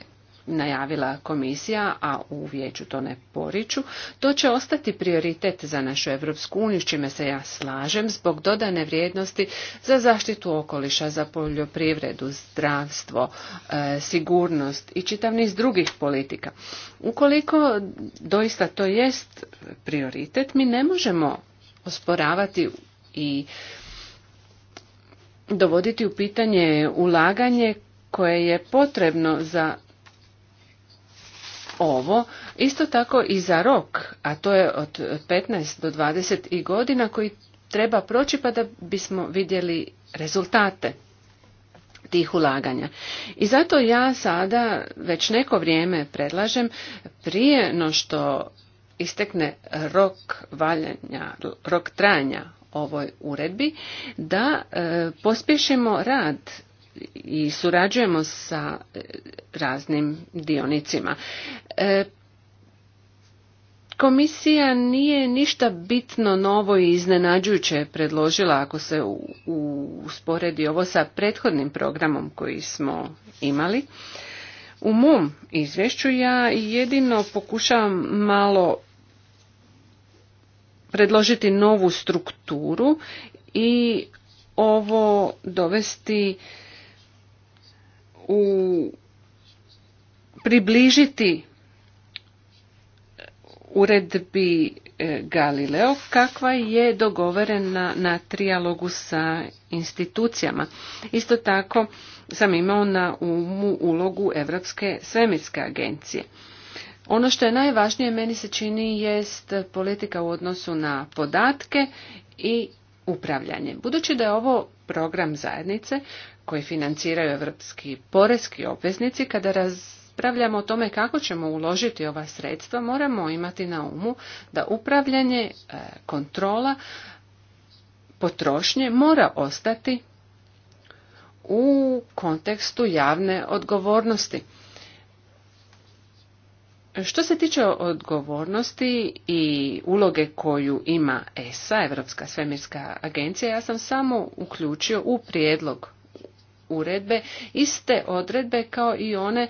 najavila komisija, a u vijeću to ne poriču, to će ostati prioritet za našu Evropsku uniju, s čime se ja slažem, zbog dodane vrijednosti za zaštitu okoliša, za poljoprivredu, zdravstvo, e, sigurnost i čitav niz drugih politika. Ukoliko doista to jest prioritet, mi ne možemo osporavati i dovoditi u pitanje ulaganje koje je potrebno za ovo, isto tako i za rok, a to je od 15 do 20 godina koji treba proći pa da bismo vidjeli rezultate tih ulaganja. I zato ja sada već neko vrijeme predlažem prije no što istekne rok valjanja, rok trajanja ovoj uredbi, da e, pospješimo rad i surađujemo sa e, raznim dionicima. E, komisija nije ništa bitno novo i iznenađujuće predložila ako se usporedi ovo sa prethodnim programom koji smo imali. U mom izvješću ja jedino pokušavam malo predložiti novu strukturu i ovo dovesti u približiti uredbi e, Galileo kakva je dogovorena na trijalogu sa institucijama. Isto tako sam imao na umu ulogu Europske svemirske agencije. Ono što je najvažnije meni se čini jest politika u odnosu na podatke i upravljanje. Budući da je ovo program zajednice, koji financiraju evropski poreski obveznici, kada raspravljamo o tome kako ćemo uložiti ova sredstva, moramo imati na umu da upravljanje, e, kontrola, potrošnje mora ostati u kontekstu javne odgovornosti. Što se tiče odgovornosti i uloge koju ima ESA, Europska svemirska agencija, ja sam samo uključio u prijedlog uredbe iste odredbe kao i one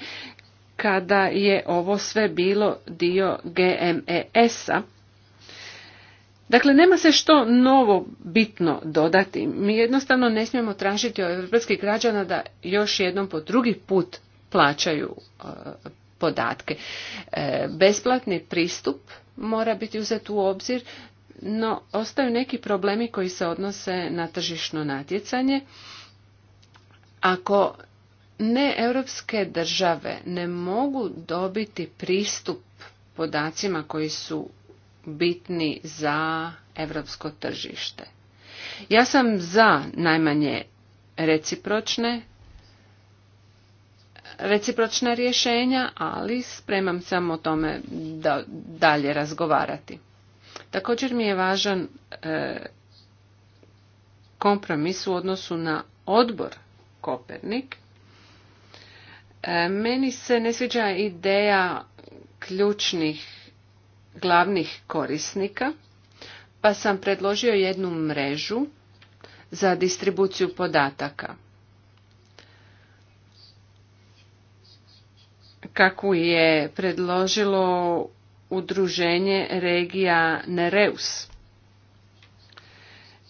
kada je ovo sve bilo dio GMES-a. Dakle, nema se što novo bitno dodati. Mi jednostavno ne smijemo tražiti od europskih građana da još jednom po drugi put plaćaju e, podatke. E, besplatni pristup mora biti uzet u obzir, no ostaju neki problemi koji se odnose na tržišno natjecanje ako ne europske države ne mogu dobiti pristup podacima koji su bitni za europsko tržište. Ja sam za najmanje recipročne recipročna rješenja, ali spremam samo o tome da dalje razgovarati. Također mi je važan e, kompromis u odnosu na odbor Kopernik. E, meni se ne sviđa ideja ključnih glavnih korisnika, pa sam predložio jednu mrežu za distribuciju podataka. kako je predložilo udruženje regija Nereus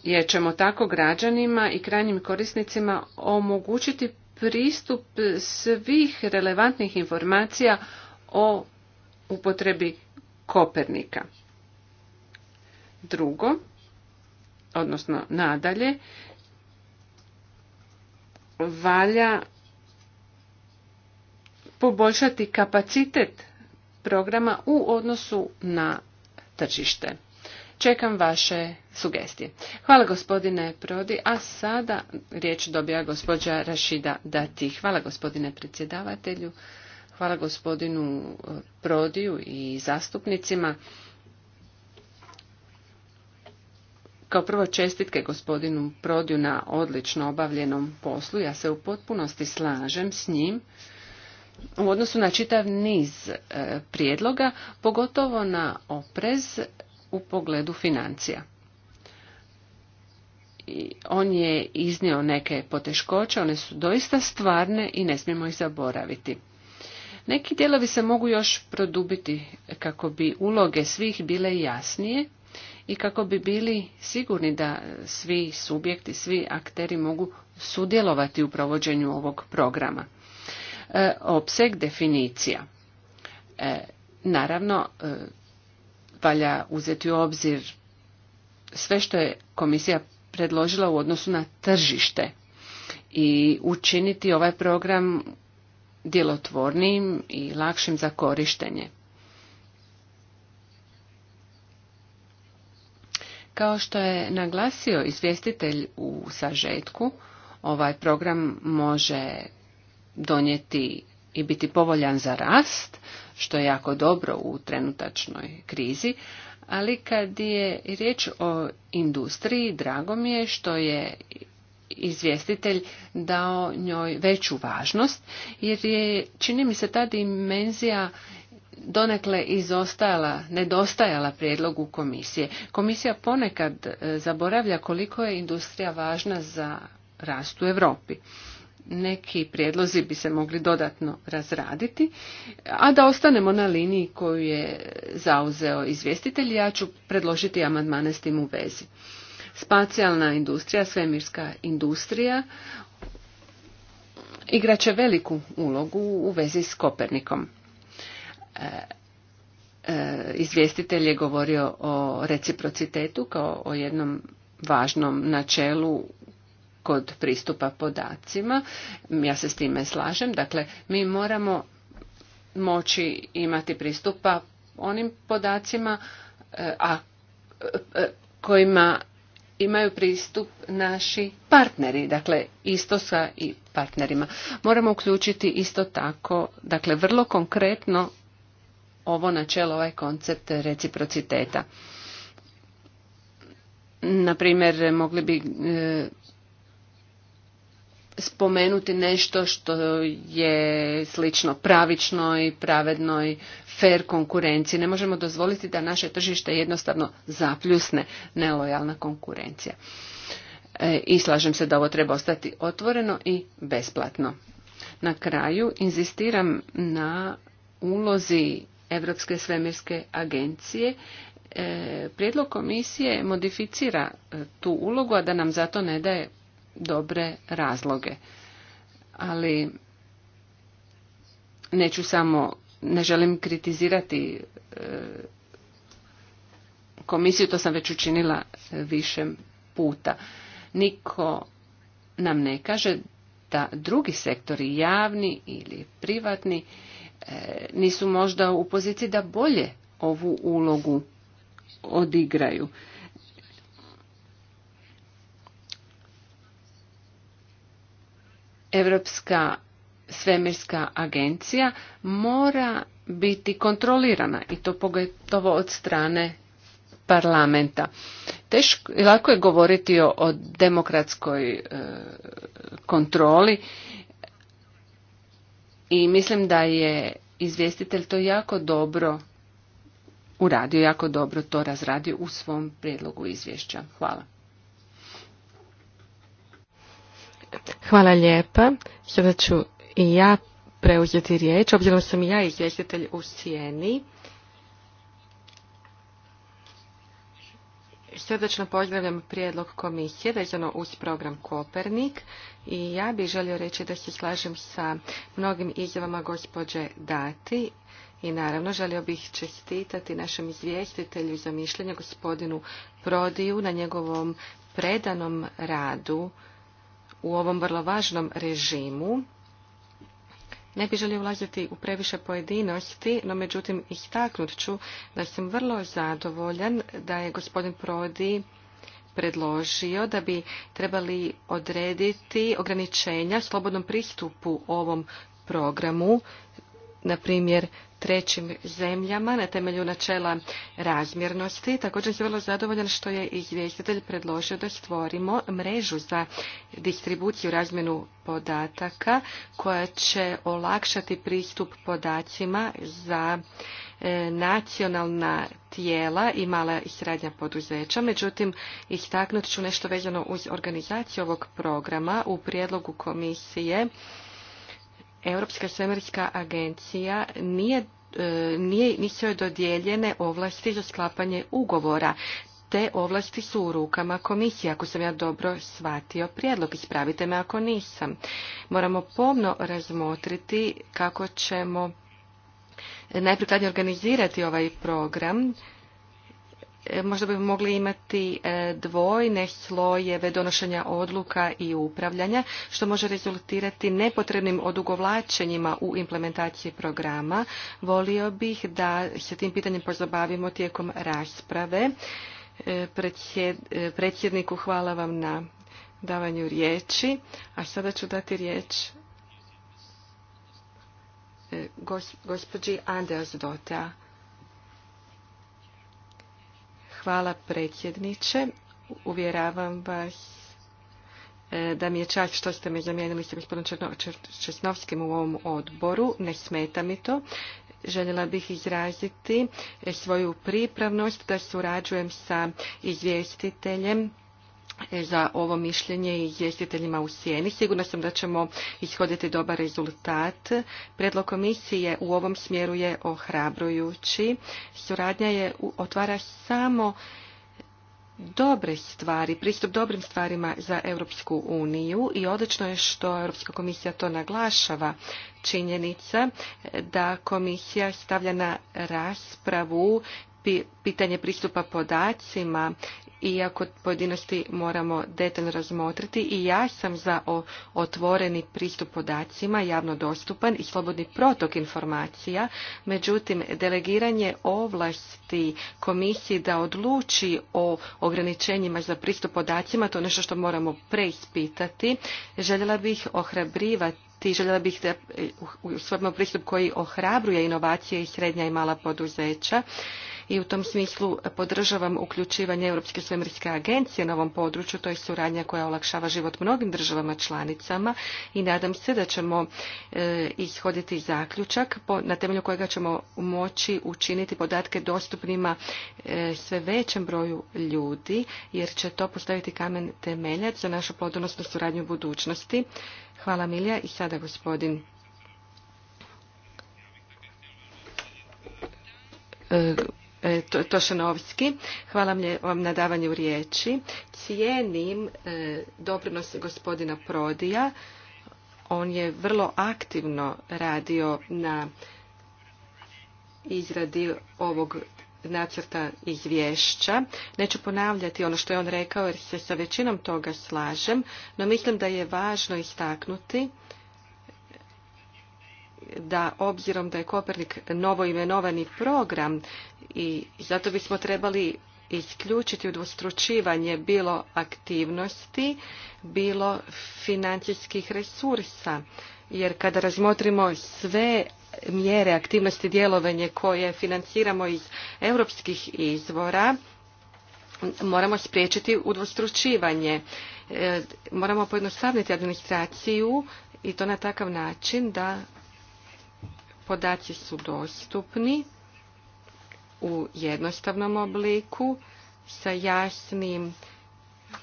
jer ćemo tako građanima i krajnjim korisnicima omogućiti pristup svih relevantnih informacija o upotrebi Kopernika. Drugo, odnosno nadalje, valja poboljšati kapacitet programa u odnosu na tržište. Čekam vaše sugestije. Hvala gospodine Prodi, a sada riječ dobija gospođa Rašida Dati. Hvala gospodine predsjedavatelju, hvala gospodinu e, Prodiju i zastupnicima. Kao prvo čestitke gospodinu Prodiju na odlično obavljenom poslu. Ja se u potpunosti slažem s njim u odnosu na čitav niz e, prijedloga, pogotovo na oprez u pogledu financija. I on je iznio neke poteškoće, one su doista stvarne i ne smijemo ih zaboraviti. Neki dijelovi se mogu još produbiti kako bi uloge svih bile jasnije i kako bi bili sigurni da svi subjekti, svi akteri mogu sudjelovati u provođenju ovog programa. E, opseg definicija. E, naravno, e, valja uzeti u obzir sve što je komisija predložila u odnosu na tržište i učiniti ovaj program djelotvornijim i lakšim za korištenje. Kao što je naglasio izvjestitelj u sažetku, ovaj program može donijeti i biti povoljan za rast, što je jako dobro u trenutačnoj krizi, ali kad je riječ o industriji, drago mi je što je izvjestitelj dao njoj veću važnost, jer je, čini mi se, ta dimenzija donekle izostajala, nedostajala prijedlogu komisije. Komisija ponekad e, zaboravlja koliko je industrija važna za rast u Europi neki prijedlozi bi se mogli dodatno razraditi, a da ostanemo na liniji koju je zauzeo izvjestitelj, ja ću predložiti amandmane s tim u vezi. Spacijalna industrija, svemirska industrija igraće veliku ulogu u vezi s Kopernikom. E, e, izvjestitelj je govorio o reciprocitetu kao o jednom važnom načelu kod pristupa podacima. Ja se s time slažem. Dakle, mi moramo moći imati pristupa onim podacima eh, a eh, eh, kojima imaju pristup naši partneri, dakle isto sa i partnerima. Moramo uključiti isto tako, dakle vrlo konkretno ovo načelo, ovaj koncept reciprociteta. Naprimjer, mogli bi spomenuti nešto što je slično pravičnoj, pravednoj, fer konkurenciji. Ne možemo dozvoliti da naše tržište jednostavno zapljusne nelojalna konkurencija. E, I slažem se da ovo treba ostati otvoreno i besplatno. Na kraju inzistiram na ulozi Europske svemirske agencije e, prijedlog komisije modificira e, tu ulogu, a da nam zato ne daje dobre razloge. Ali neću samo, ne želim kritizirati e, komisiju, to sam već učinila e, više puta. Niko nam ne kaže da drugi sektori, javni ili privatni, e, nisu možda u poziciji da bolje ovu ulogu odigraju. Europska svemirska agencija mora biti kontrolirana i to pogotovo od strane parlamenta. Teško, lako je govoriti o, demokratskoj e, kontroli i mislim da je izvjestitelj to jako dobro uradio, jako dobro to razradio u svom prijedlogu izvješća. Hvala. Hvala lijepa. Sada ću i ja preuzeti riječ, obzirom sam i ja izvjestitelj u sjeni. Srdečno pozdravljam prijedlog komisije vezano uz program Kopernik i ja bih želio reći da se slažem sa mnogim izjavama gospođe Dati i naravno želio bih čestitati našem izvjestitelju za mišljenje gospodinu Prodiju na njegovom predanom radu u ovom vrlo važnom režimu. Ne bih želio ulaziti u previše pojedinosti, no međutim istaknut ću da sam vrlo zadovoljan da je gospodin Prodi predložio da bi trebali odrediti ograničenja slobodnom pristupu ovom programu na primjer, trećim zemljama na temelju načela razmjernosti. Također sam vrlo zadovoljan što je izvjestitelj predložio da stvorimo mrežu za distribuciju razmjenu podataka koja će olakšati pristup podacima za e, nacionalna tijela i mala i srednja poduzeća. Međutim, istaknut ću nešto vezano uz organizaciju ovog programa u prijedlogu komisije Europska svemirska agencija nije e, nije, nisu joj dodijeljene ovlasti za sklapanje ugovora. Te ovlasti su u rukama komisije, ako sam ja dobro shvatio prijedlog, ispravite me ako nisam. Moramo pomno razmotriti kako ćemo najprikladnije organizirati ovaj program E, možda bi mogli imati e, dvojne slojeve donošenja odluka i upravljanja, što može rezultirati nepotrebnim odugovlačenjima u implementaciji programa. Volio bih da se tim pitanjem pozabavimo tijekom rasprave. E, predsjedniku hvala vam na davanju riječi, a sada ću dati riječ gospođi Anders Dota Hvala predsjedniče. Uvjeravam vas e, da mi je čast što ste me zamijenili sa gospodinom Česnovskim u ovom odboru. Ne smeta mi to. Željela bih izraziti e, svoju pripravnost da surađujem sa izvjestiteljem E, za ovo mišljenje i izvjestiteljima u sjeni. Sigurna sam da ćemo ishoditi dobar rezultat. Predlog komisije u ovom smjeru je ohrabrujući. Suradnja je otvara samo dobre stvari, pristup dobrim stvarima za Europsku uniju i odlično je što Europska komisija to naglašava činjenica da komisija stavlja na raspravu pitanje pristupa podacima, iako pojedinosti moramo detaljno razmotriti i ja sam za otvoreni pristup podacima, javno dostupan i slobodni protok informacija. Međutim, delegiranje ovlasti komisiji da odluči o ograničenjima za pristup podacima, to je nešto što moramo preispitati. Željela bih ohrabrivati željela bih da svojom pristup koji ohrabruje inovacije i srednja i mala poduzeća i u tom smislu podržavam uključivanje Europske svemirske agencije na ovom području. To je suradnja koja olakšava život mnogim državama članicama i nadam se da ćemo e, ishoditi zaključak na temelju kojega ćemo moći učiniti podatke dostupnima e, sve većem broju ljudi jer će to postaviti kamen temeljac za našu plodonosnu suradnju u budućnosti. Hvala Milija i sada gospodin e, E, Tošanovski. Hvala vam na davanju riječi. Cijenim e, doprinos gospodina Prodija. On je vrlo aktivno radio na izradi ovog nacrta izvješća. Neću ponavljati ono što je on rekao jer se sa većinom toga slažem, no mislim da je važno istaknuti da obzirom da je Kopernik novo imenovani program i zato bismo trebali isključiti udvostručivanje bilo aktivnosti, bilo financijskih resursa. Jer kada razmotrimo sve mjere, aktivnosti, djelovanje koje financiramo iz europskih izvora, moramo spriječiti udvostručivanje. E, moramo pojednostavniti administraciju i to na takav način da Podaci su dostupni u jednostavnom obliku sa jasnim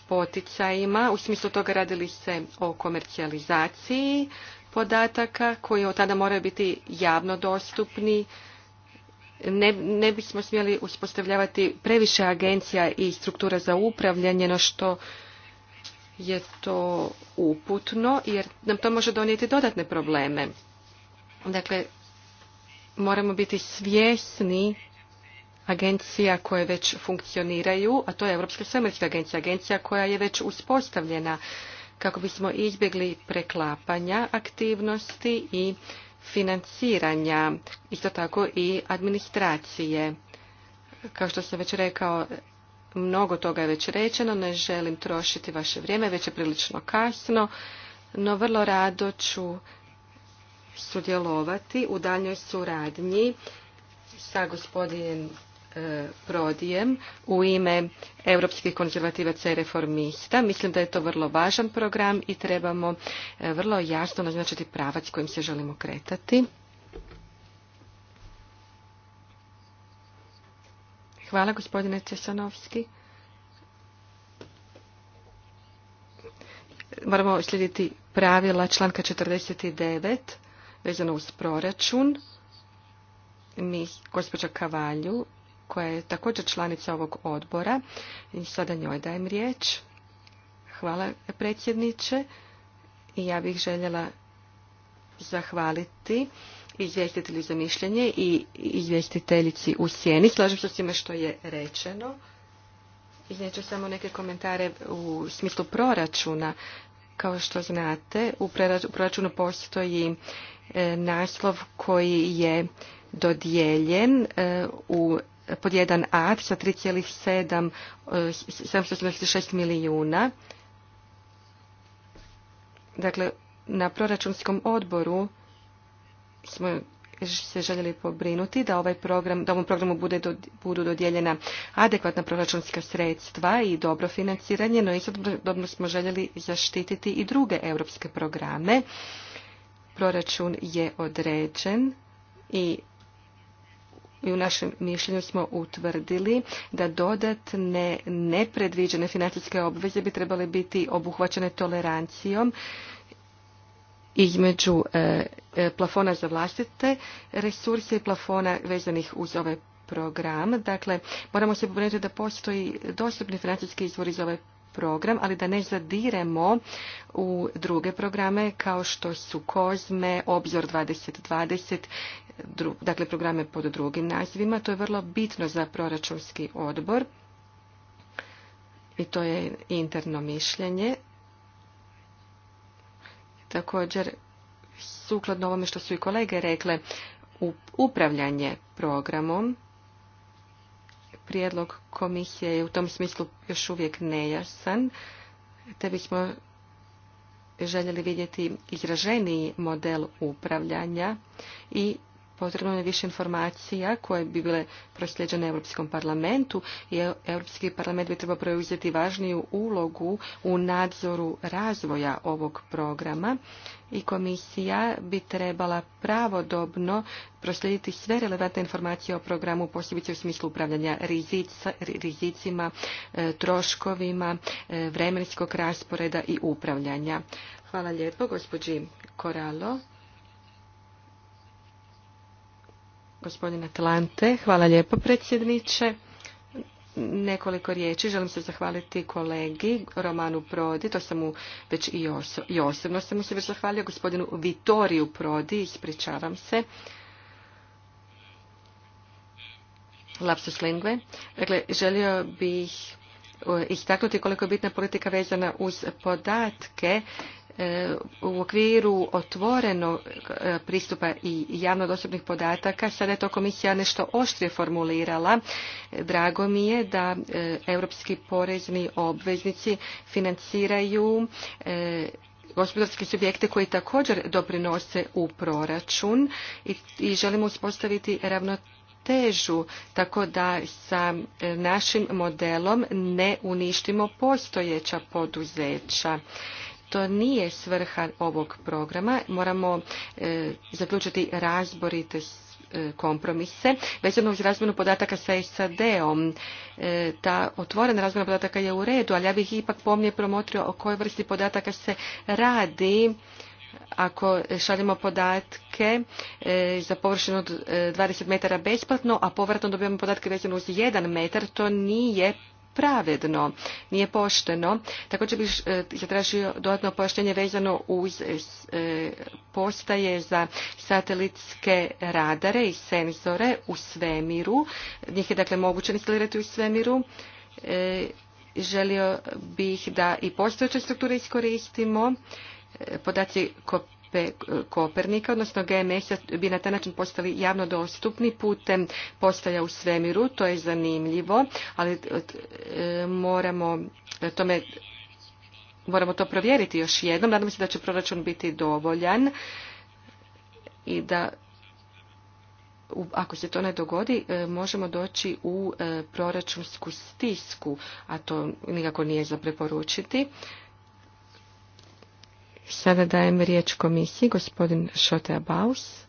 poticajima, u smislu toga radili se o komercijalizaciji podataka koji od tada moraju biti javno dostupni. Ne, ne bismo smjeli uspostavljavati previše agencija i struktura za upravljanje, no što je to uputno, jer nam to može donijeti dodatne probleme. Dakle, moramo biti svjesni agencija koje već funkcioniraju, a to je Europska svemirska agencija, agencija koja je već uspostavljena kako bismo izbjegli preklapanja aktivnosti i financiranja, isto tako i administracije. Kao što sam već rekao, mnogo toga je već rečeno, ne želim trošiti vaše vrijeme, već je prilično kasno, no vrlo rado ću sudjelovati u daljnjoj suradnji sa gospodinem e, Prodijem u ime europskih konzervativaca i reformista. Mislim da je to vrlo važan program i trebamo e, vrlo jasno naznačiti pravac kojim se želimo kretati. Hvala gospodine Cesanovski. Moramo slijediti pravila članka 49 vezano uz proračun. Mi, gospođa Kavalju, koja je također članica ovog odbora, i sada njoj dajem riječ. Hvala predsjedniče i ja bih željela zahvaliti izvjestitelju za mišljenje i izvjestiteljici u sjeni. Slažem se s time što je rečeno. Izneću samo neke komentare u smislu proračuna. Kao što znate, u proračunu postoji E, naslov koji je dodijeljen e, u pod jedan ad sa 3,7 e, milijuna. Dakle, na proračunskom odboru smo se željeli pobrinuti da ovaj program, da ovom programu bude, budu dodijeljena adekvatna proračunska sredstva i dobro financiranje, no istodobno smo željeli zaštititi i druge europske programe Proračun je određen i i u našem mišljenju smo utvrdili da dodatne nepredviđene financijske obveze bi trebale biti obuhvaćene tolerancijom između e, e, plafona za vlastite resurse i plafona vezanih uz ovaj program. Dakle, moramo se pobrinuti da postoji dostupni financijski izvori iz ovaj program, ali da ne zadiremo u druge programe kao što su Kozme, Obzor 2020, dakle programe pod drugim nazivima. To je vrlo bitno za proračunski odbor i to je interno mišljenje. Također, sukladno ovome što su i kolege rekle, upravljanje programom prijedlog komisije je u tom smislu još uvijek nejasan, te bismo željeli vidjeti izraženiji model upravljanja i potrebno je više informacija koje bi bile prosljeđene Europskom parlamentu i Europski parlament bi trebao preuzeti važniju ulogu u nadzoru razvoja ovog programa i komisija bi trebala pravodobno proslijediti sve relevantne informacije o programu, posebice u smislu upravljanja rizicima, e, troškovima, e, vremenskog rasporeda i upravljanja. Hvala lijepo, gospođi Koralo. gospodine Tlante, hvala lijepo predsjedniče. Nekoliko riječi. Želim se zahvaliti kolegi Romanu Prodi, to sam mu već i, osobno sam mu se već zahvalio, gospodinu Vitoriju Prodi, ispričavam se. Lapsus lingue. Dakle, želio bih istaknuti koliko je bitna politika vezana uz podatke E, u okviru otvoreno e, pristupa i javno dostupnih podataka, sada je to komisija nešto oštrije formulirala. Drago mi je da e, europski porezni obveznici financiraju gospodarske subjekte koji također doprinose u proračun i želimo uspostaviti ravnotežu tako da sa našim modelom ne uništimo postojeća poduzeća to nije svrha ovog programa. Moramo e, zaključiti razborite e, kompromise. Vezano uz razmjenu podataka sa SAD-om, e, ta otvorena razmjena podataka je u redu, ali ja bih ipak pomnije promotrio o kojoj vrsti podataka se radi ako šaljemo podatke za površinu od 20 metara besplatno, a povratno dobijemo podatke vezano uz 1 metar, to nije pravedno, nije pošteno. Također bih e, zatražio dodatno poštenje vezano uz e, e, postaje za satelitske radare i senzore u svemiru. Njih je dakle moguće instalirati u svemiru. Želio bih da i postojeće strukture iskoristimo. Podaci Kopernika, odnosno GMS bi na taj način postali javno dostupni putem postaja u svemiru, to je zanimljivo, ali e, moramo tome moramo to provjeriti još jednom. Nadam se da će proračun biti dovoljan i da ako se to ne dogodi, e, možemo doći u e, proračunsku stisku, a to nikako nije za preporučiti. Sada dajem riječ komisiji, gospodin Šotea Baus.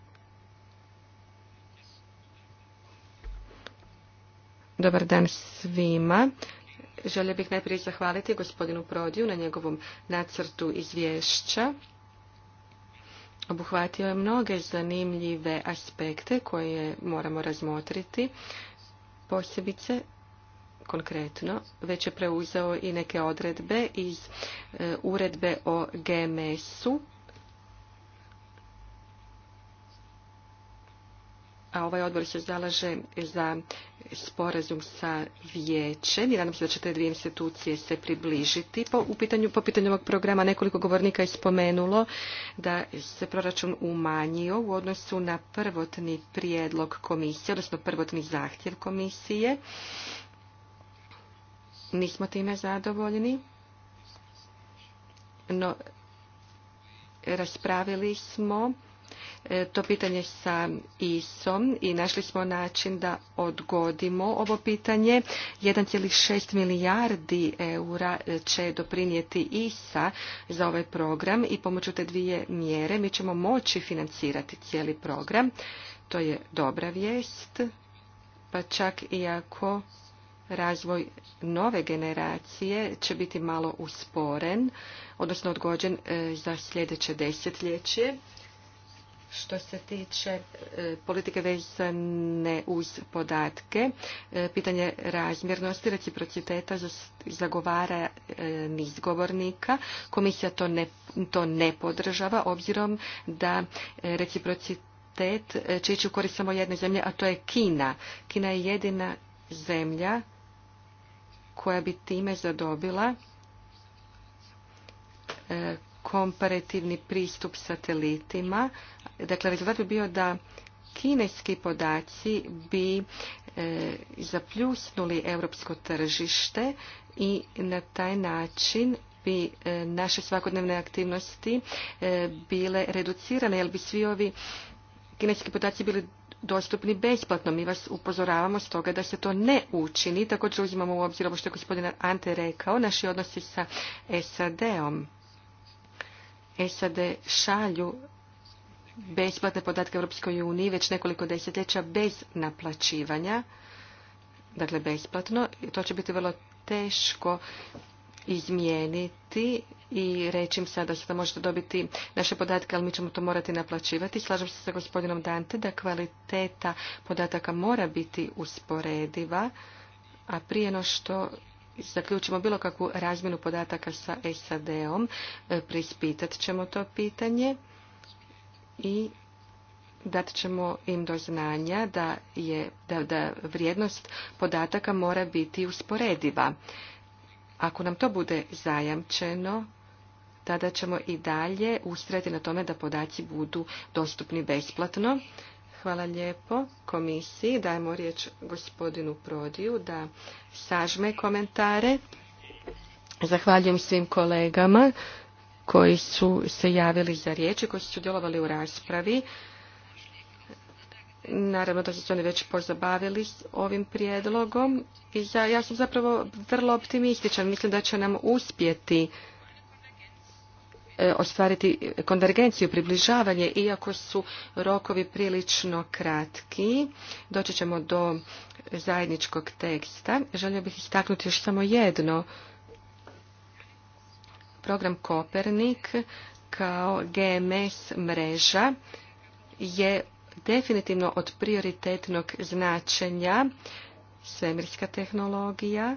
Dobar dan svima. Želio bih najprije zahvaliti gospodinu Prodiju na njegovom nacrtu izvješća. Obuhvatio je mnoge zanimljive aspekte koje moramo razmotriti, posebice konkretno, već je preuzeo i neke odredbe iz e, uredbe o GMS-u. A ovaj odbor se zalaže za sporazum sa vijećem i nadam se da će te dvije institucije se približiti. Po, u pitanju, po pitanju ovog programa nekoliko govornika je spomenulo da se proračun umanjio u odnosu na prvotni prijedlog komisije, odnosno prvotni zahtjev komisije. Nismo time zadovoljni, no raspravili smo e, to pitanje sa ISOM i našli smo način da odgodimo ovo pitanje. 1,6 milijardi eura e, će doprinijeti ISA za ovaj program i pomoću te dvije mjere mi ćemo moći financirati cijeli program. To je dobra vijest, pa čak i ako razvoj nove generacije će biti malo usporen, odnosno odgođen e, za sljedeće desetljeće. Što se tiče e, politike vezane uz podatke, e, pitanje razmjernosti reciprociteta zagovara niz govornika. Komisija to ne, to ne podržava obzirom da reciprocitet će ići u korist samo jedne zemlje, a to je Kina. Kina je jedina zemlja koja bi time zadobila e, komparativni pristup satelitima. Dakle, rezultat bi bio da kineski podaci bi e, zapljusnuli europsko tržište i na taj način bi e, naše svakodnevne aktivnosti bile reducirane, jer bi svi ovi kineski podaci bili dostupni besplatno. Mi vas upozoravamo stoga da se to ne učini. Također uzimamo u obzir ovo što je gospodin Ante rekao, naši odnosi sa SAD-om. SAD šalju besplatne podatke Europskoj uniji već nekoliko desetljeća bez naplaćivanja, dakle besplatno. To će biti vrlo teško izmijeniti i reći im sada da možete dobiti naše podatke, ali mi ćemo to morati naplaćivati. Slažem se sa gospodinom Dante da kvaliteta podataka mora biti usporediva, a prije no što zaključimo bilo kakvu razmjenu podataka sa SAD-om, e, prispitat ćemo to pitanje i dat ćemo im do znanja da, je, da, da vrijednost podataka mora biti usporediva. Ako nam to bude zajamčeno, tada ćemo i dalje ustrajati na tome da podaci budu dostupni besplatno. Hvala lijepo komisiji. Dajemo riječ gospodinu Prodiju da sažme komentare. Zahvaljujem svim kolegama koji su se javili za riječ i koji su sudjelovali u raspravi. Naravno da su se oni već pozabavili s ovim prijedlogom i ja, ja sam zapravo vrlo optimističan. Mislim da će nam uspjeti E, ostvariti konvergenciju, približavanje, iako su rokovi prilično kratki. Doći ćemo do zajedničkog teksta. Želio bih istaknuti još samo jedno. Program Kopernik kao GMS mreža je definitivno od prioritetnog značenja svemirska tehnologija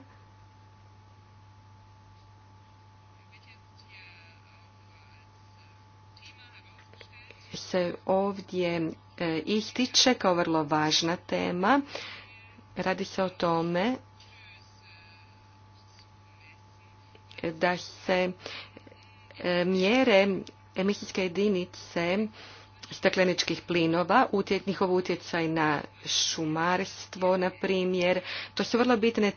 se ovdje e, ističe kao vrlo važna tema. Radi se o tome da se e, mjere emisijske jedinice stakleničkih plinova, njihov utjecaj na šumarstvo, na primjer. To su vrlo bitne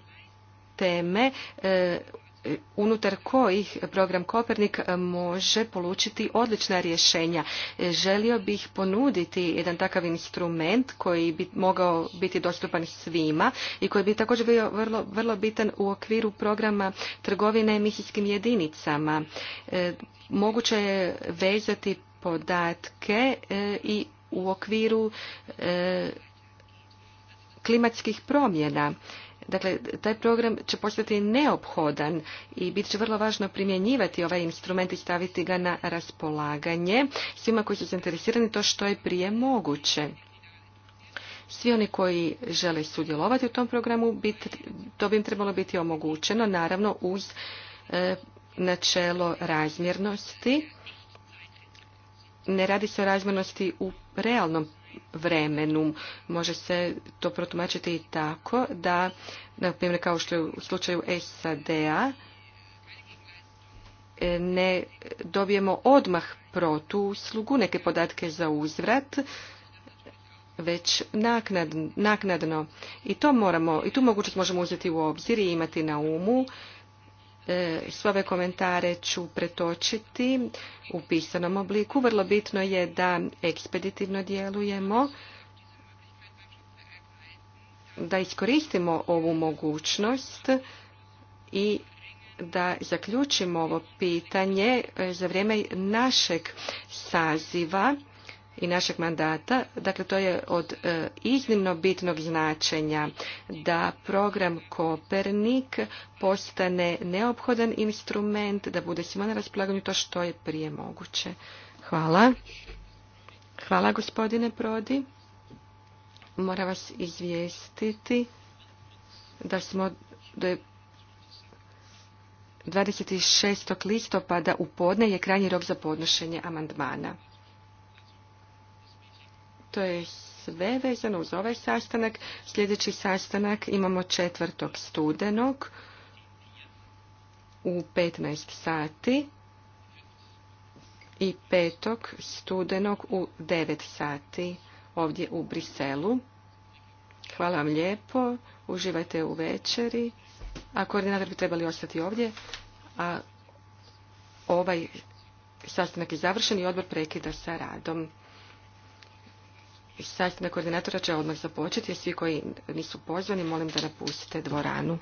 teme e, E, unutar kojih program Kopernik e, može polučiti odlična rješenja. E, želio bih ponuditi jedan takav instrument koji bi mogao biti dostupan svima i koji bi također bio vrlo, vrlo bitan u okviru programa trgovine emisijskim jedinicama. Moguće je vezati podatke i u okviru klimatskih promjena Dakle, taj program će postati neophodan i bit će vrlo važno primjenjivati ovaj instrument i staviti ga na raspolaganje svima koji su zainteresirani to što je prije moguće. Svi oni koji žele sudjelovati u tom programu, bit, to bi im trebalo biti omogućeno, naravno uz e, načelo razmjernosti. Ne radi se o razmjernosti u realnom vremenu. Može se to protumačiti i tako da, na primjer kao što je u slučaju SAD-a, ne dobijemo odmah protu uslugu, neke podatke za uzvrat, već naknadno. I to moramo, i tu mogućnost možemo uzeti u obzir i imati na umu E, sve ove komentare ću pretočiti u pisanom obliku. Vrlo bitno je da ekspeditivno djelujemo, da iskoristimo ovu mogućnost i da zaključimo ovo pitanje e, za vrijeme našeg saziva i našeg mandata. Dakle, to je od e, iznimno bitnog značenja da program Kopernik postane neophodan instrument, da bude svima na raspolaganju to što je prije moguće. Hvala. Hvala gospodine Prodi. Moram vas izvijestiti da smo da je 26. listopada u podne je krajnji rok za podnošenje amandmana. To je sve vezano uz ovaj sastanak. Sljedeći sastanak imamo 4. studenog u 15 sati i 5. studenog u 9 sati ovdje u Briselu. Hvala vam lijepo, uživajte u večeri, a koordinator bi trebali ostati ovdje, a ovaj sastanak je završen i odbor prekida sa radom. Sastanak koordinatora će odmah započeti, svi koji nisu pozvani molim da napustite dvoranu.